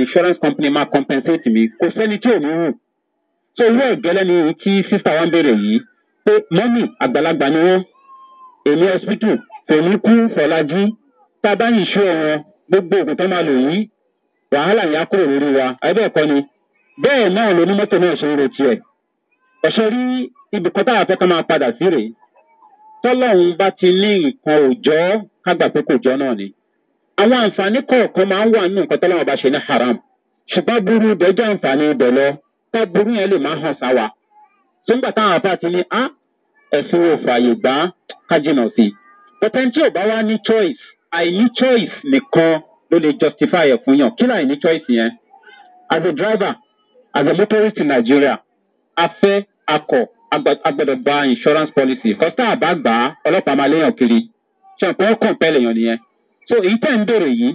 insurance company máa compensate mi kò sẹ́ni tí ò ní hù. so owó ẹ̀gẹ́lẹ́ ni tí sísá wa ń béèrè yìí pé mọ́mì àgbàlagbà ni wọ́n èmi hospital tèmi kú fọ̀lájú tá a bá yìí ṣó gbogbo òkú tó máa lò yìí wàhálà yẹn kúrò lórí wa ẹ̀bẹ̀ kọ́ ni bẹ́ẹ̀ náà lónímọ́tò náà ṣe ń retí ẹ̀ ọ̀ṣẹ́ rí ibìkan táwọn máa padà sí rèé tọ́lọ́run bá ti ní nǹkan òòjọ́ kágbà pé kò jọ náà ni. àwọn àǹfààní kọ̀ọ̀kan máa ń wà nínú nǹkan tọ́lọ́run bá ṣe ní haram ṣùgbọ́n burú ibẹ̀ jẹ́ àǹfààní ibẹ̀ lọ tá burú yẹn lè máa hàn sáwà. tó ń gbà táwọn àbá ti ní á ẹ̀sìn wo fààyè gbá kájìnà sí. bọ́tẹ́ni tí ò bá wá ní choice àìní choice nìkan ló lè justify ẹ̀ fún yàn kí láì ní choice yẹn. as a driver as a motorist in nigeria afẹ́ akọ̀ agbọ́dọ̀ gba insurance policy kọ́tà àbá gbà á ọlọ́pàá máa léyàn kiri ṣe ọ̀pọ̀ wọn kàn pẹ́ẹ́lẹ̀ yàn nìyẹn so èyí tẹ̀ ń bèrè yìí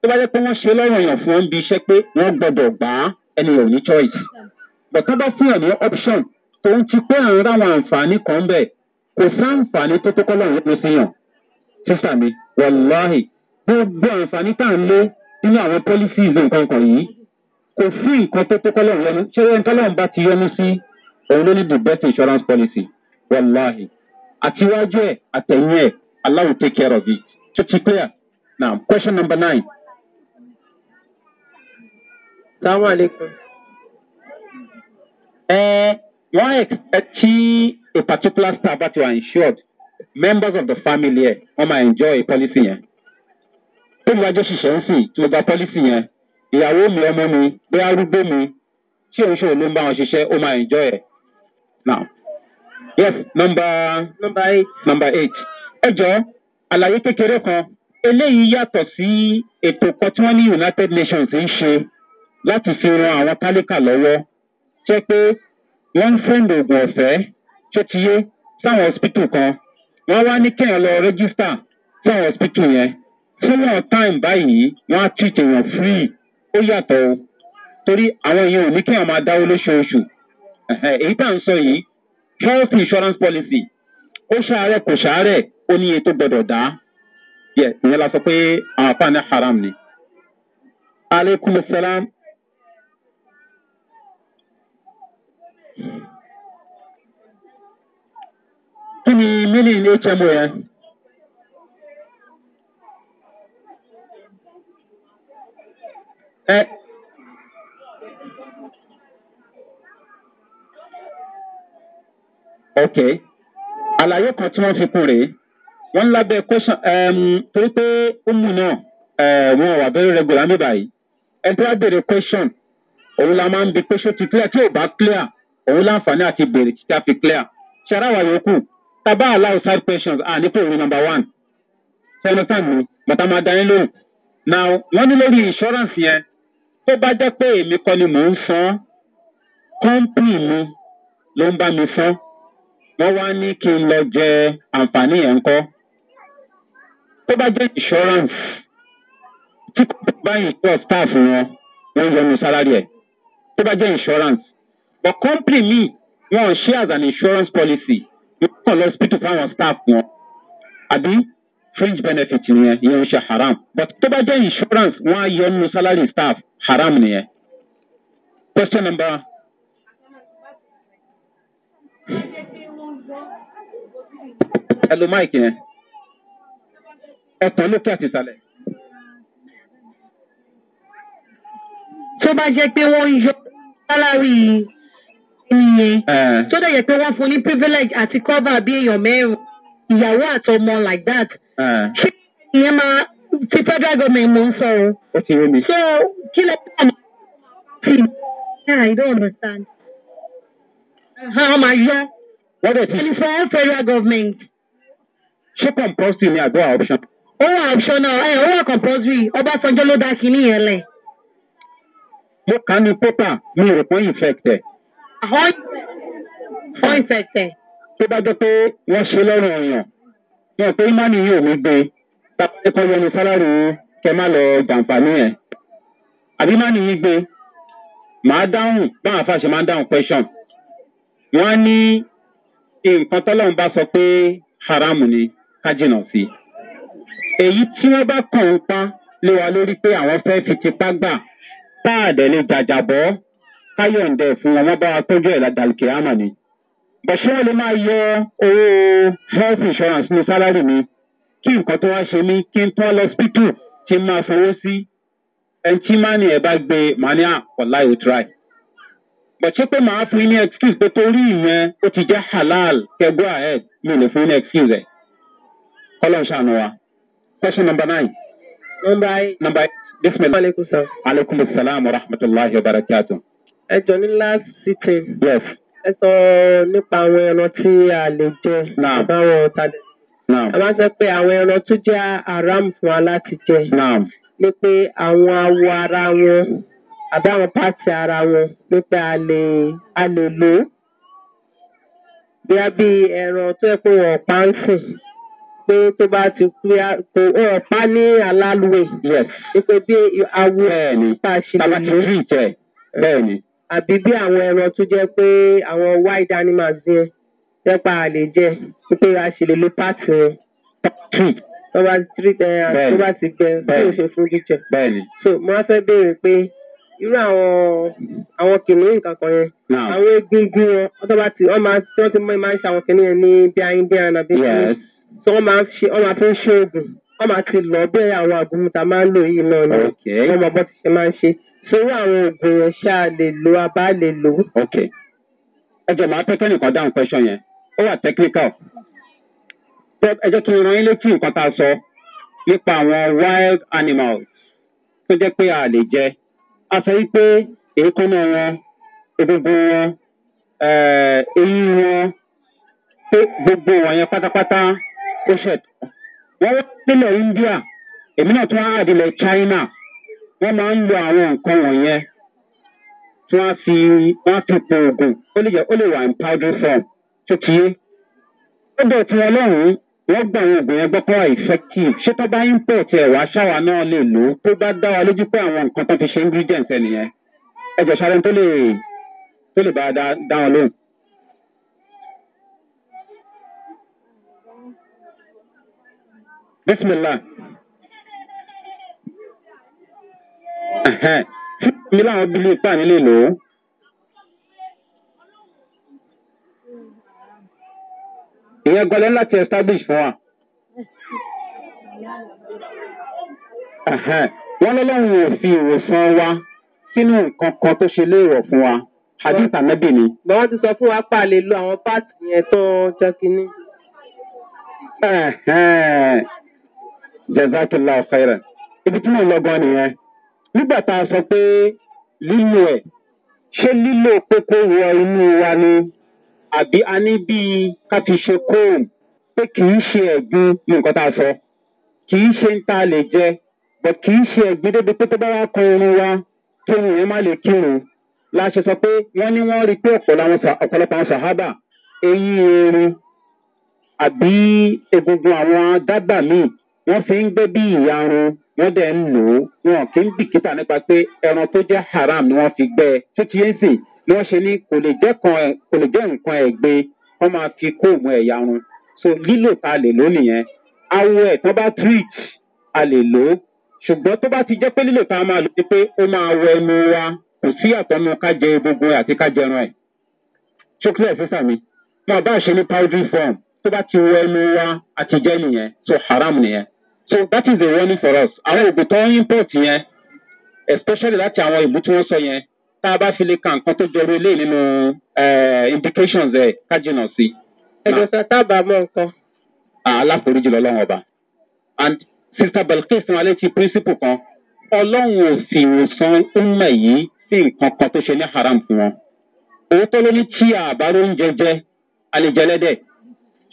tó bá jẹ́ pé wọ́n ṣe lọ́rùn yàn fún ọ́n bí iṣẹ́ pé wọ́n gbọ́dọ̀ gbà á ẹni ò ní choice but bá fún ní option tòun ti pé à ń ráwọn àǹfààní kan bẹ́ẹ̀ kò sáǹfààní tó tó kọ́ lọ́rùn ló sí yàn sísà mi wàláhì gbogbo àǹfààní tá à ń lé nínú àwọn policies nǹkan kan yìí kò sí nǹkan tó tó kọ́ lọ́rùn lọ́nu ṣé ẹni òun ló ní the best insurance policy wàláhì àtiwájú ẹ̀ àtẹ̀yìn ẹ̀ allah will take care of it To be clear now question number nine. Assalamu alaikum. Uh, wọ́n expect a particular star bá ti wà insured members of the family ẹ̀ wọ́n máa enjoy policy yẹn. Tó bí wájú ṣiṣẹ́ ń sìn tí mo gba policy yẹn, ìyàwó mi ọmọ mi, bóyá arúgbó mi, tí òun ṣòro ló ń bá wọn ṣiṣẹ́, ó máa enjoy ẹ̀ now yes number number eight number eight ẹ jọ àlàyé kékeré kan eléyìí yàtọ̀ sí ètò kan tí wọ́n ní united nations ń ṣe láti fi ran àwọn tálíkà lọ́wọ́ jẹ́ pé wọ́n ń fẹ́ǹd oògùn ọ̀fẹ́ tó ti yé sáwọn hospital kan wọ́n wá ní kéèyàn lọ rẹ́gísítà sáwọn hospital yẹn fún wọn time báyìí wọ́n á treat èèyàn free ó yàtọ̀ o torí àwọn èèyàn ò ní kéèyàn máa dáwó lóṣooṣù èyí tá à sọ yìí health insurance policy ó ṣàárẹ̀ kò ṣàárẹ̀ ó ní iye tó gbọdọ̀ dá yẹ ìyẹn la sọ pé àwọn afáà ní haram ni. aleykum salaam. kí ni mílí hmo yẹn. ẹ ok àlàyé kan tí wọ́n fi kún rèé wọ́n lábẹ́ kóṣán torí pé umu náà eh, wọn wà bẹ́rẹ̀ rẹ́gùlà ń bíbà yìí ẹ tó béèrè question òun la máa ń bi pé ṣó ti clear tí ò bá clear òun láǹfààní àti béèrè títí a fi clear ṣara wà yòókù tábà allow side questions à ní fòrò number one sẹ́nitán mi bàtà máa dání lóhùn now wọ́n ní lórí insurance yẹn tó bá jẹ́ pé èmi kọ́ ni mò ń san company mi ló ń bá mi san wọ́n wá ní kí n lọ jẹ àǹfààní yẹn kọ́. tó bá jẹ́ insurance tí kò tó bá insurance staff wọn wọ́n yọnu salary ẹ̀ tó bá jẹ́ insurance but company mi wọn ò ṣe as an insurance policy wọ́n kàn lọ hospital fáwọn staff wọn àbí fringe benefit nìyẹn ìyẹn ń ṣe haram but tó bá jẹ́ insurance wọ́n á yọnu salary staff haram nìyẹn. question number. ẹ lo máìkì yẹn ẹ̀tàn lókè àti ìsàlẹ̀. tó bá jẹ́ pé wọ́n ń yọ sálárì ìyẹn tó dẹ̀ yẹ pé wọ́n fún ní privilege àti cover bí èèyàn mẹ́rin ìyàwó àtọmọ like that ṣé ìyẹn máa ti federal government mọ̀ ń so kí lè bá ọmọ ti yeah i don't understand. Uh, how am I yọ. wọ́n dẹ̀ ti. and for federal government ṣé compulsory ni àbí option. ó wà option náà ẹ ó wà compulsory ọbásanjọ́ ló dá kinní yẹn lẹ̀. mo kà á ní pépà mi rò pé infected. àwọn ọ̀ infected. tó bá jẹ́ pé wọ́n ṣe lọ́rùn ọ̀yàn wọn pé mánì yìí ò ní gbé tàbí ẹ̀kọ́ yọnu sálárù kẹ má lọ jàǹfààní ẹ̀. àbí mánì yìí gbé màá dáhùn báwọn afáṣe máa ń dáhùn question. wọ́n á ní nǹkan tọ́lọ́run bá sọ pé haramu ni ká jìnà sí i. èyí tí wọ́n bá kàn ń pa lé wa lórí pé àwọn fẹ́ fi tipá gbà tá a dẹ̀ lè jàjàbọ́ káyọ̀ǹdẹ̀ fún wọn wọ́n bá wa tọ́jú ẹ̀ ládàlùkẹ́ àmà ni. bẹ̀ṣẹ́ wọn lè máa yọ owó health insurance ní sálárì mi kí nǹkan tó wá ṣe mí kí n tán lọ spítù tí n máa fowó sí ẹni tí má ni ẹ bá gbé mania ọ̀la ìwòtúrà yìí bọ̀tí pé màá fún yín ní excuse pé torí ìyẹn ó ti jẹ́ halal kẹgbọ́ ahead mi ò lè fún yín ní excuse ẹ̀ kọ́lọ́n wa. question number nine. number eight. number eight. bisimilah. aleykum salaam. aleykum salaam wa rahmatulahi wa barakatuh. ẹ jọ ní last sitting. yes. ẹ sọ nípa àwọn ẹran tí a lè jẹ. naam àbáwọn ọ̀tá dẹ̀. naam a máa sọ pé àwọn ẹran tó jẹ́ haram fún wa láti jẹ. naam ni pé àwọn awọ ara wọn àbí àwọn pàṣẹ ara wọn ni pé a lè a lè lò ó. bí a bí ẹran tó yẹ pé wọn pa ń sìn pé tó bá ti pé kò ọ̀pá ní alálùwẹ̀. pípé bí awo tá a ṣe lè mú. bẹ́ẹ̀ni. àbí bí àwọn ẹran tó jẹ́ pé àwọn wild animals yẹn tẹ́pà lè jẹ́ pípé a ṣe lè lo part yẹn. tó bá ti treat ẹ eh, tó bá ti gbẹ tó ṣe fún jíjẹ. bẹ́ẹ̀ni. so mo wá fẹ́ béèrè pé irú àwọn àwọn kìnìún nǹkan kan yẹn. àwọn egungun wọn tó bá ti wọn máa ń ṣe wọn ti máa ń ṣe àwọn kìnìún yẹn ní bí ayé bí ayé náà so wọ́n máa ṣe wọ́n máa fi ń ṣe oògùn wọ́n máa ti lọ bẹ́ẹ̀ àwọn àgùnmu tá a máa ń lò yìí náà ni wọ́n mọ bọ́ ti ṣe máa ń ṣe sórí àwọn oògùn yẹn ṣá lè lo abá lè lò. ok ẹ jọ máa tẹ́kẹ́ nìkan dáhùn question yẹn ó wà technical ẹ jẹ́ kí n ran yín létí nǹkan tá a sọ nípa àwọn wild animals tó jẹ́ pé a lè jẹ a sọ wípé èékánná wọn egungun wọn eh, eyín wọn gbogbo wọn yẹn pátápátá bishop wọ́n wá nílẹ̀ india èmi náà tún wá àdìlẹ̀ china wọ́n máa ń lo àwọn nǹkan wọ̀nyẹn tí wọ́n fi wọ́n fi po oògùn ó lè jẹ́ ó lè wà in powder form tó kì í. ó bẹ̀ tí wọ́n lọ́rùn wọ́n gba àwọn oògùn yẹn gbọ́ pé wọ́n effective ṣé tó bá import ẹ̀ wá ṣáwa náà lè lò ó tó bá dá wa lójú pé àwọn nǹkan tó fi ṣe ingredients ẹ̀ nìyẹn ẹ jẹ́ sáré tó lè tó lè bá dá wọn lóhùn. bisimilah mi láwọn bílí ipá nílé lò ó. ìyẹn gọlẹ́ láti establish fún wa. wọ́n lọ́lọ́run ò fi ìwòsàn wa sínú nǹkan kan tó ṣe léèrò fún wa hadith anabi ni. bọ́wọ́ ti sọ fún wa pa lè lo àwọn páàtì yẹn tó jẹ́ kínní jazakila ọ̀fẹ́rẹ̀ ibi tí mò ń lọ́gbọ́n nìyẹn nígbà tá a sọ pé lílo ẹ̀ ṣé lílo pé kó wọ inú wa ni àbí a ní bíi ká fi ṣe kóòm pé kì í ṣe ẹ̀gbin ní nǹkan tá a sọ kì í ṣe ń ta lè jẹ bọ̀ kì í ṣe ẹ̀gbin débi pé bá wá kan irun wa kí irun yẹn má lè kírun la ṣe sọ pé wọ́n ní wọ́n rí pé ọ̀pọ̀lọpọ̀ àwọn sàhábà eyín irun àbí egungun àwọn dábà míì wọ́n fi ń gbé bí ìyarun wọ́n dẹ̀ ń lò ó wọn kì í bìkítà nípa pé ẹran tó jẹ́ haram ni wọ́n fi gbẹ́ ẹ títí yẹn sìn ni wọ́n ṣe ní kò lè jẹ́ nǹkan ẹ̀gbin wọ́n máa fi kóòmù ẹ̀yà run so lílò ta lè lò nìyẹn awo ẹ̀ tán bá treat a lè lò ó ṣùgbọ́n tó bá ti jẹ́ pé lílò ta máa lò ó pé ó máa wọ ẹnu wa kò sí àtọ́nu ká jẹ egungun àti ká jẹran ẹ̀ chocolate sísà mi wọn bá ṣe ní powdery form tó bá ti wọ ẹnu wa àti nìyẹn so haram nìyẹn so that is a warning for us àwọn oògùn tó import yẹn especially láti àwọn ìlú tí wọ́n sọ yẹn tá a bá fi lè ka nǹkan tó jọrọ ilé nínú eh, implications ẹ̀ ká jìnnà sí. ẹ̀jọ̀ sọ tábà mọ́ nǹkan. aláforíjì lọ́lọ́run ọba and sister belkis fún alẹ́ ti principle kan ọlọ́run ò sì wòsàn ọmọ yìí sí nǹkan kan tó ṣe ní haram fún wọn. òótọ́ ló ní tí àbárò ń jẹjẹ alẹ́jẹlẹ́dẹ̀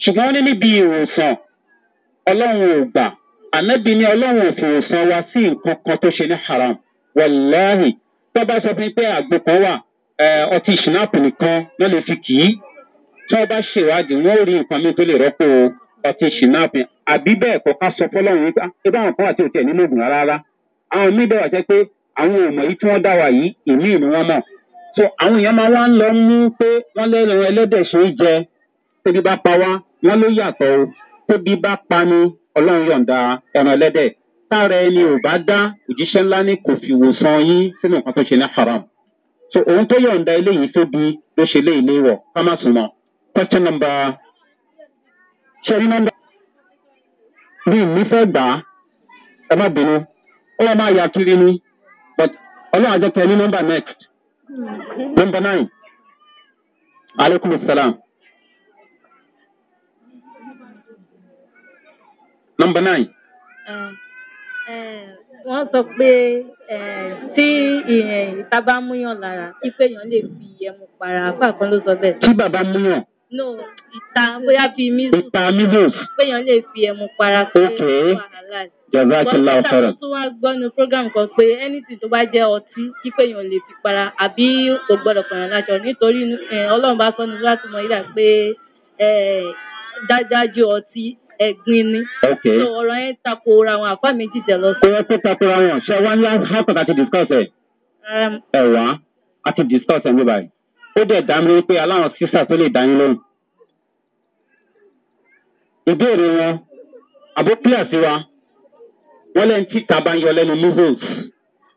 ṣùgbọ́n ó ní níbi ìwòsàn ọlọ́run ò gbà ànábì ní ọlọ́run òfòòfò wa sí nǹkan kan tó ṣe ní haram wàláhì tó bá sọ fún pé àgbo kan wà ọtí ṣìnáàpù nìkan ló lè fi kì í tó bá ṣèwádìí wọn ò rí nǹkan mi tó lè rọ́pò ọtí ṣìnáàpù àbí bẹ́ẹ̀ kọ́ ká sọ fọlọ́run pé ibà ah, àwọn kan wà tí ò tẹ̀ nínú ògùn rárá àwọn míì bẹ́ẹ̀ wà jẹ́ pé àwọn ò yìí tí wọ́n dá wa yìí ìmí ni wọ́n mọ̀ so àwọn èèyàn máa wá lọ mú pé wọ́n lẹ́nu ẹlẹ́dẹ̀ ṣe é jẹ tóbi bá pa wá wọ́n ló yàtọ̀ tóbi bá pa ni ọlọ́run yọ̀ǹda ẹran ẹlẹ́dẹ̀ tára ẹni ò bá dá òjíṣẹ́ ńlá ní kò fi wòsàn yín sínú nǹkan tó ṣe ní haram so òun tó yọ̀ǹda eléyìí tó bi ló ṣe léyìí léwọ̀ ká má sùn mọ́ question number ṣẹ́rí nọ́mbà bí mi fẹ́ gbà á ẹ má bínú ó wọ́n máa ya kiri ni but ọlọ́run àjọkẹ́ ní nọ́mbà next hmm. number nine aleykum salaam. Number nine. Um, um, wọ́n sọ pé um, tí ìta bá múyàn lára ife èèyàn lè fi ẹmu para apá kan ló sọ bẹ́ẹ̀. tí bàbá múyàn. no ìta bóyá bíi measles. ìta measles. pé èèyàn lè fi ẹmu para pé wàhálà jazakila ọtọrọ. wọ́n tún wá gbọ́nu program kan pé anything tó bá jẹ́ ọtí kí péyàn lè fi para àbí kò gbọ́dọ̀ pààyàn lájọ nítorí ọlọ́run bá sọ́nu láti mọ ìlà pé dájájú ọtí ẹ̀gbin ni. ok so ọ̀rọ̀ yẹn tako ra wọn àfa mi jíjẹ lọ sí. ó yẹ kó tako ra wọn ṣé wọn ní hapok àti discuss ẹ. Um, ẹ wá àti discuss ẹ ní báyìí ó dẹ̀ dá mi pé aláwọn sísà tó lè dá yín lóhùn. ìbéèrè wọn àbó pílà sí wa wọ́n lẹ́yìn tí tàbá ń yọ lẹ́nu lúhùs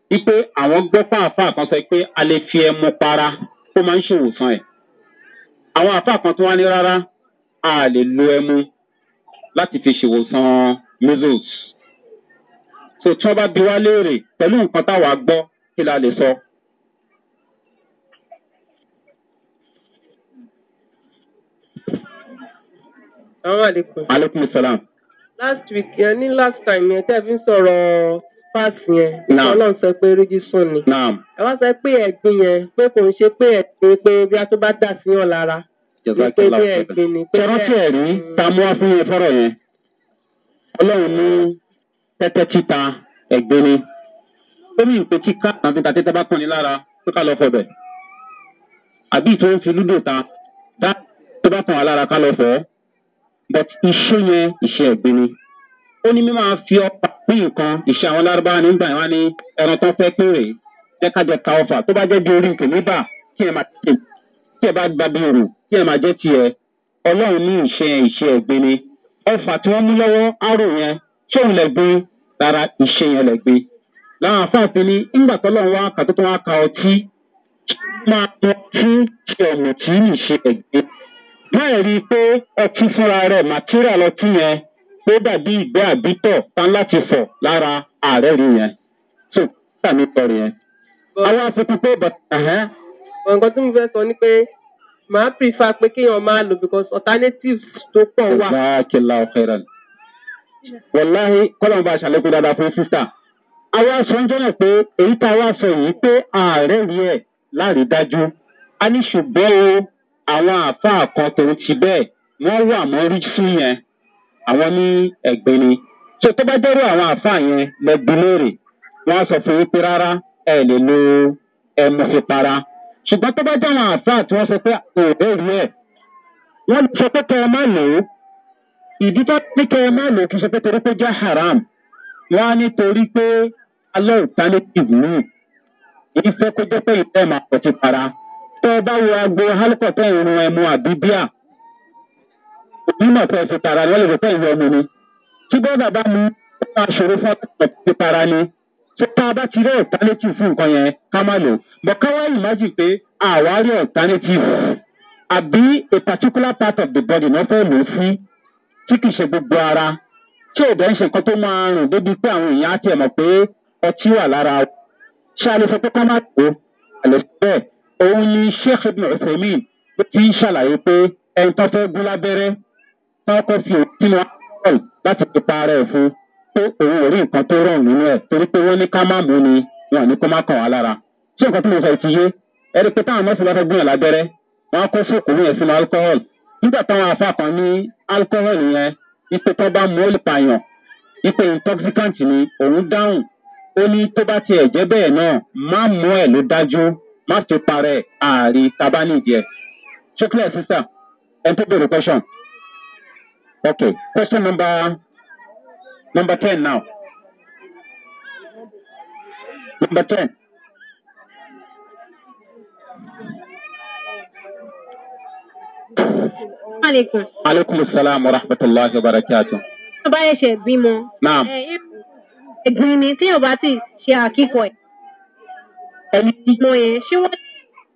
wípé àwọn gbọ́ fáàfáà kan sọ pé a lè fi ẹmu para ó máa ń ṣòwò sàn ẹ̀. àwọn àfáà kan tí wọ́n á ní rárá a lè lo ẹmu láti fi ṣèwòsàn measles. so tí wọ́n bá bi wá léèrè pẹ̀lú nǹkan táwa gbọ́ kí la lè sọ. aleykum. aleykum salaam. last week yẹn ní last time yẹn tẹ́ fi ń sọ̀rọ̀ pass yẹn. naam ọlọ́run sọ pé rígísùn ni. naam ẹ wá sọ pé ẹ̀gbin yẹn pé kò ń ṣe pé ẹ̀gbin pé bí a tó bá dà síyàn lára tẹ̀rọ̀tì ẹ̀rí ta mú wá fún yẹn fọ́rọ̀ yẹn ọlọ́run ní tẹ́tẹ́ títa ẹ̀gbẹ́ ni ó ní ìpè tí ká àti tàtí tẹ́ bá kàn ní lára pé ká lọ fọbẹ̀ àbí ìtò ń fi lúdò ta dá tó bá kàn wá lára ká lọ fọ́ but iṣẹ́ yẹn iṣẹ́ ẹ̀gbẹ́ ni ó ní mímọ́ fi ọ̀pá pín nǹkan ìṣe àwọn lárúbáwá nígbà wọn ni ẹran tó fẹ́ péré jẹ́ ká jẹ ta ọfà tó bá jẹ́ bí orí nkè níbà kí ẹ máa tètè kí ẹ bá gba bí òrùn tí ẹ máa ọlọ́run ní ìṣe ìṣe ni ọfà tí wọ́n mú lọ́wọ́ arò yẹn ṣé òun lẹ gbé rárá ìṣe yẹn lẹ gbé afáàfin ni ńgbà tọ́lọ́run wá kà tó ka ọtí máa mú ọtí ọ̀nà tí ìṣe báyìí rí i pé ọtí fúnra material ọtí yẹn pé dàbí àbítọ̀ tán láti yẹn tó yẹn. àwọn afikun pé bàtà. fẹ́ sọ ni pé. màá prefer pé kéèyàn máa lò because alternatives tó pọ̀ wà. ìgbàkìlá ọ̀kẹ́rẹ́ wọláhí kọ́lọ̀ bá ṣàlékún dáadáa fún sísà àwa sọ ń jọ́nà pé èyí tá a wá sọ yìí pé ààrẹ rí ẹ̀ láàrídájú a ní ṣùgbọ́n o àwọn àáfàá kan tòun ti bẹ́ẹ̀ wọ́n wà mọ́ rí fún yẹn àwọn ní ẹ̀gbin ni tó tó bá dẹ́rù àwọn àáfàá yẹn lẹ́gbin lóore wọ́n á sọ fún yín pé rárá ẹ̀ lè lo ẹmu ṣùgbọ́n tó bá jẹ́ àwọn àfáà tí wọ́n sọ pé òde rí ẹ̀ wọ́n lè sọ pé kẹ́ ẹ má lò ó ìdí tó ní kẹ́ ẹ má lò ó kì í ṣe pé torí pé jẹ́ haram wọ́n á nítorí pé alẹ́ òtálẹ́tìv ní èyí fẹ́ kó jẹ́ pé ìfẹ́ máa pọ̀ ti para tó o bá wo agbo hálùkọ̀ ìrun ẹmu àbí bíà onímọ̀ tó ẹ̀sìn para ni wọ́n lè rò ọmọ ni tí bọ́ọ̀dà bá mu ó máa ṣòro fún ọ̀tọ̀ so tá a bá ti rí alternative fún nǹkan yẹn ká má lò but ká wá imagine pé àwa rí alternative àbí a particular part of the body náà fẹ́ lò fún tí kì í ṣe gbogbo ara tí ò dẹ́ ṣe nǹkan tó máa rùn débi pé àwọn èèyàn á tiẹ̀ mọ̀ pé ọtí wà lára ṣé a lè sọ pé ká má lò ó àlè bẹ́ẹ̀ òun ni sheikh ibn ọ̀sẹ̀mìn ló ti ń ṣàlàyé pé ẹni tó fẹ́ gún lábẹ́rẹ́ tó kọ́ fi òun sínú alcohol láti pa ara ẹ̀ fún pé òun ò rí nǹkan tó rọrùn nínú ẹ̀ torí pé wọ́n ní ká má mú ni wọn ní kó má kàn wá lára ṣé nǹkan tí mo sọ ti yé ẹni pé táwọn nọ́ọ̀sì bá fẹ́ gbìyànjú lábẹ́rẹ́ wọn á kó fóòkùnrin yẹn sínú alcohol nígbà táwọn afa kan ní alcohol yẹn ipe tó bá mú ó lè pààyàn ipe intoxicant ni òun dáhùn ó ní tó bá tiẹ̀ jẹ́ bẹ́ẹ̀ náà má mú ẹ̀ ló dájú má fi parẹ́ ààrí tabanìdì ẹ̀ ṣé clear sister ẹ̀ ń tó bèrè question okay question number. Number 10 now. Number 10. aleykum. aleykum salaam wa rahmatulahi wa barakatu. tí bá yẹ ṣe bímọ. naam. ẹ̀gbìn ni tí o bá ti ṣe àkíkọ ẹ̀. ẹni tí. yẹn ṣé wọ́n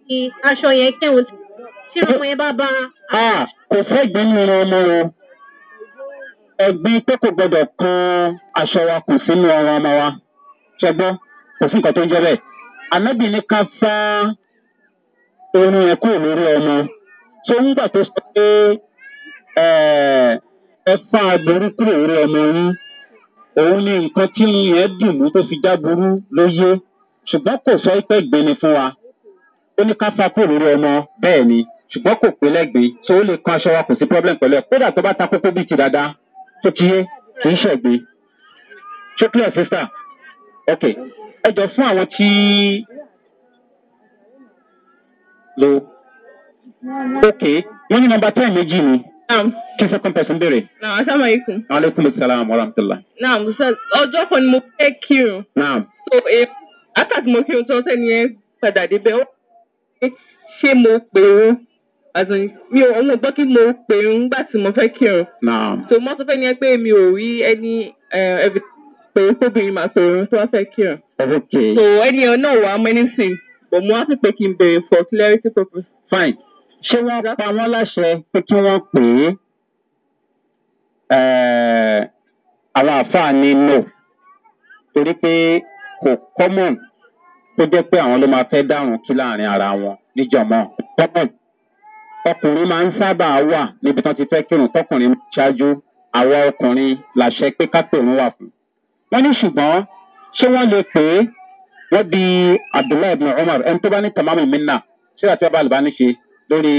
ti aṣọ yẹn kẹ́hùn tí ọmọ yẹn bá bá. Ah, kò fẹ́ gbẹ́nu ọmọ wọn ẹ̀gbin pé kò gbọdọ̀ kan aṣọ wa kù sínú ọrùn ọmọ wa ṣẹgbọ́n kò sí nǹkan tó ń jẹ́ bẹ́ẹ̀ ànábì ní ká fá irun ẹ̀ lórí ọmọ tó ń gbà tó sọ pé ẹ fá aburú kúrò lórí ọmọ yín òun ni nǹkan tí yẹn dùn mú tó fi já burú ló yé ṣùgbọ́n kò sọ pé gbéni fún wa ó ní ká fá kúrò lórí ọmọ bẹ́ẹ̀ ni ṣùgbọ́n kò pé tó lè kan aṣọ wa kò sí problem pẹ̀lú ẹ̀ kódà tó bá ta kókó bíi ti dáadáa tó ti yé kì í ṣẹ̀gbé ṣé sister ok ẹ jọ fún àwọn tí lo ok wọn ní nọmba ten méjì ni kí second person béèrè. naam asalaamualeykum. aleykum salaam wa rahmatulah. naam ọjọ́ kan ni mo fẹ́ kírun. naam. so èyí e, àtàkùn mo kírun tó ń sẹ́ni yẹn padà débẹ̀ ó ṣé mo pè é. As mi ò òun ò gbọ́ kí mo pè ń gbà tí mo fẹ́ kírun. so mo sọ fẹ́ ni ẹ pé mi ò rí eh, ẹni pèrè kóbìnrin màá pèrè ohun tó wá fẹ́ kírun. so ẹni ẹ náà wà mẹ́ni sí i bò mo wá sì pé kí n béèrè for clarity purpose. fine ṣé wọ́n pa wọ́n láṣẹ pé kí wọ́n pè é eh, àwọn àfáà ní no torí pé kò common tó jẹ́ pé àwọn ló máa fẹ́ dáhùn kí láàrin ara wọn níjọ̀mọ́ common ọkùnrin máa ń sábà wà níbi tán ti fẹ́ kírun tọkùnrin ṣáájú àwa ọkùnrin làṣẹ pé kápẹ̀rún wà fún. wọ́n ní ṣùgbọ́n ṣé wọ́n lè pè é wọ́n bí abdullahi ibn umar ẹni tó bá ní tamamu minna ṣé àti ọba àlùbá ní ṣe lórí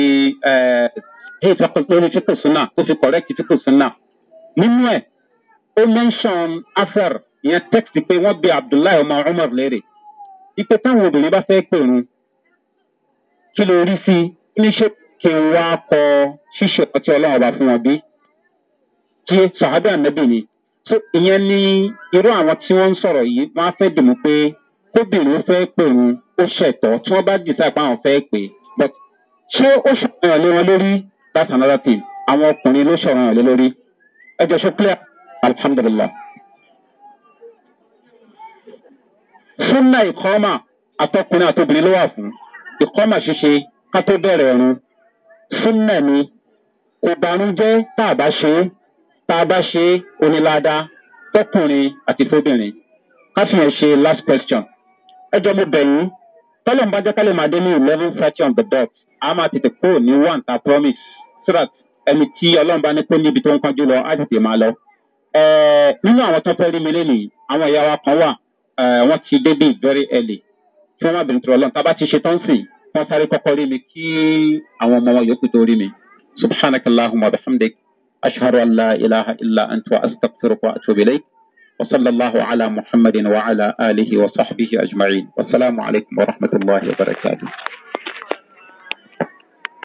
lórí fíkù sunna tó fi kọ̀rẹ́kì fíkù sunna. nínú ẹ̀ ó mẹ́ńsàn afẹ́r ìyẹn tẹ́kìtì pé wọ́n bí abdullahi umar léèrè ipe táwọn obìnrin bá fẹ́ pèrún kí ló rí sí i kí n wá kọ ṣíṣe ọtí ọlọ́run ọba fún wọn bí kí sàábì ànábì ni tó ìyẹn ní irú àwọn tí wọ́n ń sọ̀rọ̀ yìí wọ́n á fẹ́ dìmú pé kóbìnrin fẹ́ pè wọn ó ṣẹ̀tọ́ tí wọ́n bá dìtà pé àwọn fẹ́ pè but ṣé ó ṣọ̀rọ̀ lé wọn lórí that's another thing àwọn ọkùnrin ló ṣọ̀rọ̀ lé lórí ẹ ṣe clear alhamdulilah. súnà ìkọ́mà àtọkùnrin àtobìnrin ló wà fún ìkọ́mà ṣíṣe ká tó bẹ̀rẹ̀ ọ̀run súnmọ̀ ni kò banújẹ́ tá a bá ṣe é tá a bá ṣe é onílàdá fọkùnrin àti fóbìnrin ká ṣe last question ẹ jọ mo bẹ̀ yín tọ́lọ̀ ń bá jẹ́ máa dé ní eleven thirty on the dot a máa tètè kúrò ní one ta promise so that ẹni tí ọlọ́run bá ní pé níbi tó ń kánjú lọ á tètè máa lọ. nínú àwọn tó fẹ́ rí mi lénìí àwọn ìyá wa kan wà wọ́n ti débì very early tí wọ́n má bẹ̀rẹ̀ tó lọ́n tá a bá ti ṣe tán sìn wọ́n sáré kọ́kọ́ rí mi kí àwọn ọmọ wọn yòókù tó rí mi subhanaka allahumma bihamdik ashhadu an la ilaha illa anta astaghfiruka wa atubu ilayk wa sallallahu ala muhammadin wa ala alihi wa sahbihi ajma'in wasalaamu alaykum wa rahmatulahi wa barakatuh.